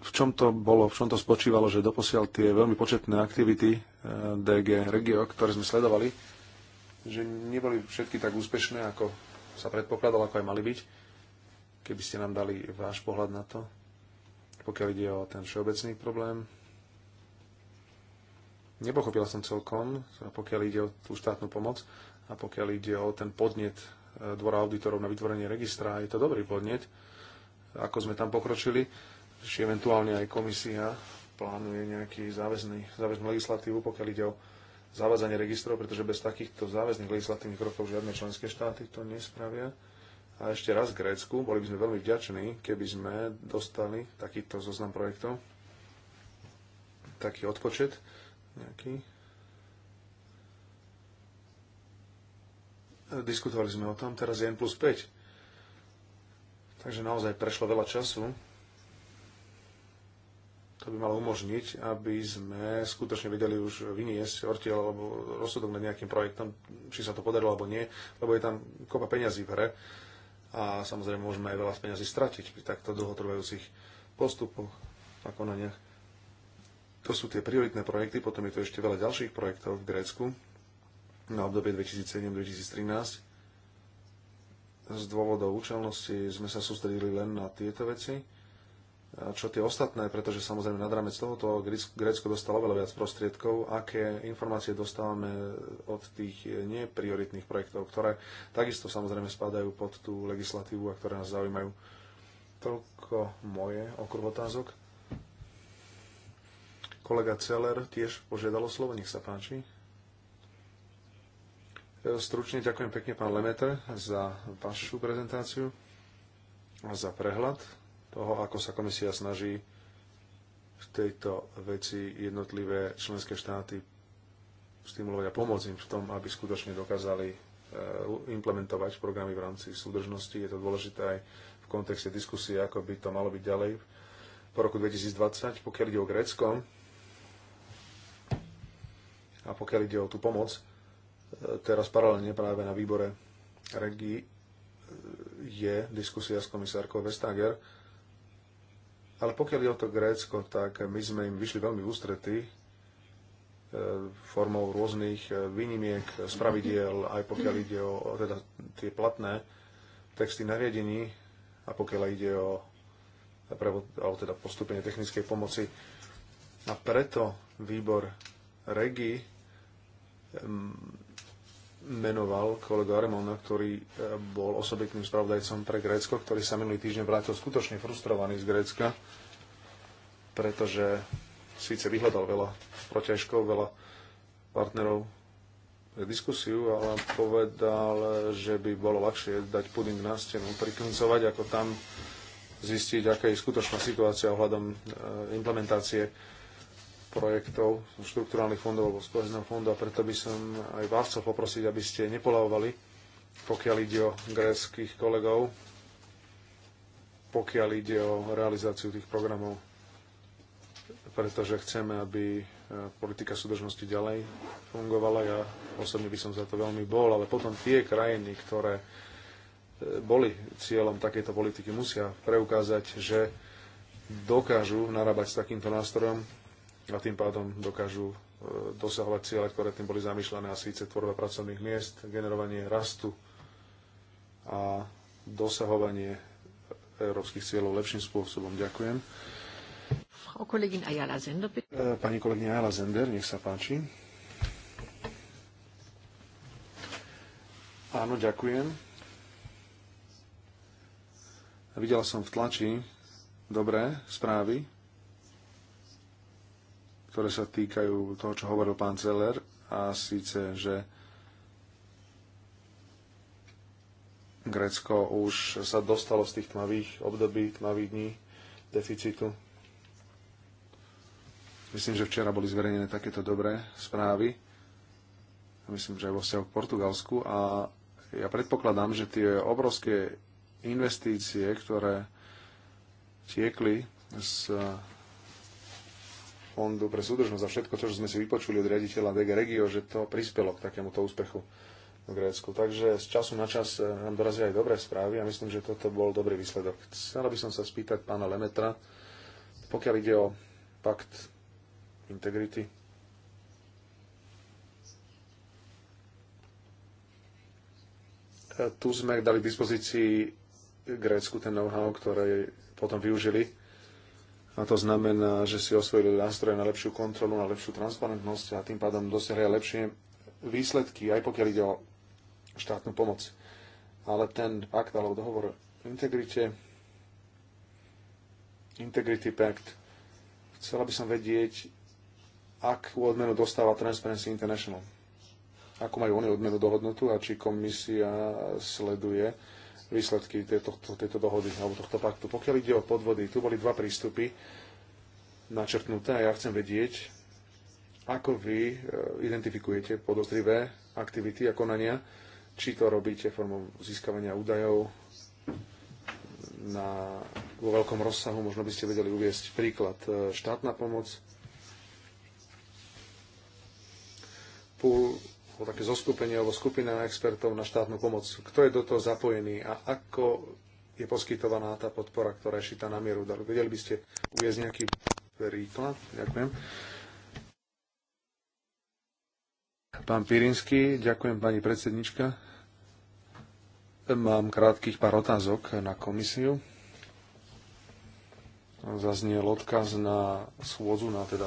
V čom to bolo, v čom to spočívalo, že doposiaľ tie veľmi početné aktivity e, DG Regio, ktoré sme sledovali, že neboli všetky tak úspešné, ako sa predpokladalo, ako aj mali byť. Keby ste nám dali váš pohľad na to, pokiaľ ide o ten všeobecný problém. Nepochopila som celkom, pokiaľ ide o tú štátnu pomoc a pokiaľ ide o ten podnet e, Dvora auditorov na vytvorenie registra, je to dobrý podnet, ako sme tam pokročili, či eventuálne aj komisia plánuje nejaký záväzný, záväznú legislatívu, pokiaľ ide o zavádzanie registrov, pretože bez takýchto záväzných legislatívnych krokov žiadne členské štáty to nespravia. A ešte raz Grécku, boli by sme veľmi vďační, keby sme dostali takýto zoznam projektov, taký odpočet nejaký. Diskutovali sme o tom, teraz je N plus 5. Takže naozaj prešlo veľa času, to by malo umožniť, aby sme skutočne vedeli už vyniesť ortiel alebo rozsudok nad nejakým projektom, či sa to podarilo alebo nie, lebo je tam kopa peňazí v hre a samozrejme môžeme aj veľa peňazí stratiť pri takto dlhotrvajúcich postupoch a konaniach. To sú tie prioritné projekty, potom je tu ešte veľa ďalších projektov v Grécku na obdobie 2007-2013. Z dôvodov účelnosti sme sa sústredili len na tieto veci čo tie ostatné, pretože samozrejme nad rámec tohoto Grécko dostalo oveľa viac prostriedkov, aké informácie dostávame od tých neprioritných projektov, ktoré takisto samozrejme spadajú pod tú legislatívu a ktoré nás zaujímajú. Toľko moje okruh otázok. Kolega Celer tiež požiadalo slovo, nech sa páči. E, stručne ďakujem pekne, pán Lemeter, za vašu prezentáciu a za prehľad toho, ako sa komisia snaží v tejto veci jednotlivé členské štáty stimulovať a pomôcť im v tom, aby skutočne dokázali e, implementovať programy v rámci súdržnosti. Je to dôležité aj v kontexte diskusie, ako by to malo byť ďalej po roku 2020, pokiaľ ide o Grécko a pokiaľ ide o tú pomoc. E, teraz paralelne práve na výbore regii e, je diskusia s komisárkou Vestager, ale pokiaľ je o to Grécko, tak my sme im vyšli veľmi ústretí e, formou rôznych e, výnimiek spravidiel aj pokiaľ ide o teda tie platné texty nariadení a pokiaľ ide o, alebo teda postupenie technickej pomoci. A preto výbor REGI menoval kolega Remona, ktorý e, bol osobitným spravodajcom pre Grécko, ktorý sa minulý týždeň vrátil skutočne frustrovaný z Grécka, pretože síce vyhľadal veľa protiažkov, veľa partnerov pre diskusiu, ale povedal, že by bolo ľahšie dať puding na stenu, priklincovať, ako tam zistiť, aká je skutočná situácia ohľadom e, implementácie projektov zo štrukturálnych fondov alebo z kohezného fondu a preto by som aj vás chcel poprosiť, aby ste nepolavovali, pokiaľ ide o gréckých kolegov, pokiaľ ide o realizáciu tých programov, pretože chceme, aby e, politika súdržnosti ďalej fungovala. Ja osobne by som za to veľmi bol, ale potom tie krajiny, ktoré e, boli cieľom takejto politiky, musia preukázať, že dokážu narábať s takýmto nástrojom, a tým pádom dokážu e, dosahovať ciele, ktoré tým boli zamýšľané, a síce tvorba pracovných miest, generovanie rastu a dosahovanie európskych cieľov lepším spôsobom. Ďakujem. E, pani kolegyňa Ayala Zender, nech sa páči. Áno, ďakujem. Videla som v tlači dobré správy ktoré sa týkajú toho, čo hovoril pán Zeller, a síce, že Grécko už sa dostalo z tých tmavých období, tmavých dní deficitu. Myslím, že včera boli zverejnené takéto dobré správy. Myslím, že aj vo vzťahu k Portugalsku. A ja predpokladám, že tie obrovské investície, ktoré tiekli z Fondu pre súdržnosť a všetko to, čo sme si vypočuli od riaditeľa DG Regio, že to prispelo k takémuto úspechu v Grécku. Takže z času na čas eh, nám dorazia aj dobré správy a myslím, že toto bol dobrý výsledok. Chcel by som sa spýtať pána Lemetra, pokiaľ ide o pakt integrity. Eh, tu sme dali k dispozícii Grécku ten know-how, ktoré potom využili a to znamená, že si osvojili nástroje na lepšiu kontrolu, na lepšiu transparentnosť a tým pádom dosiahli aj lepšie výsledky, aj pokiaľ ide o štátnu pomoc. Ale ten akt alebo dohovor integrite, Integrity Pact, chcela by som vedieť, akú odmenu dostáva Transparency International. Ako majú oni odmenu dohodnutú a či komisia sleduje výsledky tejto, tejto dohody alebo tohto paktu. Pokiaľ ide o podvody, tu boli dva prístupy načrtnuté a ja chcem vedieť, ako vy e, identifikujete podozrivé aktivity a konania, či to robíte formou získavania údajov na, vo veľkom rozsahu, možno by ste vedeli uviesť príklad e, štátna pomoc, pool, také zoskupenie alebo skupina expertov na štátnu pomoc. Kto je do toho zapojený a ako je poskytovaná tá podpora, ktorá je šitá na mieru? Vedeli by ste uviezť nejaký príklad. Ďakujem. Pán Pirinsky, ďakujem pani predsednička. Mám krátkých pár otázok na komisiu. Zazniel odkaz na schôdzu, na teda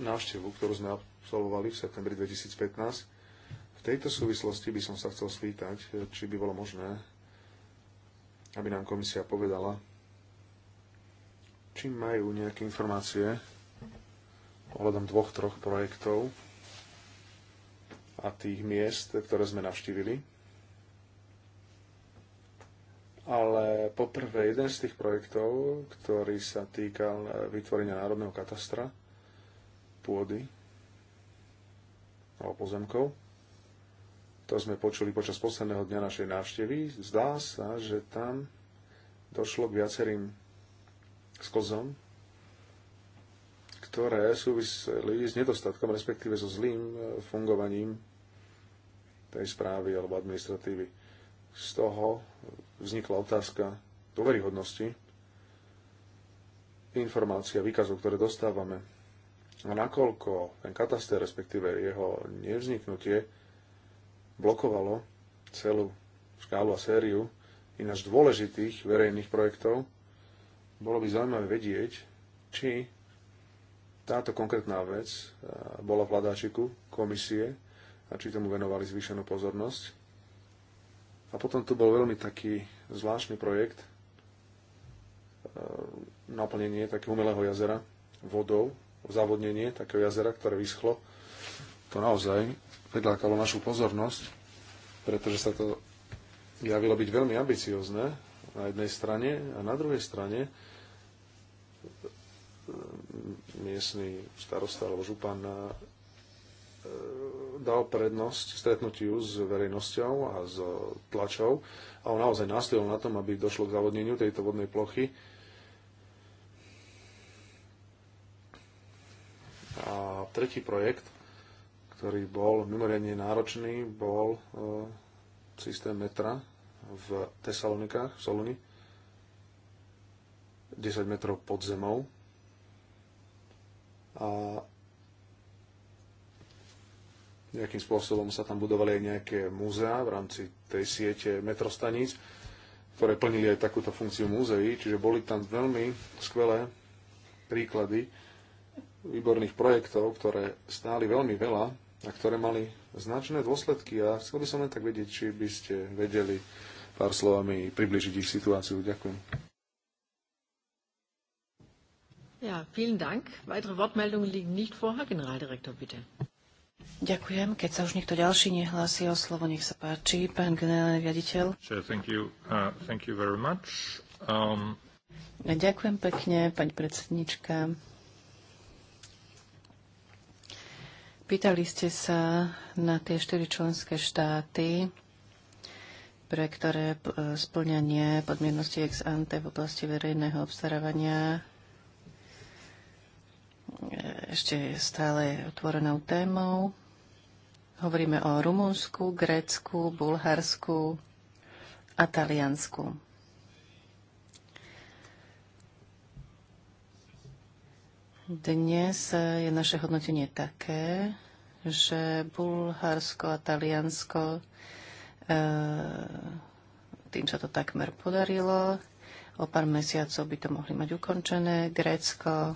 návštevu, ktorú sme absolvovali v septembri 2015. V tejto súvislosti by som sa chcel spýtať, či by bolo možné, aby nám komisia povedala, či majú nejaké informácie ohľadom dvoch, troch projektov a tých miest, ktoré sme navštívili. Ale poprvé, jeden z tých projektov, ktorý sa týkal vytvorenia národného katastra pôdy alebo pozemkov, to sme počuli počas posledného dňa našej návštevy, zdá sa, že tam došlo k viacerým s kozom, ktoré súviseli s nedostatkom, respektíve so zlým e, fungovaním tej správy alebo administratívy. Z toho vznikla otázka dôveryhodnosti informácií a výkazov, ktoré dostávame. A nakoľko ten kataster, respektíve jeho nevzniknutie, blokovalo celú škálu a sériu ináč dôležitých verejných projektov, bolo by zaujímavé vedieť, či táto konkrétna vec eh, bola v hľadáčiku komisie a či tomu venovali zvýšenú pozornosť. A potom tu bol veľmi taký zvláštny projekt eh, naplnenie takého umelého jazera vodou, zavodnenie takého jazera, ktoré vyschlo. To naozaj predlákalo našu pozornosť, pretože sa to javilo byť veľmi ambiciozne na jednej strane a na druhej strane e, miestny starosta alebo župan e, dal prednosť stretnutiu s verejnosťou a s tlačou a on naozaj nastojil na tom, aby došlo k zavodneniu tejto vodnej plochy. A tretí projekt, ktorý bol mimoriadne náročný, bol e, systém metra v Tesalonikách, v Soluni, 10 metrov pod zemou. A nejakým spôsobom sa tam budovali aj nejaké múzea v rámci tej siete metrostaníc, ktoré plnili aj takúto funkciu múzeí, čiže boli tam veľmi skvelé príklady výborných projektov, ktoré stáli veľmi veľa a ktoré mali značné dôsledky a chcel by som len tak vedieť, či by ste vedeli pár slovami približiť ich situáciu. Ďakujem. Ja, vielen Dank. Weitere Wortmeldungen liegen nicht vor. Herr Generaldirektor, bitte. Ďakujem. Keď sa už niekto ďalší nehlási o slovo, nech sa páči. Pán generálny riaditeľ. Sure, thank you. Uh, thank you very much. Um... Ďakujem pekne, pani predsednička. Pýtali ste sa na tie štyri členské štáty, pre ktoré e, splňanie podmiernosti ex ante v oblasti verejného obstarávania e, ešte je stále otvorenou témou. Hovoríme o Rumunsku, Grécku, Bulharsku a Taliansku. Dnes je naše hodnotenie také, že Bulharsko a Taliansko E, tým sa to takmer podarilo. O pár mesiacov by to mohli mať ukončené. Grécko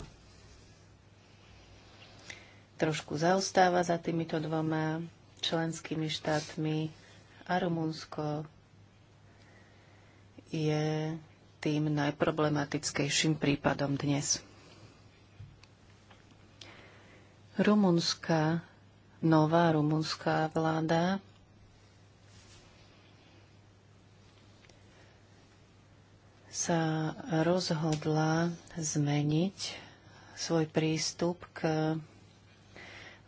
trošku zaostáva za týmito dvoma členskými štátmi a Rumunsko je tým najproblematickejším prípadom dnes. Rumunská, nová rumunská vláda sa rozhodla zmeniť svoj prístup k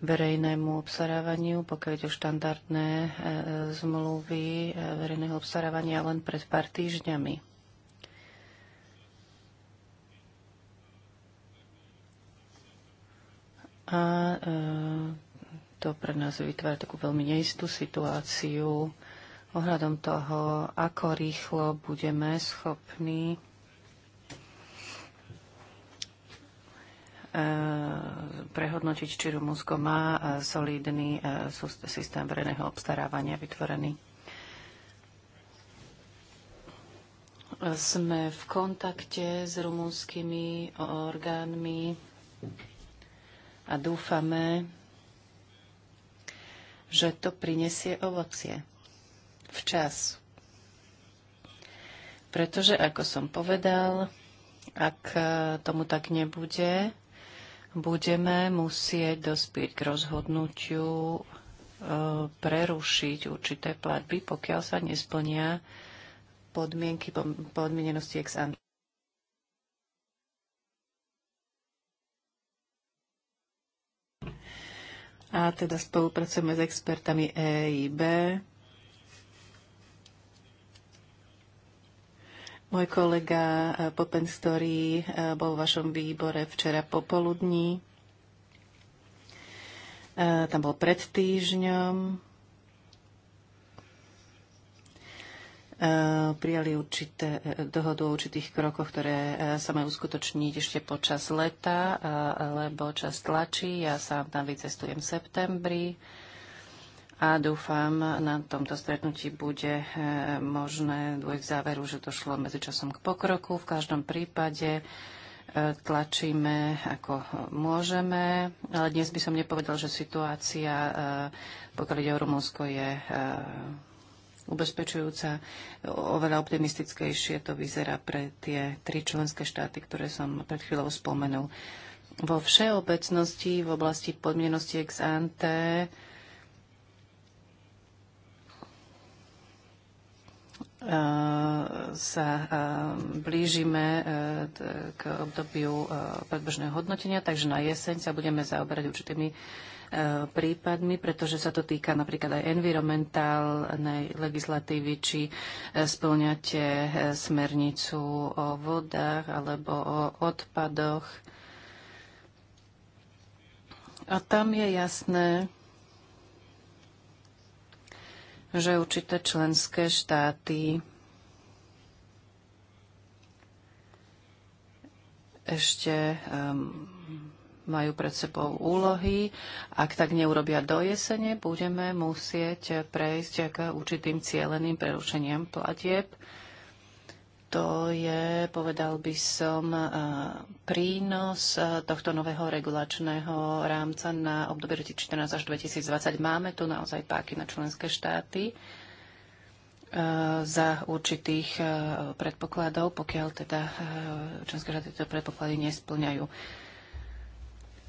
verejnému obstarávaniu, pokiaľ ide o štandardné e, zmluvy e, verejného obstarávania len pred pár týždňami. A e, to pre nás vytvára takú veľmi neistú situáciu ohľadom toho, ako rýchlo budeme schopní e, prehodnotiť, či Rumunsko má e, solidný e, systém verejného obstarávania vytvorený. Sme v kontakte s rumunskými orgánmi a dúfame, že to prinesie ovocie včas. Pretože, ako som povedal, ak e, tomu tak nebude, budeme musieť dospieť k rozhodnutiu e, prerušiť určité platby, pokiaľ sa nesplnia podmienky podmienenosti ex ante. A teda spolupracujeme s expertami EIB, Môj kolega eh, Popen, ktorý eh, bol v vašom výbore včera popoludní, eh, tam bol pred týždňom. Prijali určité, dohodu o určitých krokoch, ktoré sa majú uskutočniť ešte počas leta, lebo čas tlačí. Ja sám tam vycestujem v septembri a dúfam, na tomto stretnutí bude eh, možné dôjsť k záveru, že došlo medzičasom k pokroku. V každom prípade eh, tlačíme ako môžeme, ale dnes by som nepovedal, že situácia, eh, pokiaľ ide o Rumunsko, je ubezpečujúca. Oveľa optimistickejšie to vyzerá pre tie tri členské štáty, ktoré som pred chvíľou spomenul. Vo všeobecnosti v oblasti podmienosti ex ante E, sa e, blížime e, k obdobiu predbežného hodnotenia, takže na jeseň sa budeme zaoberať určitými prípadmi, pretože sa to týka napríklad aj environmentálnej legislatívy, či splňate smernicu o vodách alebo o odpadoch. A tam je jasné, že určité členské štáty ešte um, majú pred sebou úlohy. Ak tak neurobia do jesene, budeme musieť prejsť k určitým cieleným prerušeniam platieb to je, povedal by som, prínos tohto nového regulačného rámca na obdobie 2014 až 2020. Máme tu naozaj páky na členské štáty za určitých predpokladov, pokiaľ teda členské štáty tieto predpoklady nesplňajú.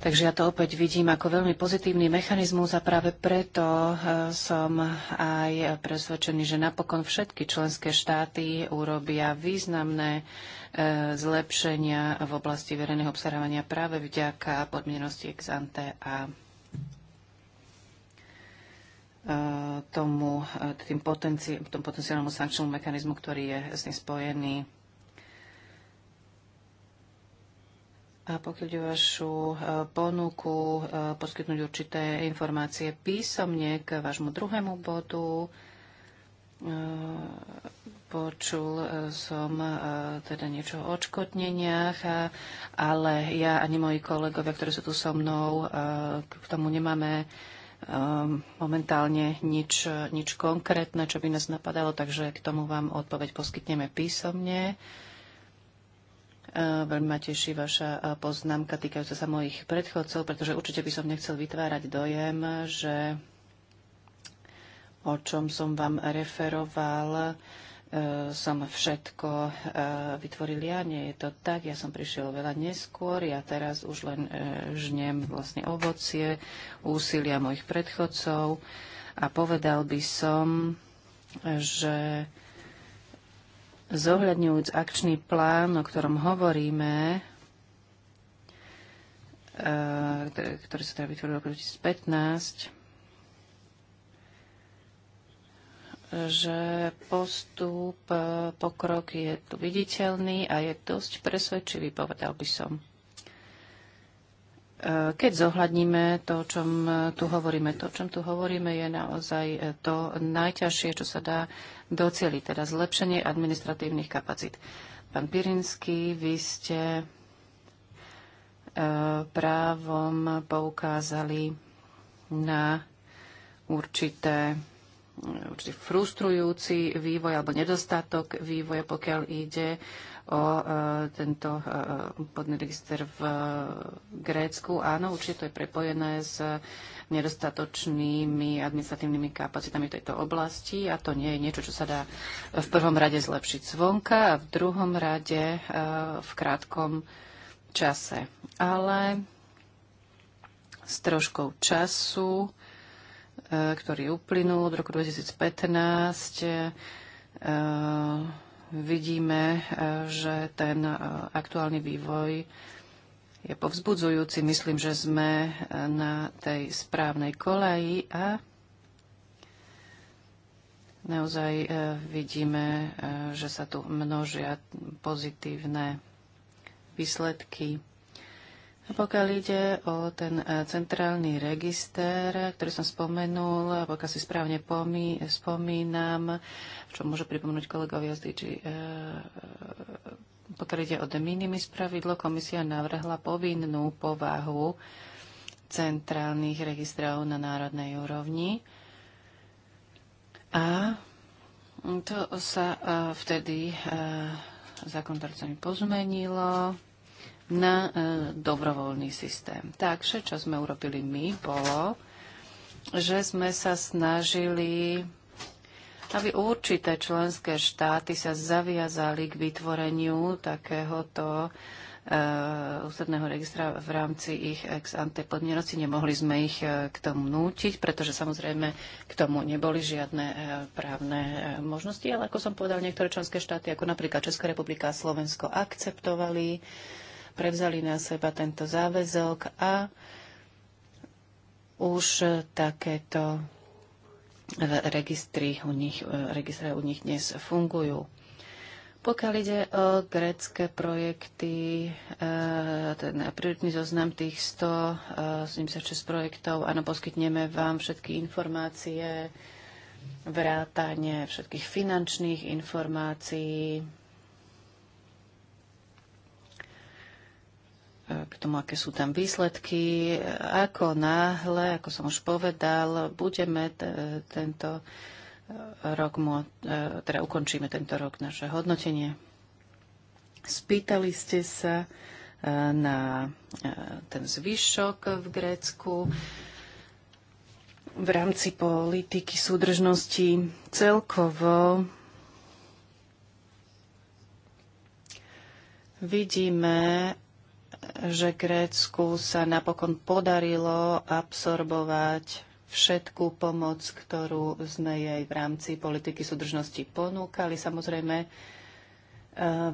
Takže ja to opäť vidím ako veľmi pozitívny mechanizmus a práve preto eh, som aj presvedčený, že napokon všetky členské štáty urobia významné eh, zlepšenia v oblasti verejného obstarávania práve vďaka podmienosti ex ante a eh, tomu, tým potenci- tomu potenciálnemu sankčnému mechanizmu, ktorý je s ním spojený. pokiaľ ide vašu e, ponuku e, poskytnúť určité informácie písomne k vášmu druhému bodu. E, počul som teda niečo o odškodneniach, ale ja ani moji kolegovia, ktorí sú tu so mnou, k tomu nemáme momentálne nič, nič konkrétne, čo by nás napadalo, takže k tomu vám odpoveď poskytneme písomne. Eh, veľmi ma teší vaša eh, poznámka týkajúca sa mojich predchodcov, pretože určite by som nechcel vytvárať dojem, že o čom som vám referoval, eh, som všetko vytvoril ja. Nie je to tak, ja som prišiel veľa neskôr, ja teraz už len žnem vlastne ovocie, úsilia mojich predchodcov a povedal by som, že zohľadňujúc akčný plán, o ktorom hovoríme, eh, ktorý sa teda vytvoril v roku 2015, že postup, eh, pokrok je tu viditeľný a je dosť presvedčivý, povedal by som. Eh, keď zohľadníme to, o čom tu hovoríme, to, o čom tu hovoríme, je naozaj to najťažšie, čo sa dá docieliť, teda zlepšenie administratívnych kapacít. Pán Pirinský, vy ste e, právom poukázali na určité určitý frustrujúci vývoj alebo nedostatok vývoja, pokiaľ ide o e, tento e, podný register v e, Grécku. Áno, určite to je prepojené s nedostatočnými administratívnymi kapacitami tejto oblasti a to nie je niečo, čo sa dá v prvom rade zlepšiť zvonka a v druhom rade v krátkom čase. Ale s troškou času, ktorý uplynul od roku 2015, vidíme, e, že ten e, aktuálny vývoj je povzbudzujúci. Myslím, že sme e, na tej správnej koleji a naozaj vidíme, že sa tu množia pozitívne výsledky. Pokiaľ ide o ten e, centrálny register, ktorý som spomenul, pokiaľ si správne pomí, spomínam, čo môže pripomenúť kolegovia z DG, e, e, pokiaľ ide o de minimis pravidlo, komisia navrhla povinnú povahu centrálnych registrov na národnej úrovni. A to sa vtedy zákonodárcami pozmenilo na e, dobrovoľný systém. Takže čo sme urobili my, bolo, že sme sa snažili aby určité členské štáty sa zaviazali k vytvoreniu takéhoto e, ústredného registra v rámci ich ex ante podmienosti. Nemohli sme ich e, k tomu nútiť, pretože samozrejme k tomu neboli žiadne právne možnosti, ale ako som povedal, niektoré členské štáty, ako napríklad Česká republika a Slovensko, akceptovali uh, prevzali na seba tento záväzok a už takéto registry u nich, e, registre u nich dnes fungujú. Pokiaľ ide o grecké projekty, e, ten prioritný zoznam tých 176 e, projektov, áno, poskytneme vám všetky informácie, vrátanie všetkých finančných informácií, k tomu, aké sú tam výsledky. Ako náhle, ako som už povedal, budeme tento e, rok, e, teda ukončíme tento rok naše hodnotenie. Spýtali ste sa e, na ten zvyšok v Grécku v rámci politiky súdržnosti celkovo vidíme, že Grécku sa napokon podarilo absorbovať všetkú pomoc, ktorú sme jej v rámci politiky súdržnosti ponúkali. Samozrejme, e,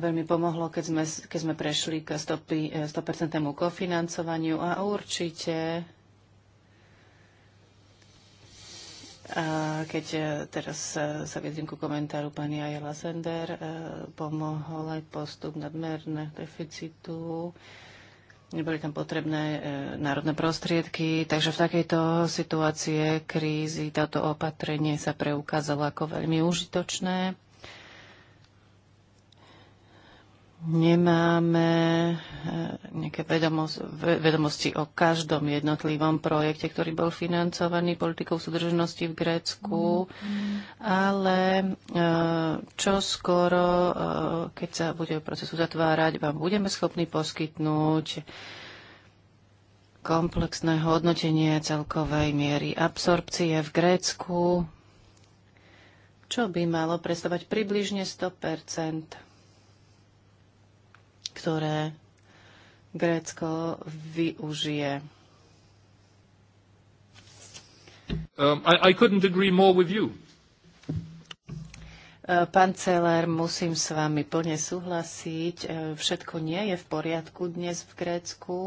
veľmi pomohlo, keď sme, keď sme prešli k 100%, e, kofinancovaniu a určite a keď e, teraz sa vedím ku komentáru pani Ajela Sender, pomohol aj postup nadmerného deficitu neboli tam potrebné e, národné prostriedky, takže v takejto situácie krízy táto opatrenie sa preukázalo ako veľmi užitočné. nemáme eh, nejaké vedomosti o každom jednotlivom projekte, ktorý bol financovaný politikou súdržnosti v Grécku, ale eh, čo skoro, eh, keď sa bude proces uzatvárať, vám budeme schopní poskytnúť komplexné hodnotenie celkovej miery absorpcie v Grécku, čo by malo predstavať približne 100 ktoré Grécko využije. Um, I, I couldn't agree more with you. E, pán Celer, musím s vami plne súhlasiť. E, všetko nie je v poriadku dnes v Grécku.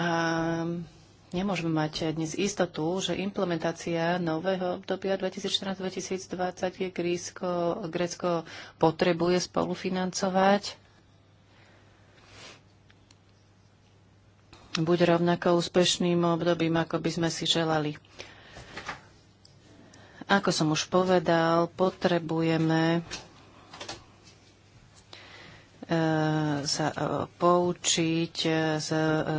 Um, Nemôžeme mať dnes istotu, že implementácia nového obdobia 2014-2020 je Grísko, Grécko potrebuje spolufinancovať. Buď rovnako úspešným obdobím, ako by sme si želali. Ako som už povedal, potrebujeme Eh, sa eh, poučiť eh, z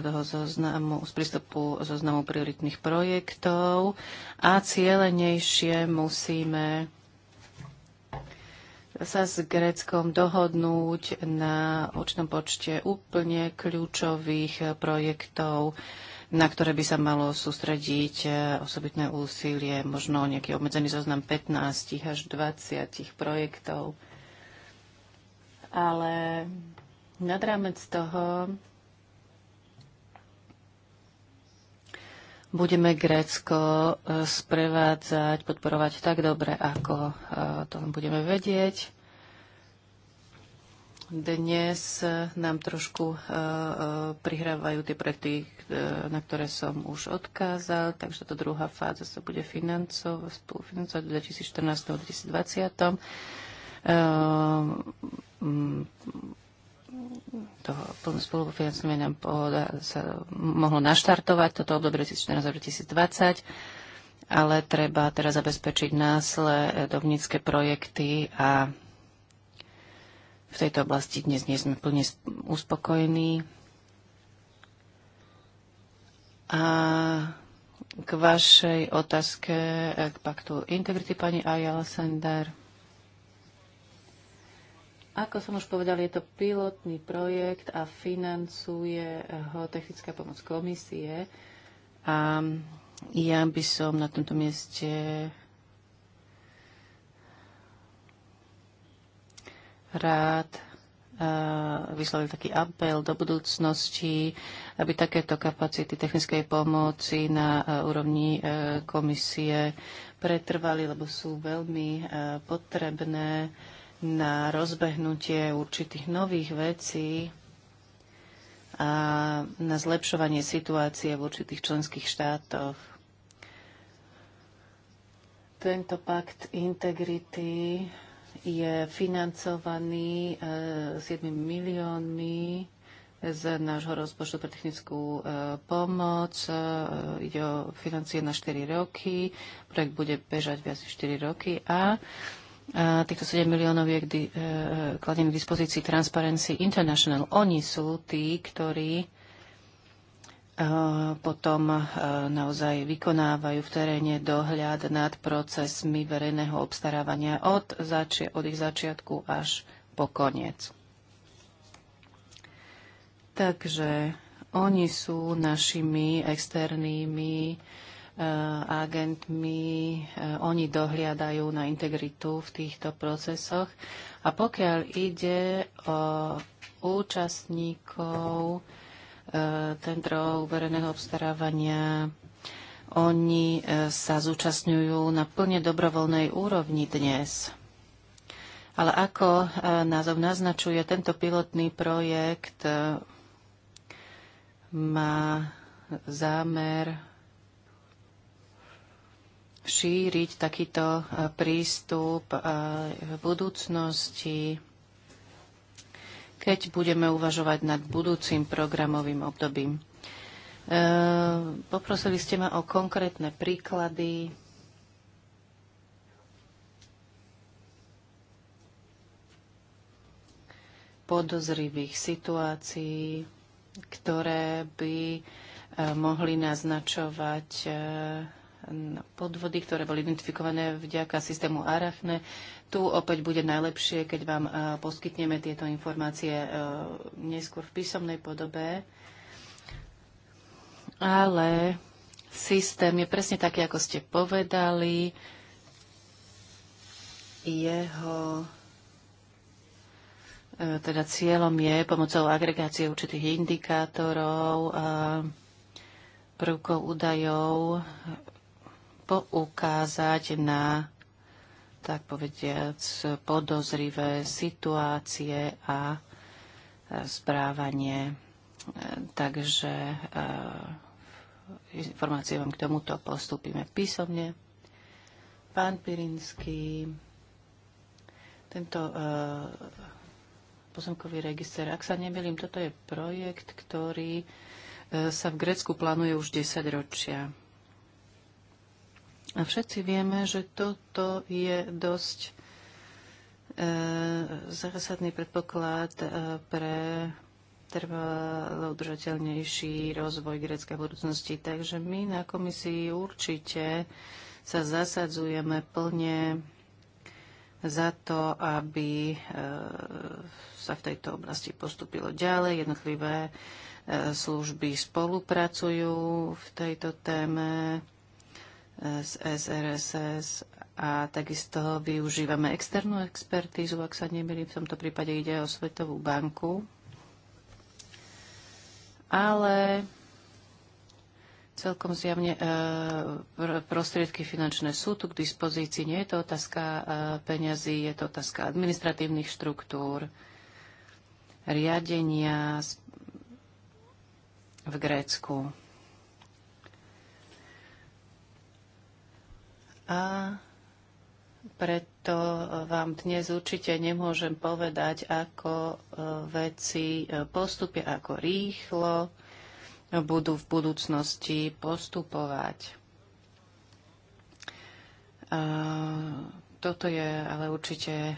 toho zoznamu, z prístupu zoznamu prioritných projektov a cieľenejšie musíme sa s Gréckom dohodnúť na určitom počte úplne kľúčových projektov, na ktoré by sa malo sústrediť osobitné úsilie, možno nejaký obmedzený zoznam 15 až 20 projektov ale nad rámec toho budeme Grécko e, sprevádzať, podporovať tak dobre, ako e, to budeme vedieť. Dnes nám trošku e, prihrávajú tie projekty, na ktoré som už odkázal, takže tá druhá fáza sa bude financovať, spolufinancovať v 2014-2020. Mm, toho spolufinancovania nám sa mohlo naštartovať toto obdobie 2014-2020, ale treba teraz zabezpečiť následovnícke projekty a v tejto oblasti dnes nie sme plne uspokojení. A k vašej otázke, eh, k paktu integrity, pani Ayala Sender. Ako som už povedal, je to pilotný projekt a financuje ho technická pomoc komisie. A ja by som na tomto mieste rád vyslovil taký apel do budúcnosti, aby takéto kapacity technickej pomoci na úrovni e, komisie pretrvali, lebo sú veľmi e, potrebné na rozbehnutie určitých nových vecí a na zlepšovanie situácie v určitých členských štátoch. Tento pakt integrity je financovaný 7 e, miliónmi z nášho rozpočtu pre technickú e, pomoc. E, ide o financie na 4 roky. Projekt bude bežať viac 4 roky a týchto 7 miliónov je kdy, e, e kladený k dispozícii Transparency International. Oni sú tí, ktorí e, potom e, naozaj vykonávajú v teréne dohľad nad procesmi verejného obstarávania od, zači- od ich začiatku až po koniec. Takže oni sú našimi externými e, agentmi. E, oni dohliadajú na integritu v týchto procesoch. A pokiaľ ide o účastníkov e, tendrov verejného obstarávania, oni e, sa zúčastňujú na plne dobrovoľnej úrovni dnes. Ale ako názov naznačuje, tento pilotný projekt má zámer šíriť takýto e, prístup e, v budúcnosti, keď budeme uvažovať nad budúcim programovým obdobím. E, poprosili ste ma o konkrétne príklady podozrivých situácií, ktoré by mohli naznačovať podvody, ktoré boli identifikované vďaka systému Arachne. Tu opäť bude najlepšie, keď vám e, poskytneme tieto informácie e, neskôr v písomnej podobe. Ale systém je presne taký, ako ste povedali. Jeho e, teda cieľom je pomocou agregácie určitých indikátorov, prvkov údajov poukázať na tak povediac podozrivé situácie a e, správanie. E, takže e, informácie vám k tomuto postupíme písomne. Pán Pirinský, tento pozemkový register, ak sa nemýlim, toto je projekt, ktorý sa v Grécku plánuje už 10 ročia. A všetci vieme, že toto je dosť e, zásadný predpoklad e, pre trvalo udržateľnejší rozvoj greckej budúcnosti. Takže my na komisii určite sa zasadzujeme plne za to, aby e, sa v tejto oblasti postupilo ďalej. Jednotlivé e, služby spolupracujú v tejto téme z SRSS a takisto využívame externú expertízu, ak sa nemýlim, v tomto prípade ide o Svetovú banku. Ale celkom zjavne e, prostriedky finančné sú tu k dispozícii. Nie je to otázka e, peňazí, je to otázka administratívnych štruktúr, riadenia v Grécku. A preto e, vám dnes určite nemôžem povedať, ako e, veci e, postupia, ako rýchlo budú v budúcnosti postupovať. Toto je ale určite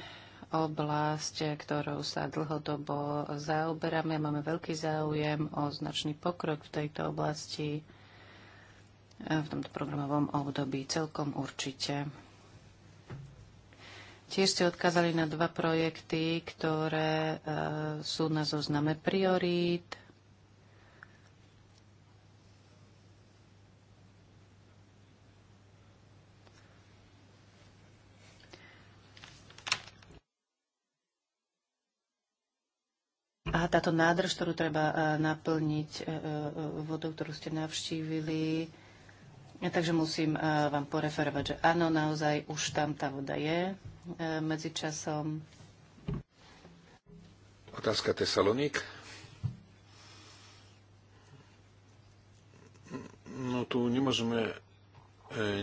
oblasť, ktorou sa dlhodobo zaoberáme. Máme veľký záujem o značný pokrok v tejto oblasti. Eh, v tomto programovom období. Celkom určite. Tiež ste odkázali na dva projekty, ktoré eh, sú na zozname priorít. A táto nádrž, ktorú treba eh, naplniť vodou, ktorú ste navštívili, Takže musím e, vám poreferovať, že áno, naozaj už tam tá voda je e, medzičasom. Otázka Tesalonik. No tu nemôžeme e,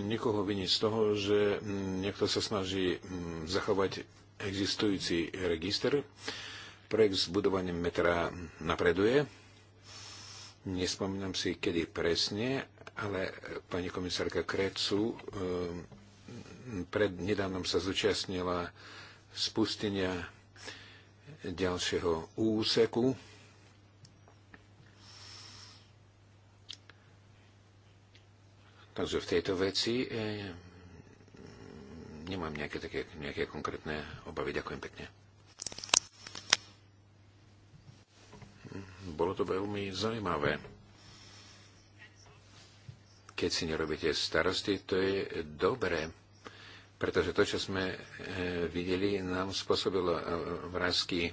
nikoho viniť z toho, že mm, niekto sa snaží mm, zachovať existujúci register. Projekt s budovaním metra napreduje. Nespomínam si, kedy presne, ale e, pani komisárka Krecu e, pred nedávnom sa zúčastnila spustenia ďalšieho úseku. Takže v tejto veci e, nemám nejaké, také, nejaké konkrétne obavy. Ďakujem pekne. Bolo to veľmi zaujímavé. Keď si nerobíte starosti, to je dobré, pretože to, čo sme e, videli, nám spôsobilo vrázky e,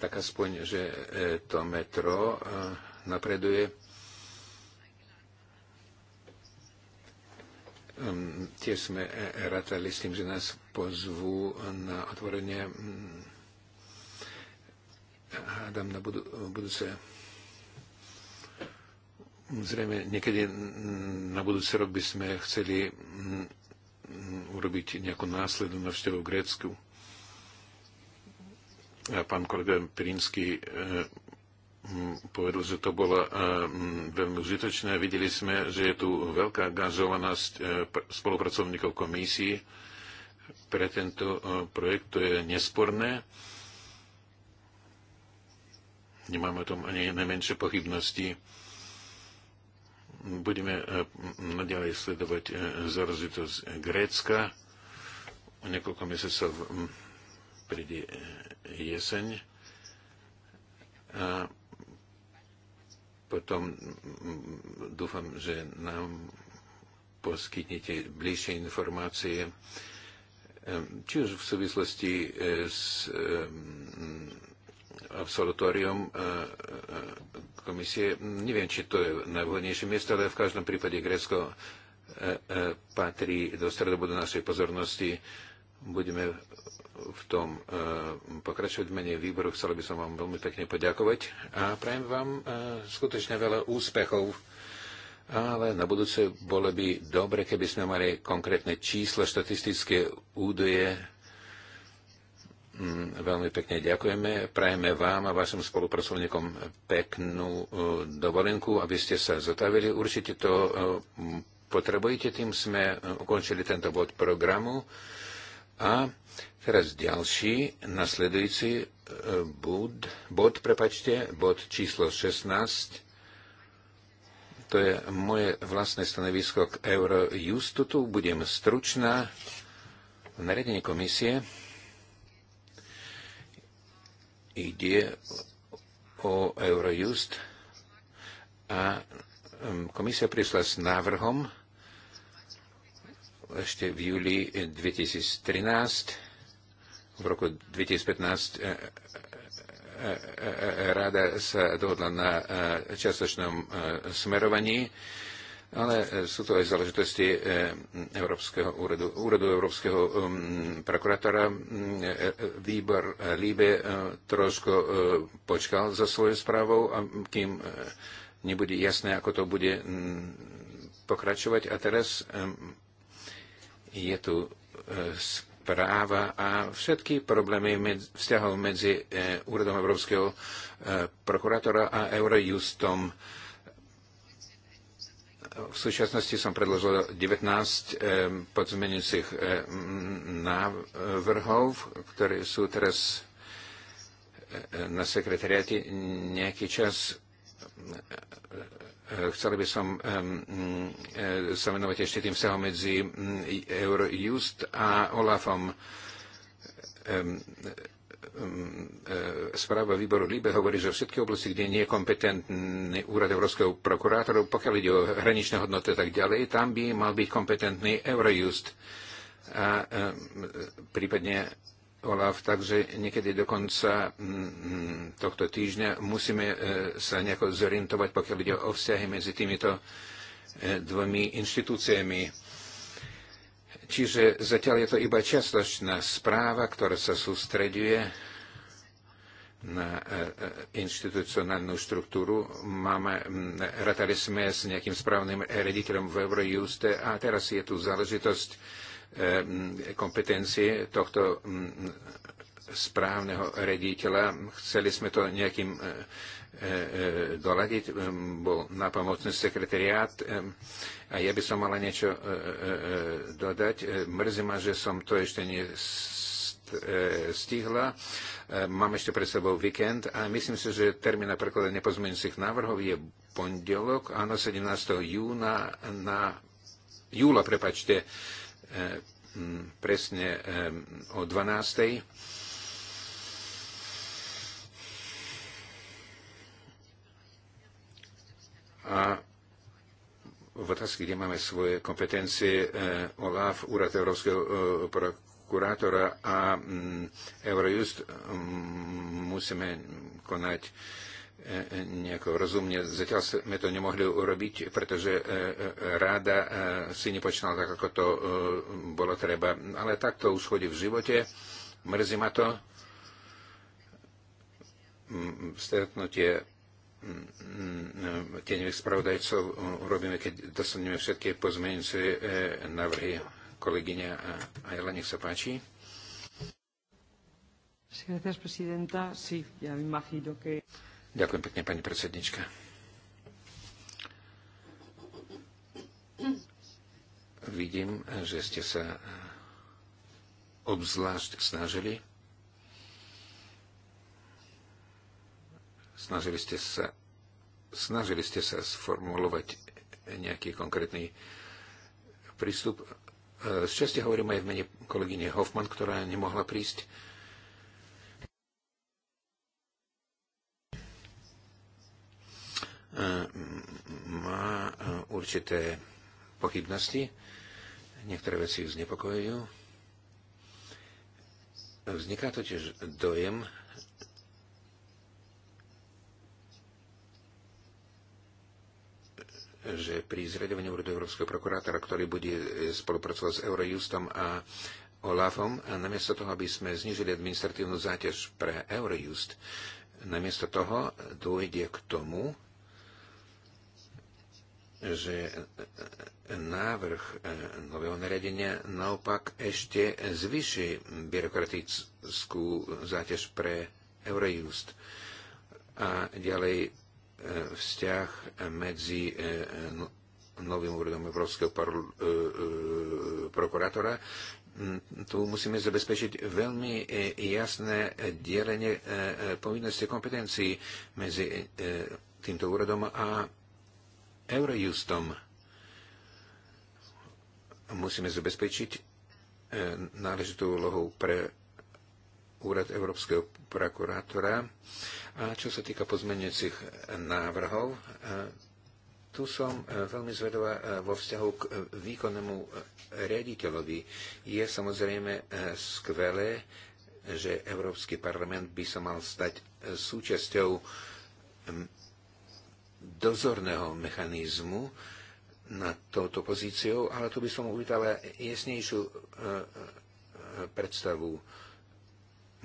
tak aspoň, že e, to metro napreduje ehm, tiež sme rátali s tým, že nás pozvú na otvorenie hádam mm, na budu- budúce Zrejme, niekedy na budúci rok by sme chceli urobiť nejakú následnú návštevu v Grécku. A pán kolega Prínsky e, povedal, že to bolo e, veľmi užitočné. Videli sme, že je tu veľká angažovanosť e, spolupracovníkov komisii pre tento projekt. To je nesporné. Nemáme o tom ani najmenšie pochybnosti budeme e, nadalej sledovať e, záležitosť Grécka. O niekoľko mesiacov príde e, jeseň a potom dúfam, že nám poskytnete bližšie informácie, či už v súvislosti s absolutórium e, e, komisie. Neviem, či to je najvhodnejšie miesto, ale v každom prípade Grécko e, patrí do stredobodu našej pozornosti. Budeme v tom pokračovať Menej výboru. Chcel by som vám veľmi pekne poďakovať a prajem vám skutočne veľa úspechov. Ale na budúce bolo by dobre, keby sme mali konkrétne čísla, štatistické údaje Mm, veľmi pekne ďakujeme. Prajeme vám a vašim spolupracovníkom peknú e, dovolenku, aby ste sa zotavili. Určite to e, potrebujete, tým sme e, ukončili tento bod programu. A teraz ďalší, nasledujúci bod, bod, prepačte, bod číslo 16. To je moje vlastné stanovisko k Eurojustu. budem stručná. Naredenie komisie Ide o Eurojust a komisia prišla s návrhom ešte v júli 2013. V roku 2015 rada sa dohodla na častočnom smerovaní ale e, sú to aj záležitosti e, Európskeho úradu, úradu Európskeho um, prokurátora. Mm, e, výbor Líbe trošku počkal za svojou správou, a kým nebude jasné, ako to bude mm, pokračovať. A teraz je tu správa a všetky problémy med, vzťahov medzi Úradom Európskeho prokurátora a Eurojustom v súčasnosti som predložil 19 eh, podzmenujúcich eh, návrhov, ktoré sú teraz eh, na sekretariáte nejaký čas. Chcel by som sa venovať ešte tým vzťahom medzi mm, Eurojust a Olafom Ehm, e, správa výboru LIBE hovorí, že všetky oblasti, kde nie je kompetentný úrad Európskeho prokurátora, pokiaľ ide o hraničné hodnoty a tak ďalej, tam by mal byť kompetentný Eurojust a ehm, prípadne Olaf, takže niekedy do konca mm, tohto týždňa musíme e, sa nejako zorientovať, pokiaľ ide o vzťahy medzi týmito e, dvomi inštitúciami Čiže zatiaľ je to iba čiastočná správa, ktorá sa sústreďuje na e, e, inštitucionálnu štruktúru. Máme, ratali sme s nejakým správnym rediteľom v Eurojuste a teraz je tu záležitosť e, kompetencie tohto správneho rediteľa. Chceli sme to nejakým E, e, doladiť. E, bol na pomocný sekretariát a ja by som mala niečo dodať. Mrzí ma, že som to ešte nestihla. Mám ešte pred sebou víkend a myslím si, že termín na prekladanie pozmeňujúcich návrhov je pondelok, áno, 17. júna na júla, prepačte, presne o 12. a v otázke, kde máme svoje kompetencie, eh, OLAF, Úrad Európskeho eh, prokurátora a mm, Eurojust, mm, musíme konať eh, nejako rozumne. Zatiaľ sme to nemohli urobiť, pretože ráda si nepočínala tak, ako to bolo treba. Ale takto už chodí v živote. Mrzí ma to. Mm, stretnutie Mm, mm, tieňových spravodajcov uh, urobíme, keď dostaneme všetky pozmeňujúce uh, návrhy kolegyňa uh, Ajla, nech sa páči. Ďakujem pekne, pani predsednička. Vidím, že ste sa obzvlášť snažili Snažili ste sa, snažili ste sa sformulovať nejaký konkrétny prístup. E, z časti hovorím aj v mene kolegyne Hoffman, ktorá nemohla prísť. E, má e, určité pochybnosti. Niektoré veci ju znepokojujú. Vzniká totiž dojem, že pri zriadovaní úradu Európskeho prokurátora, ktorý bude eh, spolupracovať s Eurojustom a OLAFom, a namiesto toho, aby sme znižili administratívnu záťaž pre Eurojust, namiesto toho dôjde k tomu, že eh, eh, návrh nového nariadenia naopak ešte zvyši byrokratickú záťaž pre Eurojust. A ďalej vzťah medzi e, e, no, novým úradom Európskeho e, prokurátora. Mm, tu musíme zabezpečiť veľmi jasné dielenie povinnosti kompetencií medzi týmto úradom a Eurojustom. Musíme zabezpečiť náležitú úlohu pre úrad Európskeho prokurátora. A čo sa týka pozmeniacich návrhov, e, tu som e, veľmi zvedová e, vo vzťahu k výkonnému riaditeľovi. Je samozrejme skvelé, že Európsky parlament by sa mal stať súčasťou dozorného mechanizmu nad touto pozíciou, ale tu by som uvítala jasnejšiu predstavu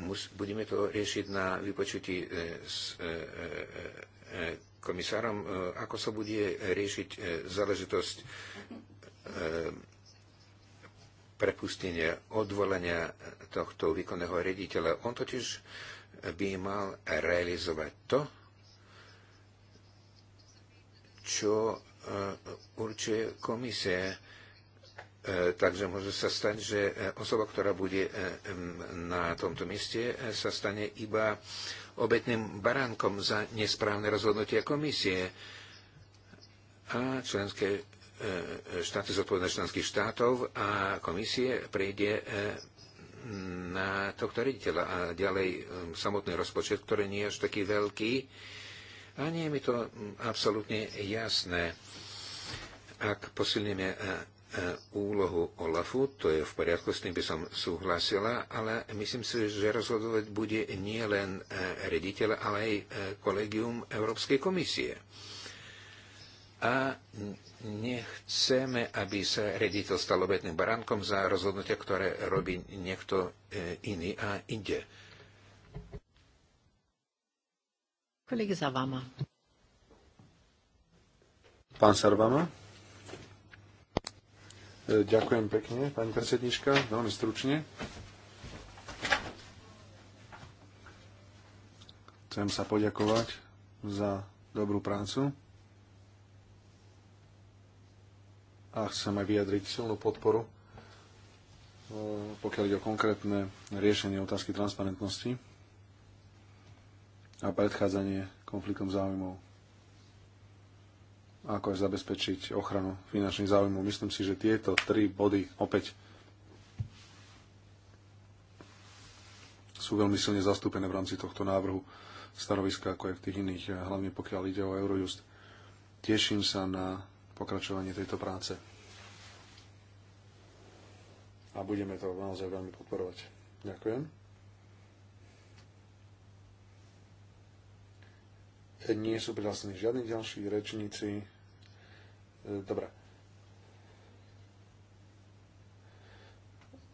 Mus, budeme to riešiť na vypočutí e, s e, e, komisárom, ako sa bude riešiť záležitosť prepustenia, odvolenia tohto výkonného rediteľa. On totiž by mal realizovať to, čo určuje komisie E, takže môže sa stať, že e, osoba, ktorá bude e, na tomto mieste, sa stane iba obetným baránkom za nesprávne rozhodnutie komisie. A členské štáty zodpovedné členských štátov a komisie prejde na tohto riaditeľa a ďalej samotný rozpočet, ktorý nie je až taký veľký. A nie je mi to absolútne jasné. Ak posilníme E, úlohu OLAFu, to je v poriadku, s tým by som súhlasila, ale myslím si, že rozhodovať bude nie len e, rediteľ, ale aj e, kolegium Európskej komisie. A nechceme, aby sa rediteľ stal obetným baránkom za rozhodnutia, ktoré robí niekto iný a inde. Kolega vama. Pán Sarvama. E, ďakujem pekne, pani predsednička, veľmi stručne. Chcem sa poďakovať za dobrú prácu a chcem aj vyjadriť silnú podporu, e, pokiaľ ide o konkrétne riešenie otázky transparentnosti a predchádzanie konfliktom záujmov ako aj zabezpečiť ochranu finančných záujmov. Myslím si, že tieto tri body opäť sú veľmi silne zastúpené v rámci tohto návrhu stanoviska, ako aj v tých iných, hlavne pokiaľ ide o Eurojust. Teším sa na pokračovanie tejto práce. A budeme to naozaj veľmi podporovať. Ďakujem. Nie sú prihlásení žiadni ďalší rečníci. E, dobre.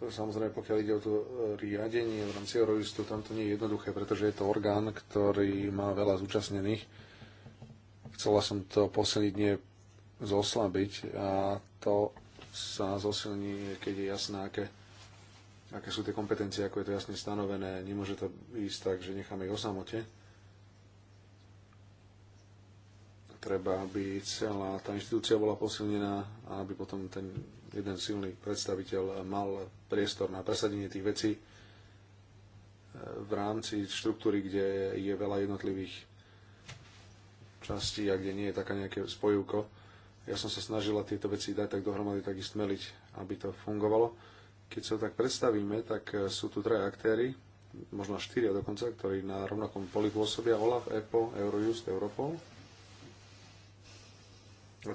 Samozrejme, pokiaľ ide o to e, riadenie v rámci Eurojustu, tam to nie je jednoduché, pretože je to orgán, ktorý má veľa zúčastnených. Chcela som to posledný dne zoslabiť a to sa zosilní, keď je jasné, aké, aké sú tie kompetencie, ako je to jasne stanovené. Nemôže to ísť tak, že necháme ich o samote treba, aby celá tá inštitúcia bola posilnená a aby potom ten jeden silný predstaviteľ mal priestor na presadenie tých vecí eh, v rámci štruktúry, kde je veľa jednotlivých častí a kde nie je taká nejaké spojivko. Ja som sa snažila tieto veci dať tak dohromady, tak istmeliť, aby to fungovalo. Keď sa tak predstavíme, tak eh, sú tu traja aktéry, možno štyria dokonca, ktorí na rovnakom poli pôsobia, OLAF, EPO, Eurojust, Europol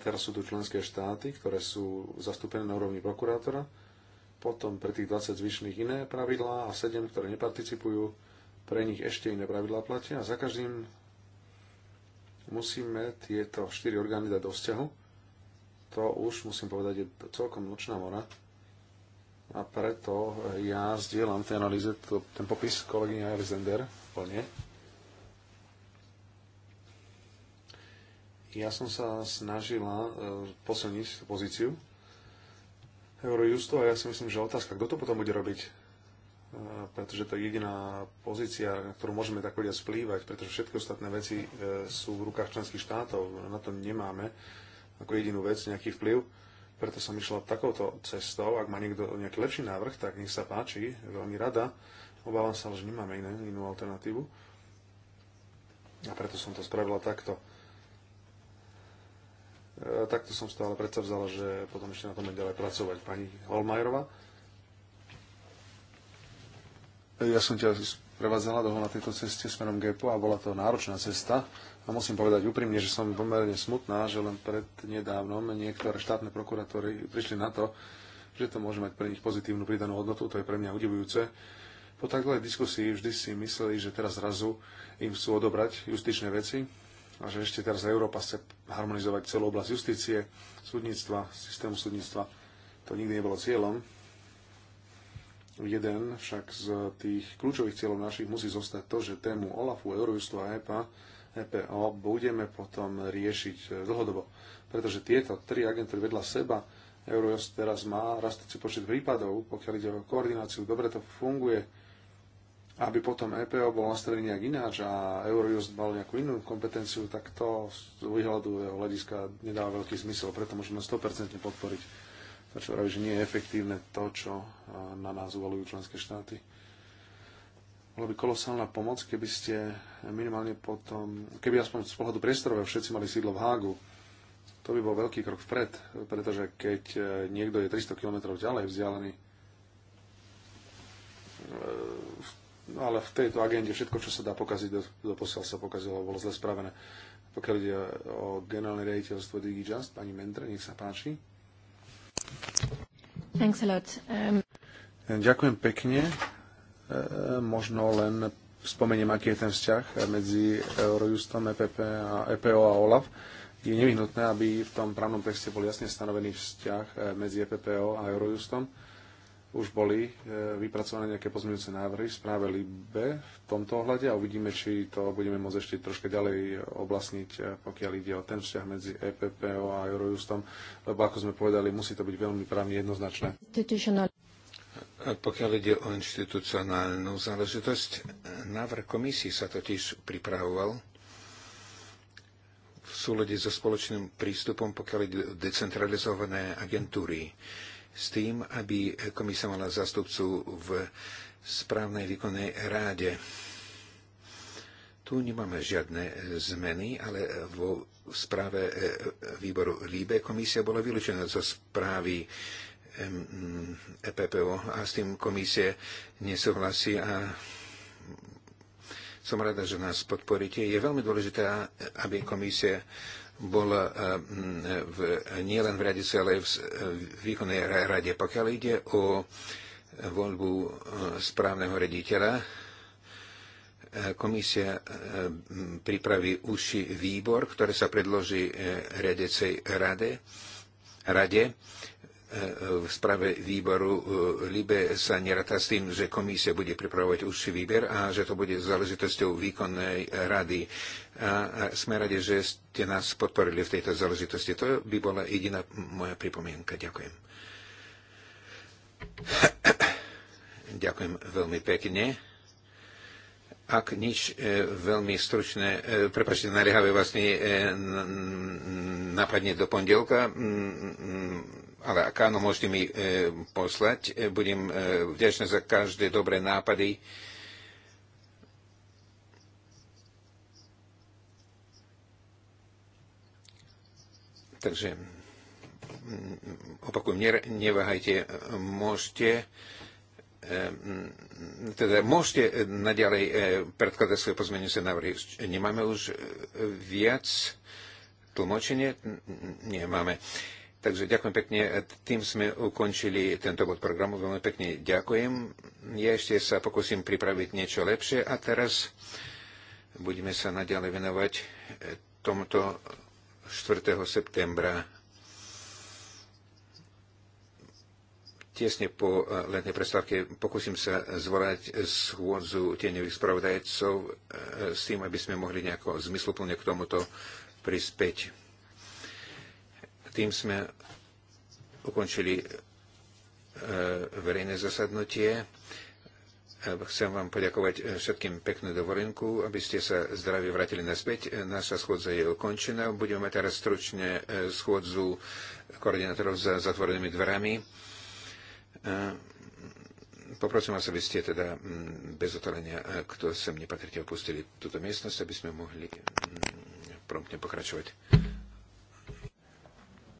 teraz sú tu členské štáty, ktoré sú zastúpené na úrovni prokurátora, potom pre tých 20 zvyšných iné pravidlá a 7, ktoré neparticipujú, pre nich ešte iné pravidlá platia a za každým musíme tieto 4 orgány dať do vzťahu. To už, musím povedať, je celkom nočná mora a preto ja zdieľam tej analýze, ten popis kolegyňa Elisender plne. Ja som sa snažila e, posilniť tú pozíciu Eurojustu a ja si myslím, že otázka, kto to potom bude robiť, e, pretože to je jediná pozícia, na ktorú môžeme tak povedať splývať, pretože všetky ostatné veci e, sú v rukách členských štátov, na to nemáme ako jedinú vec nejaký vplyv, preto som išla takouto cestou, ak má niekto nejaký lepší návrh, tak nech sa páči, veľmi rada, obávam sa, že nemáme iné, inú alternatívu a preto som to spravila takto. E, takto som stále predsa vzala, že potom ešte na tom ďalej pracovať. Pani Holmajerová? Ja som ťa prevádzala dlho na tejto ceste smerom GEPO a bola to náročná cesta. A musím povedať úprimne, že som pomerne smutná, že len pred nedávnom niektoré štátne prokurátory prišli na to, že to môže mať pre nich pozitívnu pridanú hodnotu, to je pre mňa udivujúce. Po takhle diskusii vždy si mysleli, že teraz zrazu im chcú odobrať justičné veci, a že ešte teraz Európa chce harmonizovať celú oblasť justície, súdnictva, systému súdnictva. To nikdy nebolo cieľom. Jeden však z tých kľúčových cieľov našich musí zostať to, že tému OLAFu, Eurojustu a EPA, EPO budeme potom riešiť e, dlhodobo. Pretože tieto tri agentúry vedľa seba, Eurojust teraz má rastúci počet prípadov, pokiaľ ide o koordináciu, dobre to funguje, aby potom EPO bol nastavený nejak ináč a Eurojust mal nejakú inú kompetenciu, tak to z výhľadu hľadiska nedáva veľký zmysel, preto môžeme 100% podporiť. čo vraví, že nie je efektívne to, čo na nás uvalujú členské štáty. Bola by kolosálna pomoc, keby ste minimálne potom, keby aspoň z pohľadu priestorového všetci mali sídlo v Hágu, to by bol veľký krok vpred, pretože keď e, niekto je 300 km ďalej vzdialený, e, No, ale v tejto agende všetko, čo sa dá pokaziť, do, do posiaľ sa pokazilo, bolo zle spravené. Pokiaľ ide o generálne riaditeľstvo DigiJust, pani Mentre, nech sa páči. Thanks a lot. Um... Ďakujem pekne. E, možno len spomeniem, aký je ten vzťah medzi Eurojustom, EPP a EPO a OLAF. Je nevyhnutné, aby v tom právnom texte bol jasne stanovený vzťah e, medzi EPPO a Eurojustom už boli e, vypracované nejaké pozmeňujúce návrhy v správe LIBE v tomto ohľade a uvidíme, či to budeme môcť ešte troška ďalej oblasniť, e, pokiaľ ide o ten vzťah medzi EPPO a Eurojustom, lebo ako sme povedali, musí to byť veľmi právne jednoznačné. pokiaľ ide o inštitucionálnu záležitosť, návrh komisii sa totiž pripravoval v súlede so spoločným prístupom, pokiaľ ide o decentralizované agentúry s tým, aby komisia mala zastupcu v správnej výkonnej ráde. Tu nemáme žiadne zmeny, ale vo správe e, výboru LIBE komisia bola vylúčená zo správy EPPO e a s tým komisie nesúhlasí a som rada, že nás podporíte. Je veľmi dôležité, aby komisie bola eh, v, nielen v radici, ale aj v eh, výkonnej rade. Pokiaľ ide o eh, voľbu správneho rediteľa, komisia pripraví uši výbor, ktorý sa predloží redecej rade, rade v správe výboru eh, Libe sa nerata s tým, že komisia bude pripravovať užší výber a že to bude záležitosťou výkonnej rady. A sme radi, že ste nás podporili v tejto záležitosti. To by bola jediná moja pripomienka. Ďakujem. Ďakujem veľmi pekne. Ak nič eh, veľmi stručné, eh, prepačte, naliehavé vás vlastne, napadne do pondelka mm, mm, mm, ale ak áno, môžete mi e, poslať. E, budem e, vďačný za každé dobré nápady. Takže mm, opakujem, ne, neváhajte, môžete e, mm, teda môžete naďalej e, predkladať svoje pozmeňujúce návrhy. Nemáme už viac tlmočenie? Nemáme. máme. Takže ďakujem pekne. Tým sme ukončili tento bod programu. Veľmi pekne ďakujem. Ja ešte sa pokúsim pripraviť niečo lepšie a teraz budeme sa naďalej venovať eh, tomuto 4. septembra tesne po eh, letnej predstavke pokúsim sa zvolať schôdzu tieňových spravodajcov eh, s tým, aby sme mohli nejako zmysluplne k tomuto prispäť. Tým sme ukončili e, verejné zasadnutie. E, chcem vám poďakovať e, všetkým peknú dovolenku, aby ste sa zdraví vrátili naspäť. Naša schôdza je ukončená. Budeme mať teraz stručne schôdzu koordinátorov za zatvorenými dverami. Poprosím vás, aby ste teda bez otalenia, kto sem nepatrite, opustili túto miestnosť, aby sme mohli promptne pokračovať.